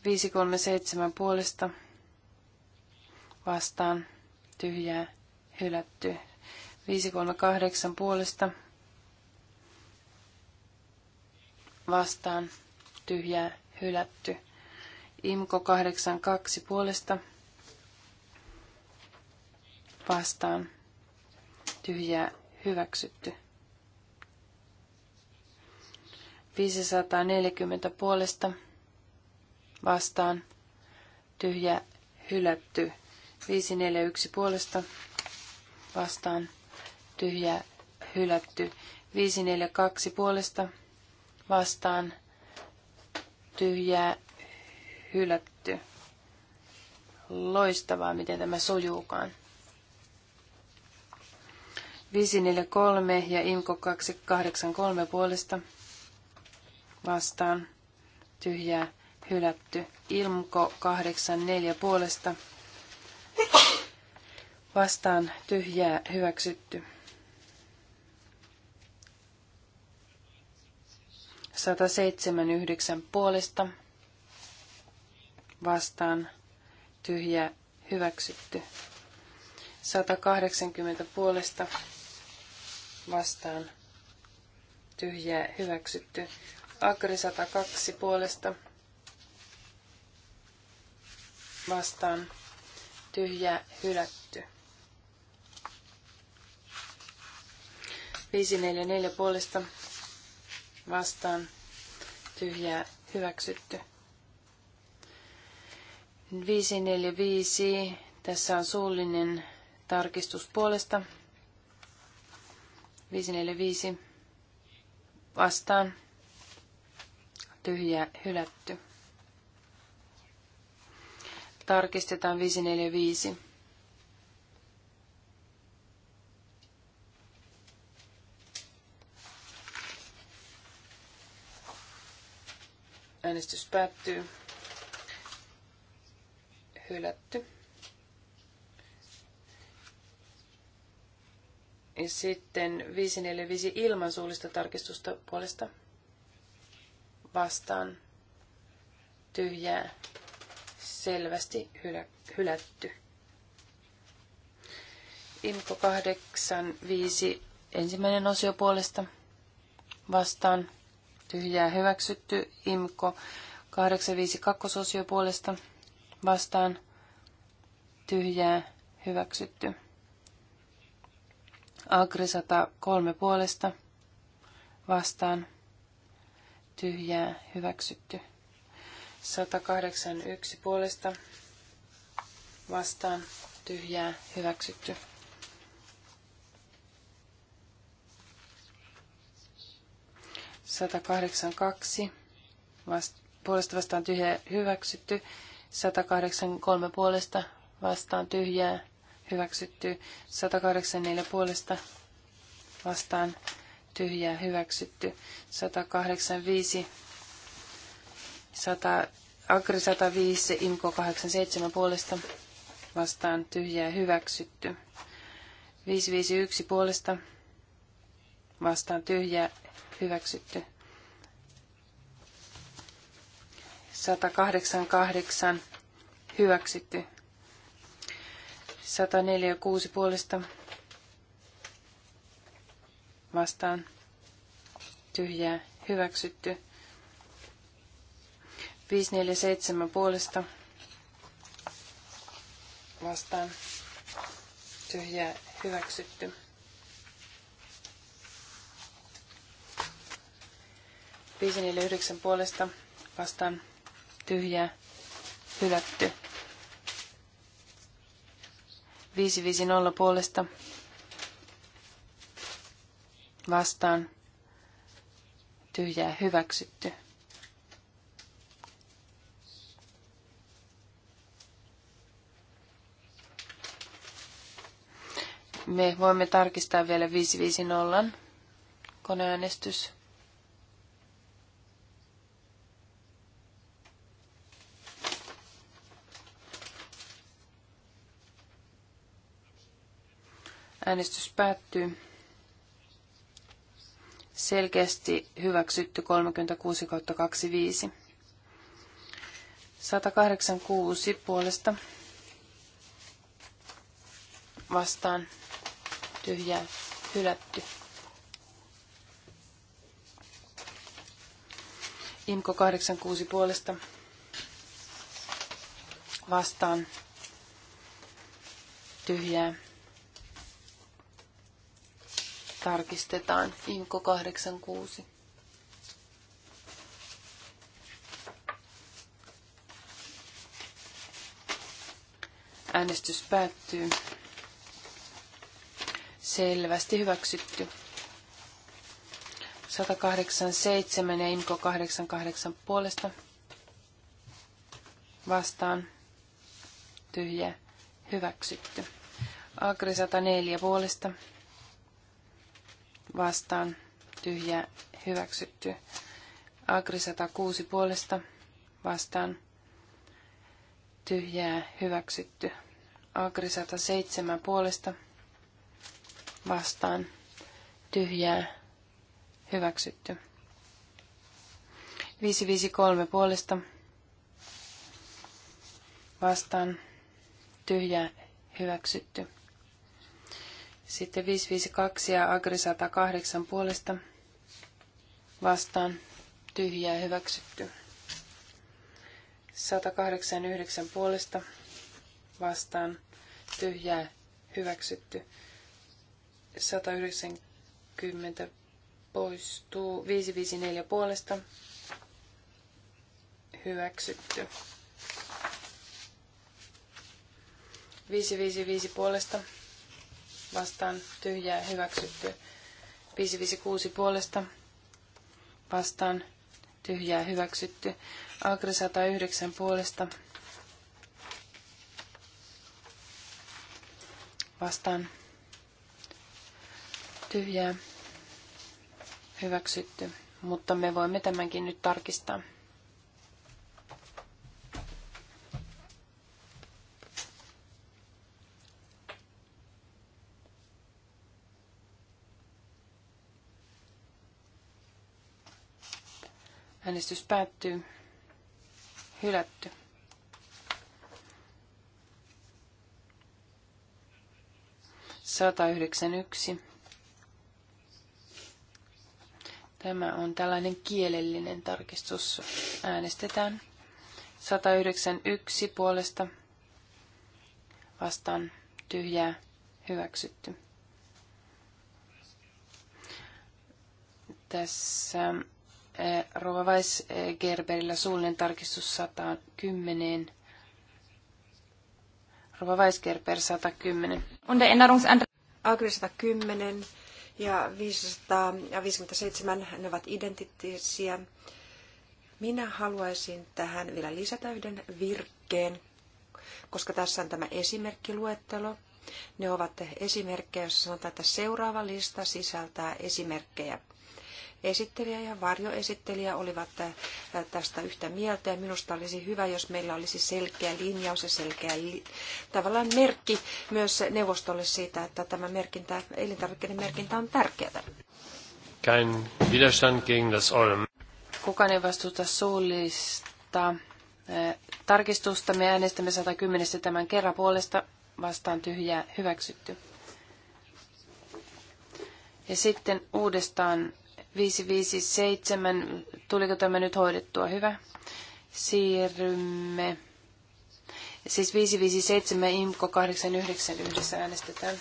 537 puolesta. Vastaan tyhjää hylätty. 538 puolesta vastaan tyhjää hylätty. Imko 82 puolesta vastaan tyhjää hyväksytty. 540 puolesta vastaan tyhjä hylätty. 541 puolesta vastaan tyhjä hylätty. 542 puolesta vastaan tyhjä hylätty. Loistavaa, miten tämä sujuukaan. 543 ja Imko 283 puolesta vastaan tyhjää hylätty. Ilmko 84 puolesta vastaan tyhjää hyväksytty. 179 puolesta vastaan tyhjä hyväksytty. 180 puolesta vastaan tyhjä hyväksytty. Agri 102 puolesta vastaan tyhjä, hylätty. 544 puolesta vastaan tyhjää hyväksytty. 545. Tässä on suullinen tarkistus puolesta. 545 vastaan tyhjää hylätty. Tarkistetaan 545. Äänestys päättyy. Hylätty. Ja sitten 545 ilman suullista tarkistusta puolesta vastaan tyhjää selvästi hylätty. Imko 85 ensimmäinen osio puolesta vastaan tyhjää hyväksytty. Imko 85 kakkososio puolesta vastaan tyhjää hyväksytty. Agri 103 puolesta vastaan tyhjää hyväksytty. 181 puolesta vastaan tyhjää hyväksytty. Sata kahdeksan kaksi puolesta vastaan tyhjää hyväksytty. 183 puolesta vastaan tyhjää hyväksytty. 184 puolesta vastaan tyhjää hyväksytty. 185 100, Agri 105, Imko 87 puolesta vastaan tyhjää hyväksytty. 551 puolesta vastaan tyhjää hyväksytty. 188 hyväksytty. 146 puolesta vastaan tyhjää hyväksytty. 547 puolesta vastaan tyhjää hyväksytty. yhdeksän puolesta vastaan tyhjää hylätty. 550 puolesta vastaan tyhjää hyväksytty. Me voimme tarkistaa vielä 550 koneäänestys. Äänestys päättyy. Selkeästi hyväksytty 36 25. 186 puolesta vastaan tyhjää hylätty. Imko 86 puolesta vastaan tyhjää. Tarkistetaan Imko 86. Äänestys päättyy. Selvästi hyväksytty. 187 ja Inko 88 puolesta. Vastaan. Tyhjä. Hyväksytty. Agri 104 puolesta. Vastaan. Tyhjä. Hyväksytty. Agri 106 puolesta. Vastaan. Tyhjää. Hyväksytty. Agri 107 puolesta vastaan tyhjää hyväksytty. 553 puolesta vastaan tyhjää hyväksytty. Sitten 552 ja Agri 108 puolesta vastaan tyhjää hyväksytty. 189 puolesta vastaan tyhjää hyväksytty. 190 poistuu. 554 puolesta hyväksytty. 555 puolesta vastaan tyhjää hyväksytty. 556 puolesta vastaan tyhjää hyväksytty. Agri 109 puolesta vastaan tyhjää hyväksytty, mutta me voimme tämänkin nyt tarkistaa. Äänestys päättyy. Hylätty. Sata yhdeksän yksi. Tämä on tällainen kielellinen tarkistus. Äänestetään 191 puolesta vastaan tyhjää hyväksytty. Tässä eh, Rova Weiss Gerberillä suullinen tarkistus 110. Rova Weisgerber 110. Agri 110 ja 557, ne ovat identtisiä. Minä haluaisin tähän vielä lisätä yhden virkkeen, koska tässä on tämä esimerkkiluettelo. Ne ovat esimerkkejä, jos sanotaan, että seuraava lista sisältää esimerkkejä – esittelijä ja varjoesittelijä olivat äh, tästä yhtä mieltä ja minusta olisi hyvä, jos meillä olisi selkeä linjaus ja selkeä li- tavallaan merkki myös neuvostolle siitä, että tämä merkintä, elintarvikkeiden merkintä on tärkeää. Kein Widerstand gegen das Olm. Kukaan ei vastuuta suullista äh, tarkistusta. Me äänestämme 110 tämän kerran puolesta vastaan tyhjää hyväksytty. Ja sitten uudestaan 557, tuliko tämä nyt hoidettua? Hyvä. Siirrymme. Siis 557 ja IMKO 89 yhdessä äänestetään.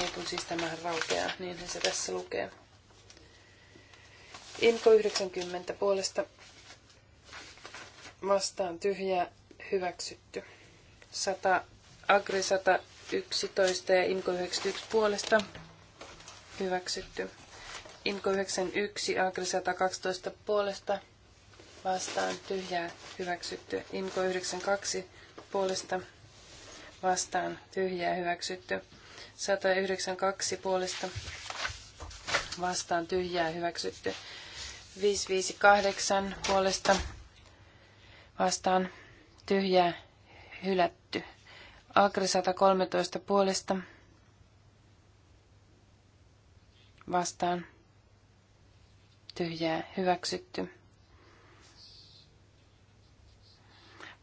Ei kun siis tämähän raukeaa, niin se tässä lukee. IMKO 90 puolesta vastaan tyhjä hyväksytty. 100, Agri 111 ja IMKO 91 puolesta hyväksytty. Inko 91, Agri 112 puolesta vastaan tyhjää hyväksytty. Inko 92 puolesta vastaan tyhjää hyväksytty. 192 puolesta vastaan tyhjää hyväksytty. 558 puolesta vastaan tyhjää hylätty. Agri 113 puolesta vastaan tyhjää hyväksytty.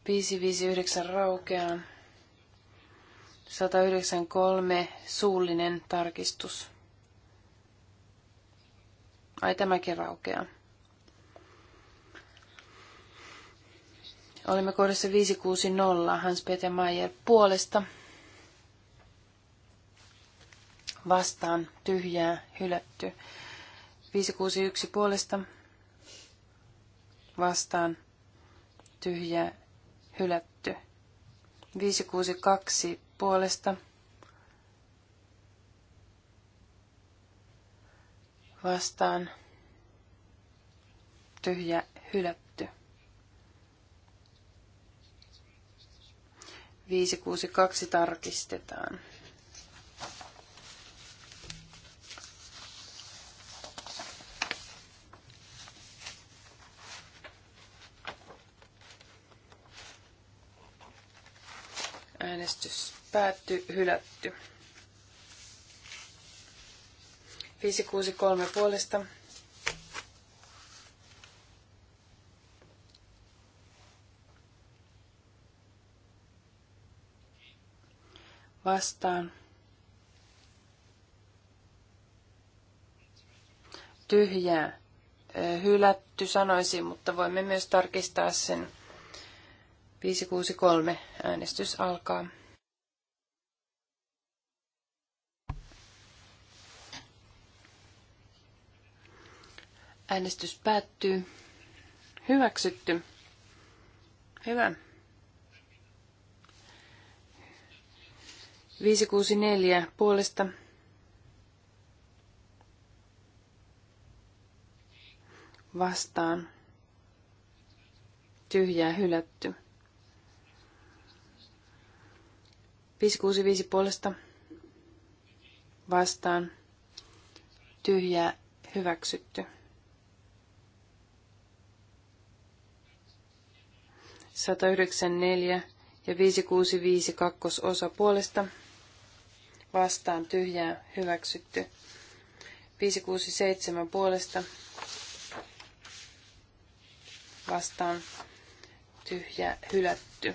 559 raukeaa. 193 suullinen tarkistus. Ai tämäkin raukeaa. Olimme kohdassa 560 Hans Peter Mayer puolesta vastaan tyhjää hylätty. 561 puolesta vastaan tyhjää hylätty. 562 puolesta vastaan tyhjä hylätty. 562 tarkistetaan. Äänestys päättyy, hylätty. 563 puolesta. Vastaan. Tyhjää. Hylätty sanoisin, mutta voimme myös tarkistaa sen. 563 äänestys alkaa. Äänestys päättyy. Hyväksytty. Hyvä. 564 puolesta vastaan. Tyhjää hylätty. 565 puolesta vastaan tyhjää hyväksytty. 194 ja 565 kakkososa puolesta vastaan tyhjää hyväksytty. 567 puolesta vastaan tyhjä hylätty.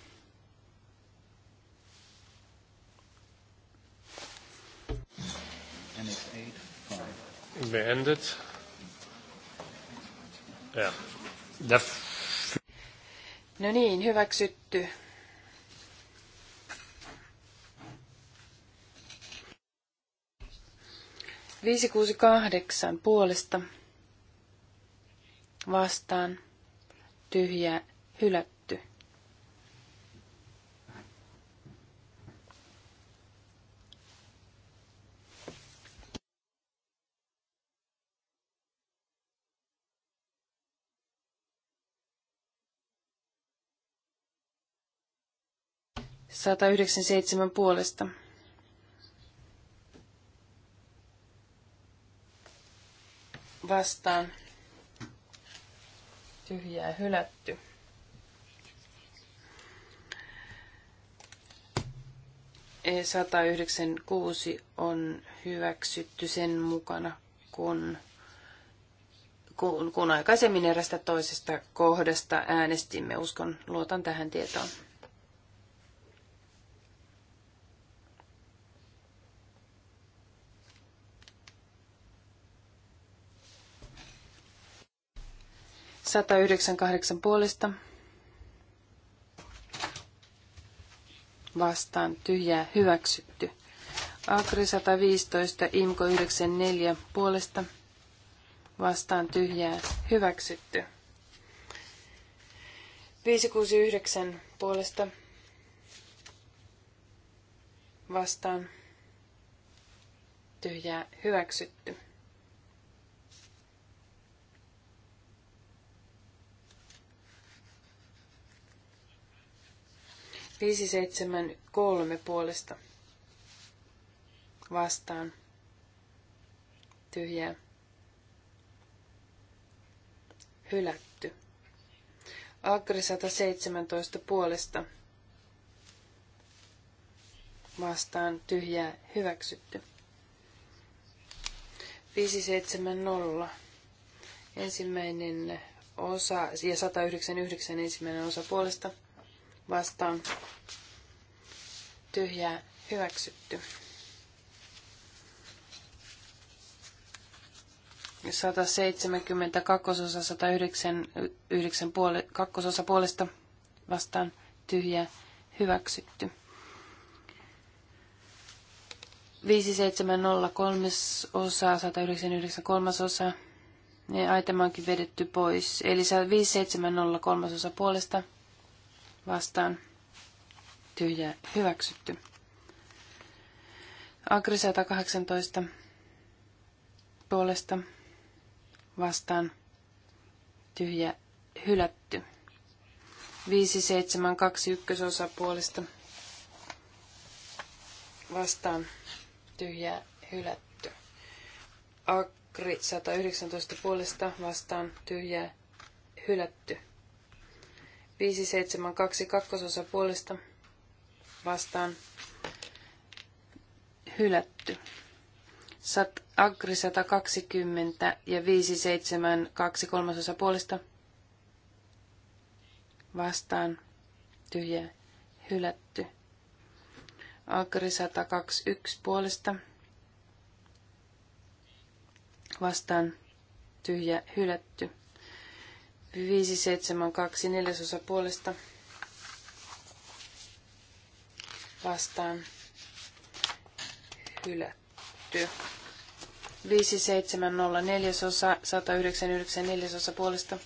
beendet. Ja. No niin, hyväksytty. Viisi kuusi kahdeksan puolesta vastaan tyhjä hylä, 197 puolesta. Vastaan. Tyhjää hylätty. E 196 on hyväksytty sen mukana, kun, kun, kun aikaisemmin erästä toisesta kohdasta äänestimme. Uskon, luotan tähän tietoon. 198 puolesta. Vastaan tyhjää hyväksytty. Agri 115, Imko 94 puolesta. Vastaan tyhjää hyväksytty. 569 puolesta. Vastaan tyhjää hyväksytty. 573 puolesta vastaan tyhjää hylätty. Agri 117 puolesta vastaan tyhjää hyväksytty. 570 ensimmäinen osa ja 199 ensimmäinen osa puolesta vastaan tyhjää hyväksytty. 170 kakkososa 109 puole, kakkososa puolesta vastaan tyhjää hyväksytty. 5703 osa 199 kolmasosa. Ne aitema onkin vedetty pois. Eli 5703 osa puolesta vastaan tyhjä hyväksytty. Agri 118 puolesta vastaan tyhjä hylätty. 5721 osa puolesta vastaan tyhjä hylätty. Agri 119 puolesta vastaan tyhjä hylätty. 572 kakkososa puolesta vastaan hylätty. Sat, agri 120 ja 572 kolmasosa puolesta vastaan tyhjä hylätty. Agri 121 puolesta vastaan tyhjä hylätty. 572 neljäsosa puolesta vastaan hylätty. 570 neljäsosa, 199 neljäsosa puolesta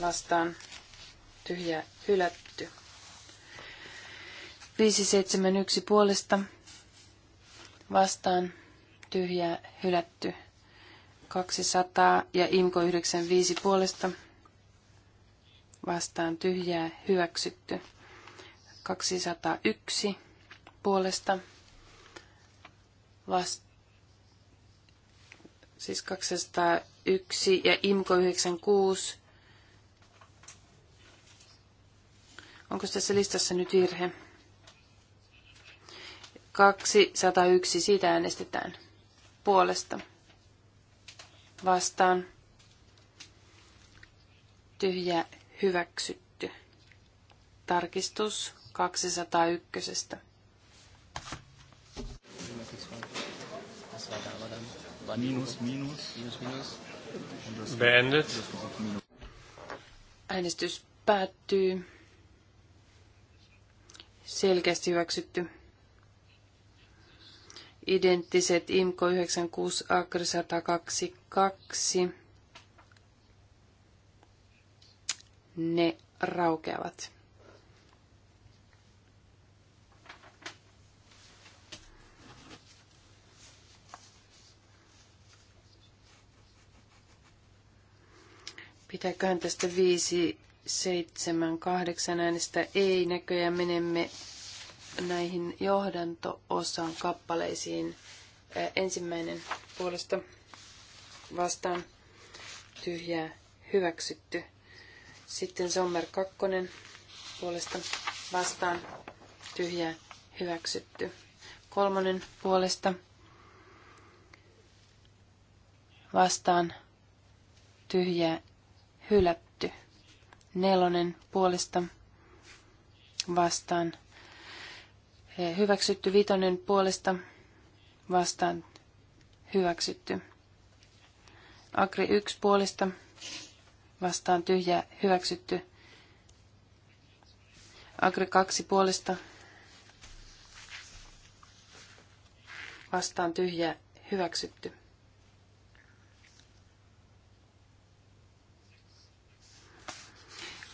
vastaan tyhjä hylätty. 571 puolesta vastaan tyhjä hylätty. 200 ja IMKO 95 puolesta vastaan tyhjää hyväksytty. 201 puolesta vast... siis 201 ja IMKO 96. Onko tässä listassa nyt virhe? 201, siitä äänestetään puolesta vastaan tyhjä hyväksytty. Tarkistus 201. Minus, minus, minus, minus. Äänestys päättyy. Selkeästi hyväksytty identtiset IMKO 96 agri 122. Ne raukeavat. Pitäköhän tästä 5, 7, 8 äänestä ei näköjään menemme näihin johdanto-osan kappaleisiin. Ensimmäinen puolesta vastaan tyhjää hyväksytty. Sitten Sommer 2 puolesta vastaan tyhjää hyväksytty. Kolmonen puolesta vastaan tyhjää hylätty. Nelonen puolesta vastaan Hyväksytty Vitonen puolesta vastaan hyväksytty. Agri 1 puolesta vastaan tyhjä hyväksytty. Agri 2 puolesta vastaan tyhjä hyväksytty.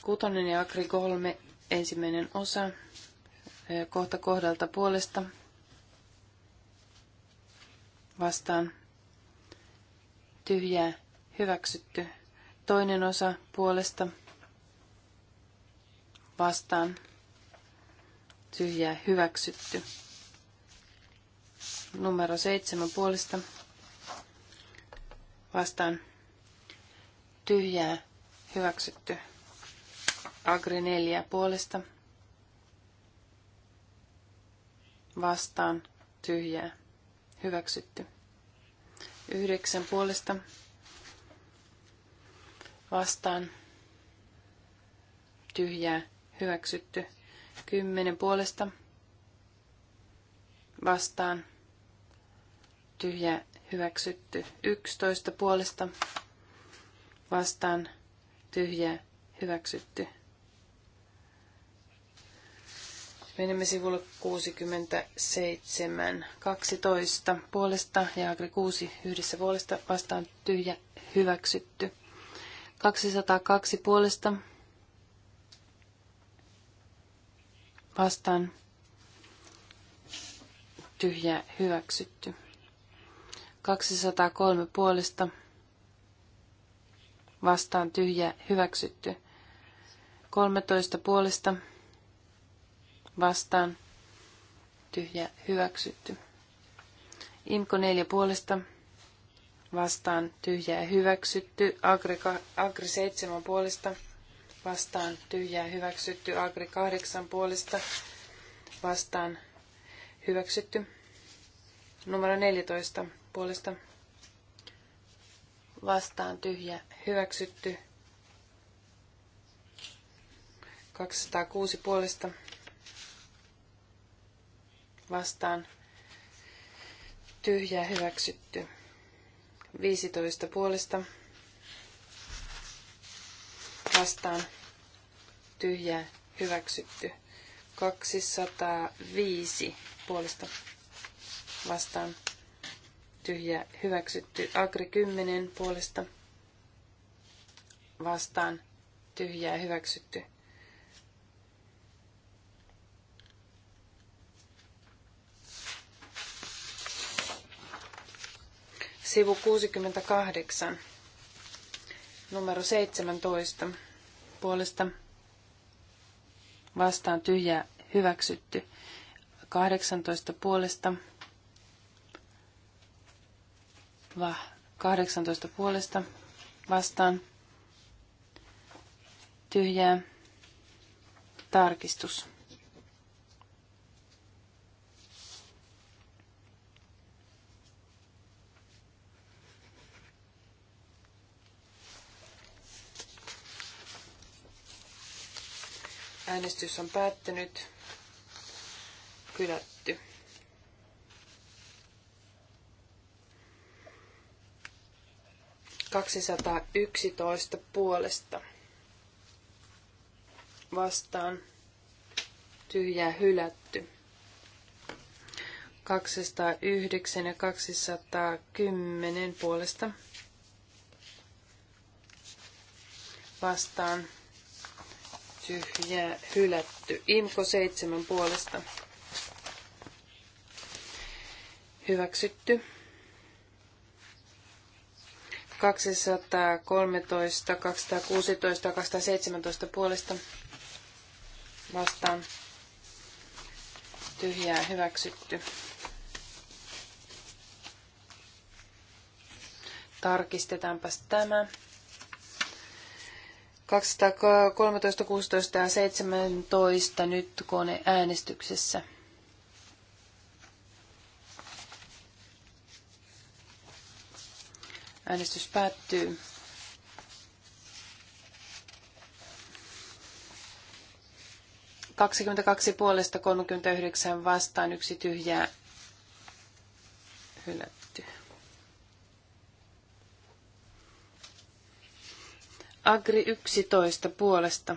Kutonen ja Agri 3 ensimmäinen osa kohta kohdalta puolesta vastaan tyhjää hyväksytty. Toinen osa puolesta vastaan tyhjää hyväksytty. Numero seitsemän puolesta vastaan tyhjää hyväksytty. Agri neljä puolesta vastaan tyhjää hyväksytty. Yhdeksän puolesta vastaan tyhjää hyväksytty. Kymmenen puolesta vastaan tyhjää hyväksytty. Yksitoista puolesta vastaan tyhjää hyväksytty. Menemme sivulle 67, 12 puolesta ja Agri 6 yhdessä puolesta vastaan tyhjä hyväksytty. 202 puolesta vastaan tyhjä hyväksytty. 203 puolesta vastaan tyhjä hyväksytty. 13 puolesta vastaan vastaan tyhjä hyväksytty. Imko 4 puolesta vastaan tyhjää hyväksytty. Agri, agri 7 puolesta vastaan tyhjää hyväksytty. Agri 8 puolesta vastaan hyväksytty. Numero 14 puolesta vastaan tyhjä hyväksytty. 206 puolesta vastaan tyhjä hyväksytty. 15 puolesta vastaan tyhjä hyväksytty. 205 puolesta vastaan tyhjä hyväksytty. Agri 10 puolesta vastaan tyhjää hyväksytty. Sivu 68, numero 17, puolesta vastaan tyhjä hyväksytty. 18 puolesta, va, 18 puolesta vastaan tyhjää tarkistus. Äänestys on päättynyt. Hylätty. yksitoista puolesta. Vastaan tyhjää hylätty. 209 ja 210 puolesta vastaan tyhjää hylätty. Imko seitsemän puolesta. Hyväksytty. 213, 216, 217 puolesta vastaan tyhjää hyväksytty. Tarkistetaanpas tämä. 213, 16 ja 17 nyt kone koneäänestyksessä. Äänestys päättyy. Kaksikymmentäkaksi puolesta 39 vastaan yksi tyhjää hylätty. Agri 11 puolesta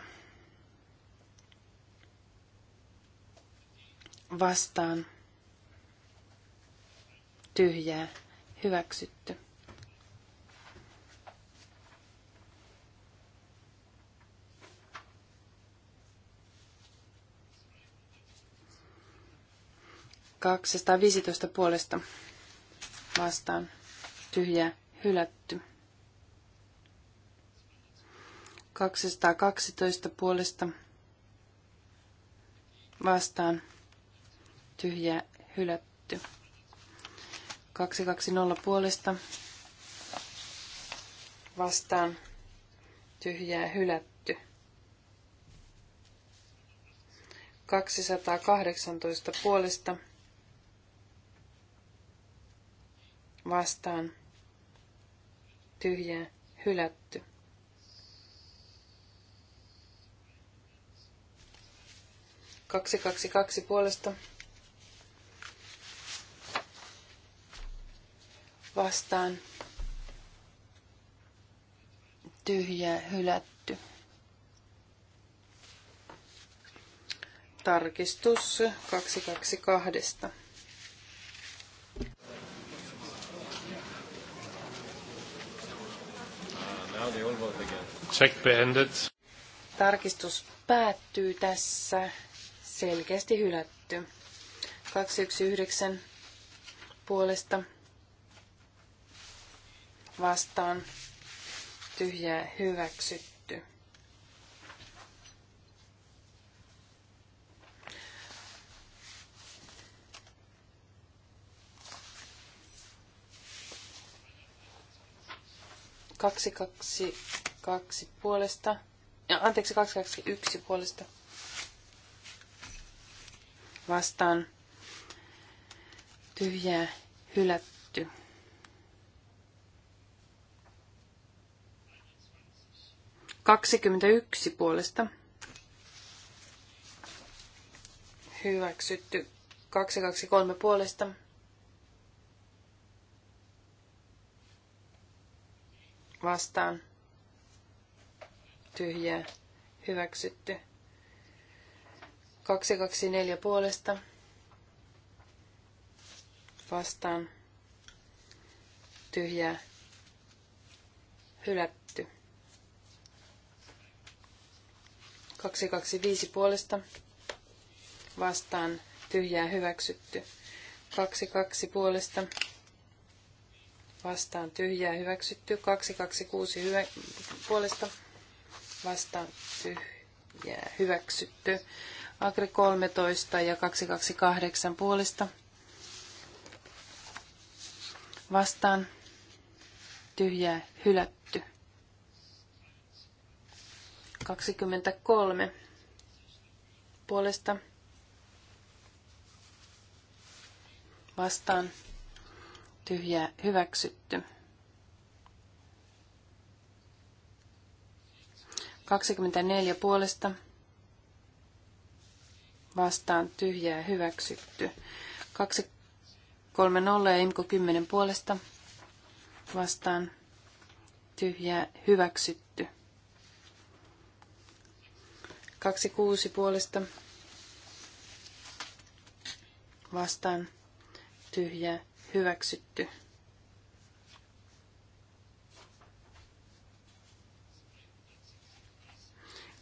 vastaan tyhjää hyväksytty. Kaksesta puolesta vastaan tyhjää hylätty. 212 puolesta vastaan tyhjä hylätty. 220 puolesta vastaan tyhjää hylätty. 218 puolesta vastaan tyhjää hylätty. 222 puolesta vastaan tyhjä hylätty. Tarkistus 222. Check beendet. Tarkistus päättyy tässä selkeästi hylätty. 219 puolesta vastaan tyhjää hyväksytty. Kaksi, kaksi, kaksi puolesta. Ja, anteeksi, kaksi, kaksi, yksi puolesta vastaan tyhjää hylätty. Kaksikymmentäyksi puolesta hyväksytty. 223 puolesta vastaan tyhjää hyväksytty. 224 puolesta vastaan tyhjää hylätty. 225 puolesta vastaan tyhjää hyväksytty. 22 puolesta vastaan tyhjää hyväksytty. 226 hyvä, puolesta vastaan tyhjää hyväksytty. Agri 13 ja 228 puolesta. Vastaan tyhjää hylätty. 23 puolesta vastaan tyhjää hyväksytty. 24 puolesta vastaan tyhjää hyväksytty. 230 ja imko 10 puolesta vastaan tyhjää hyväksytty. 26 puolesta vastaan tyhjää hyväksytty.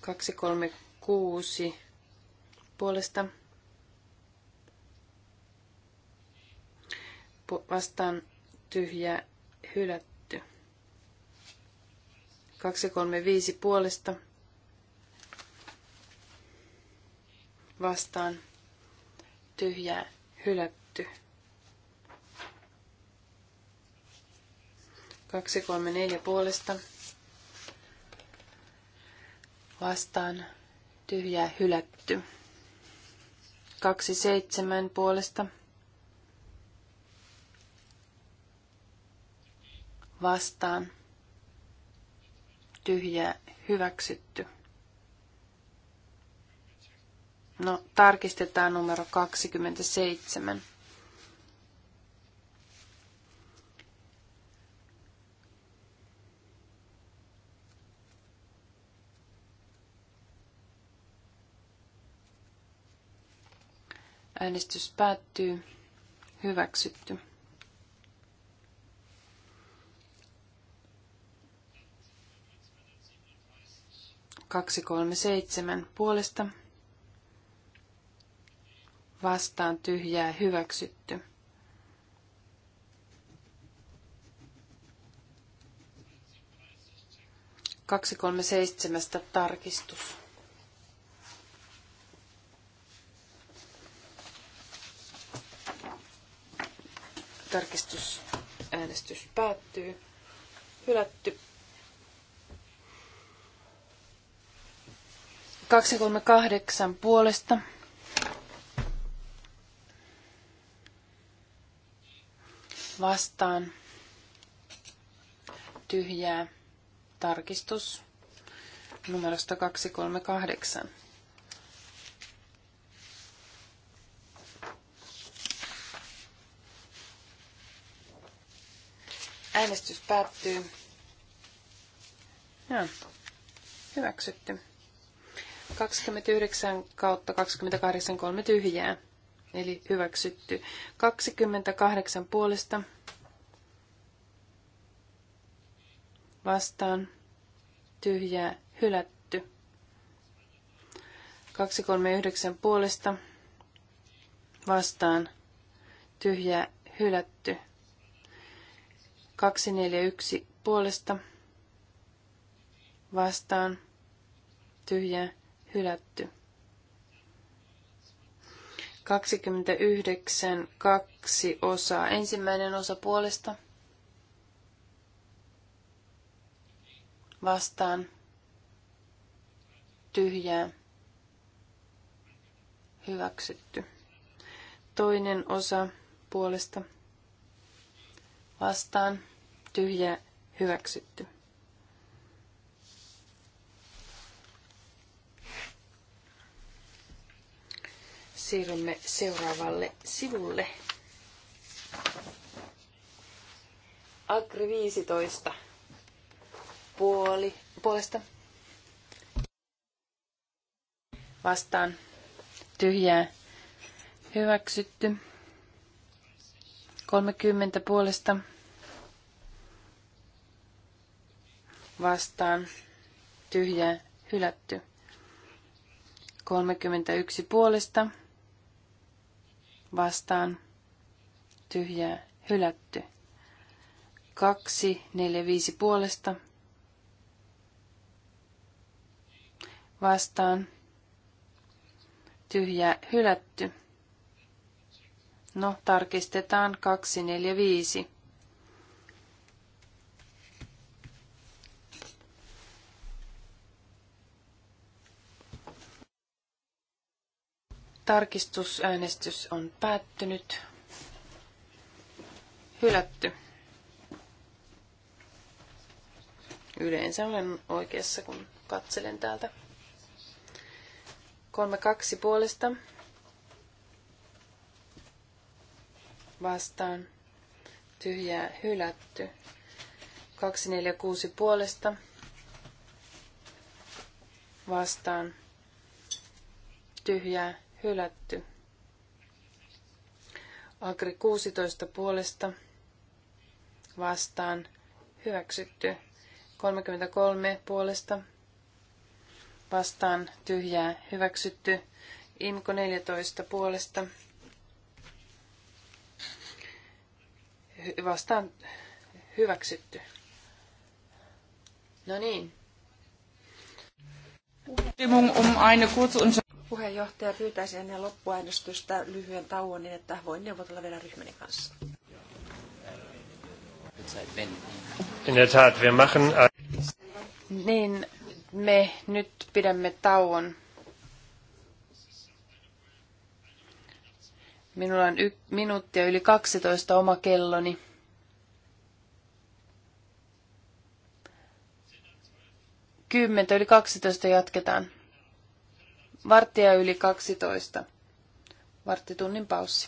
Kaksi, kolme, kuusi puolesta vastaan tyhjä hylätty. 235 puolesta vastaan tyhjä hylätty. 234 puolesta vastaan tyhjä hylätty seitsemän puolesta vastaan tyhjää hyväksytty. No, tarkistetaan numero 27. Äänestys päättyy. Hyväksytty. Kaksi kolme seitsemän puolesta. Vastaan tyhjää hyväksytty. Kaksi kolme seitsemästä tarkistus. Tarkistus. Äänestys päättyy. Hylätty. 238 puolesta. Vastaan. Tyhjää. Tarkistus numerosta 238. Äänestys päättyy. Ja. Hyväksytty. 29 kautta 28 kolme tyhjää. Eli hyväksytty. 28 puolesta. Vastaan. Tyhjää. Hylätty. 239 puolesta. Vastaan. Tyhjää. Hylätty. 241 puolesta vastaan tyhjä hylätty. 29 kaksi osaa. Ensimmäinen osa puolesta vastaan tyhjää hyväksytty. Toinen osa puolesta vastaan tyhjä hyväksytty. Siirrymme seuraavalle sivulle. Agri 15 puoli, puolesta vastaan tyhjää hyväksytty. 30 puolesta vastaan Tyhjä, hylätty. 31 puolesta vastaan Tyhjä, hylätty. 2, 4, 5 puolesta vastaan Tyhjä, hylätty. No, tarkistetaan 2, 4, 5. Tarkistusäänestys on päättynyt. Hylätty. Yleensä olen oikeassa, kun katselen täältä. 3-2 puolesta. Vastaan. Tyhjää hylätty. 2-4-6 puolesta. Vastaan. Tyhjää hylätty. Agri 16 puolesta vastaan hyväksytty. 33 puolesta vastaan tyhjää hyväksytty. Imko 14 puolesta vastaan hyväksytty. No niin. Stimmung um eine kurze puheenjohtaja pyytäisi ennen loppuäänestystä lyhyen tauon niin, että voin neuvotella vielä ryhmäni kanssa. In der Tat, wir machen... Äh, niin, me nyt pidämme tauon. Minulla on y- minuuttia yli 12 oma kelloni. Kymmentä yli 12 jatketaan. Varttia yli 12. Varttitunnin paussi.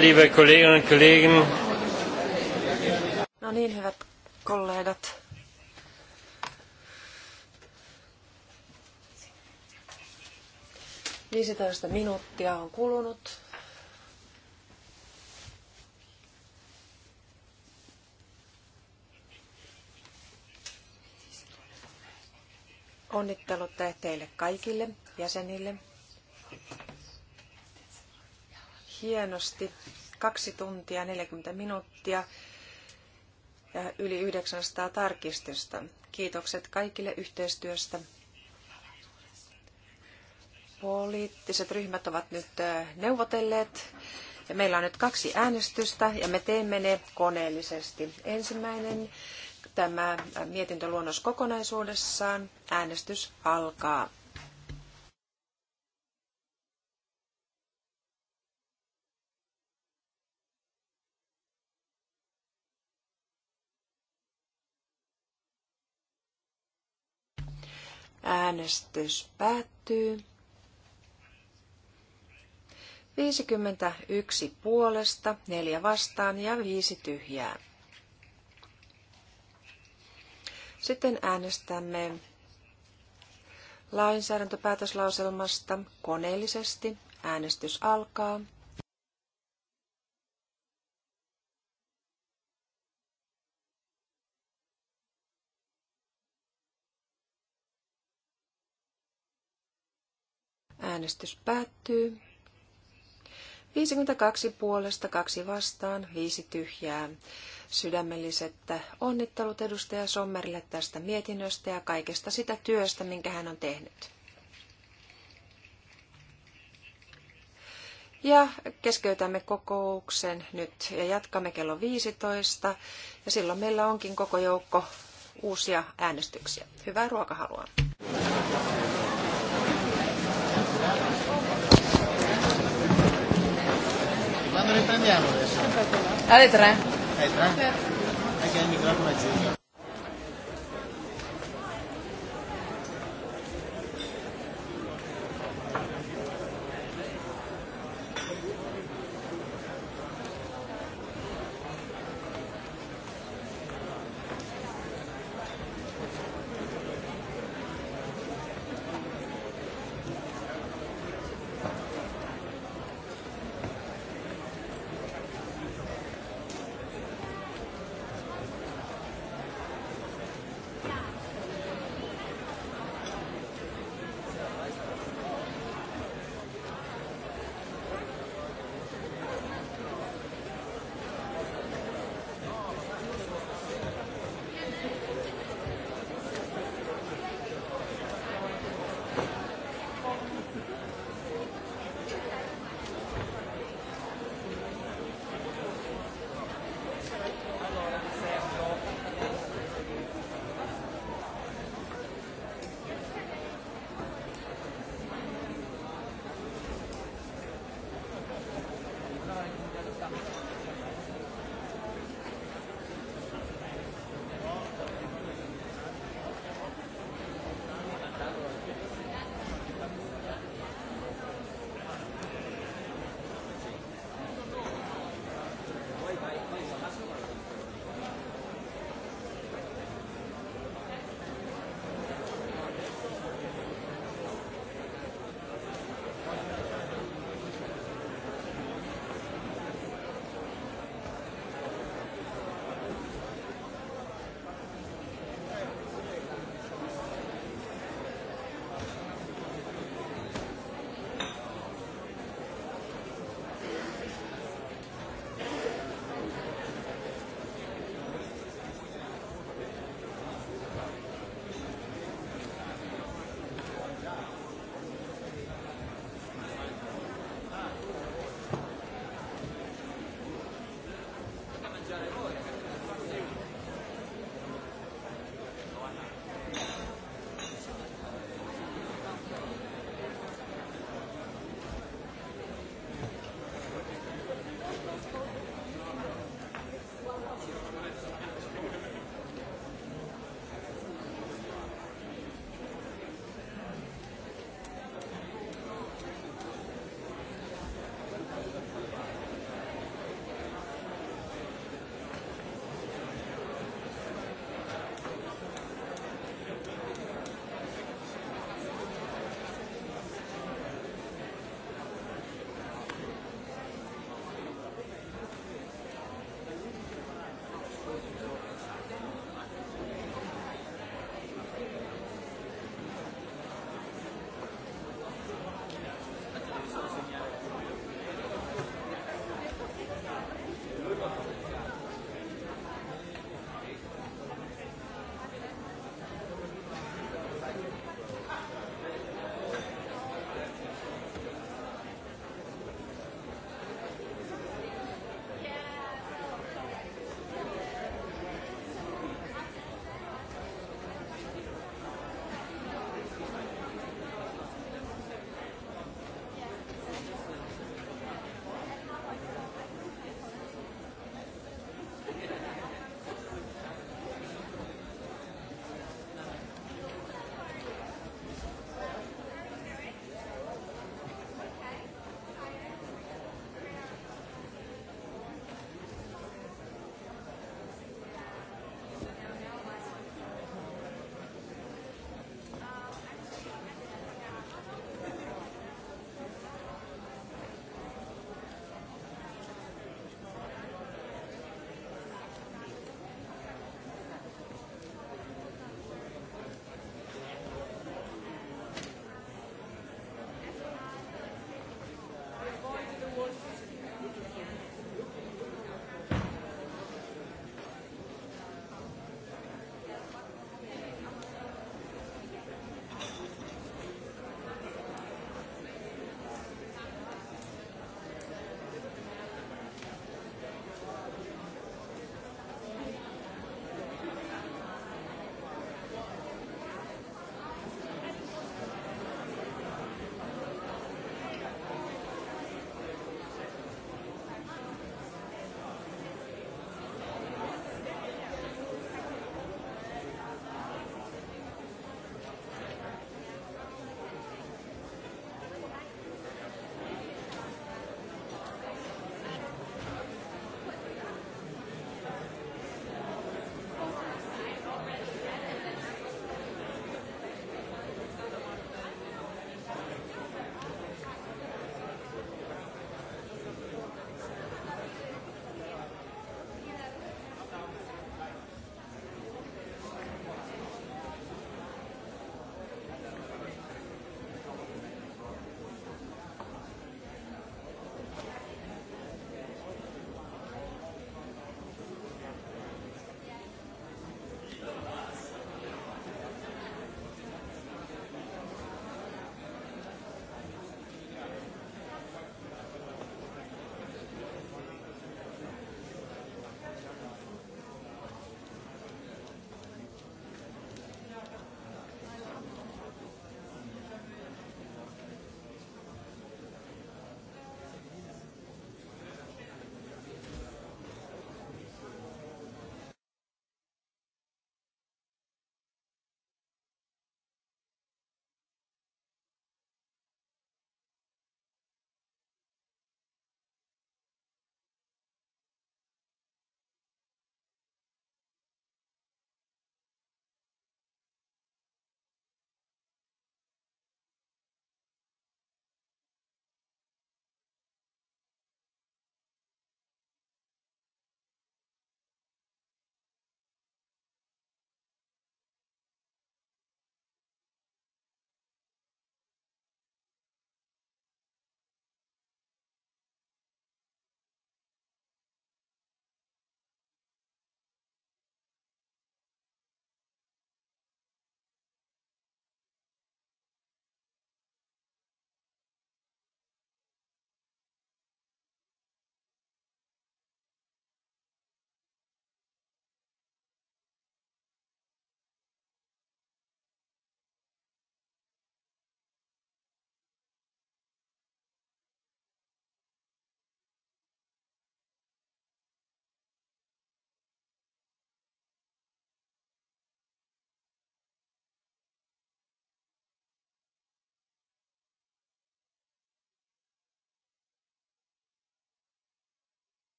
liebe Kolleginnen und Kollegen. No niin, hyvät kollegat. Viisitoista minuuttia on kulunut. Onnittelut teille kaikille jäsenille, hienosti. Kaksi tuntia, 40 minuuttia ja yli 900 tarkistusta. Kiitokset kaikille yhteistyöstä. Poliittiset ryhmät ovat nyt neuvotelleet ja meillä on nyt kaksi äänestystä ja me teemme ne koneellisesti. Ensimmäinen tämä mietintöluonnos kokonaisuudessaan. Äänestys alkaa. Äänestys päättyy. 51 puolesta, 4 vastaan ja 5 tyhjää. Sitten äänestämme lainsäädäntöpäätöslauselmasta koneellisesti. Äänestys alkaa. Äänestys päättyy. 52 puolesta, kaksi vastaan, viisi tyhjää. Sydämelliset onnittelut edustaja Sommerille tästä mietinnöstä ja kaikesta sitä työstä, minkä hän on tehnyt. Ja keskeytämme kokouksen nyt ja jatkamme kello 15. Ja silloin meillä onkin koko joukko uusia äänestyksiä. Hyvää ruokahalua! quando riprendiamo adesso? Alle tre. Alle tre? Eh, il microfono acceso.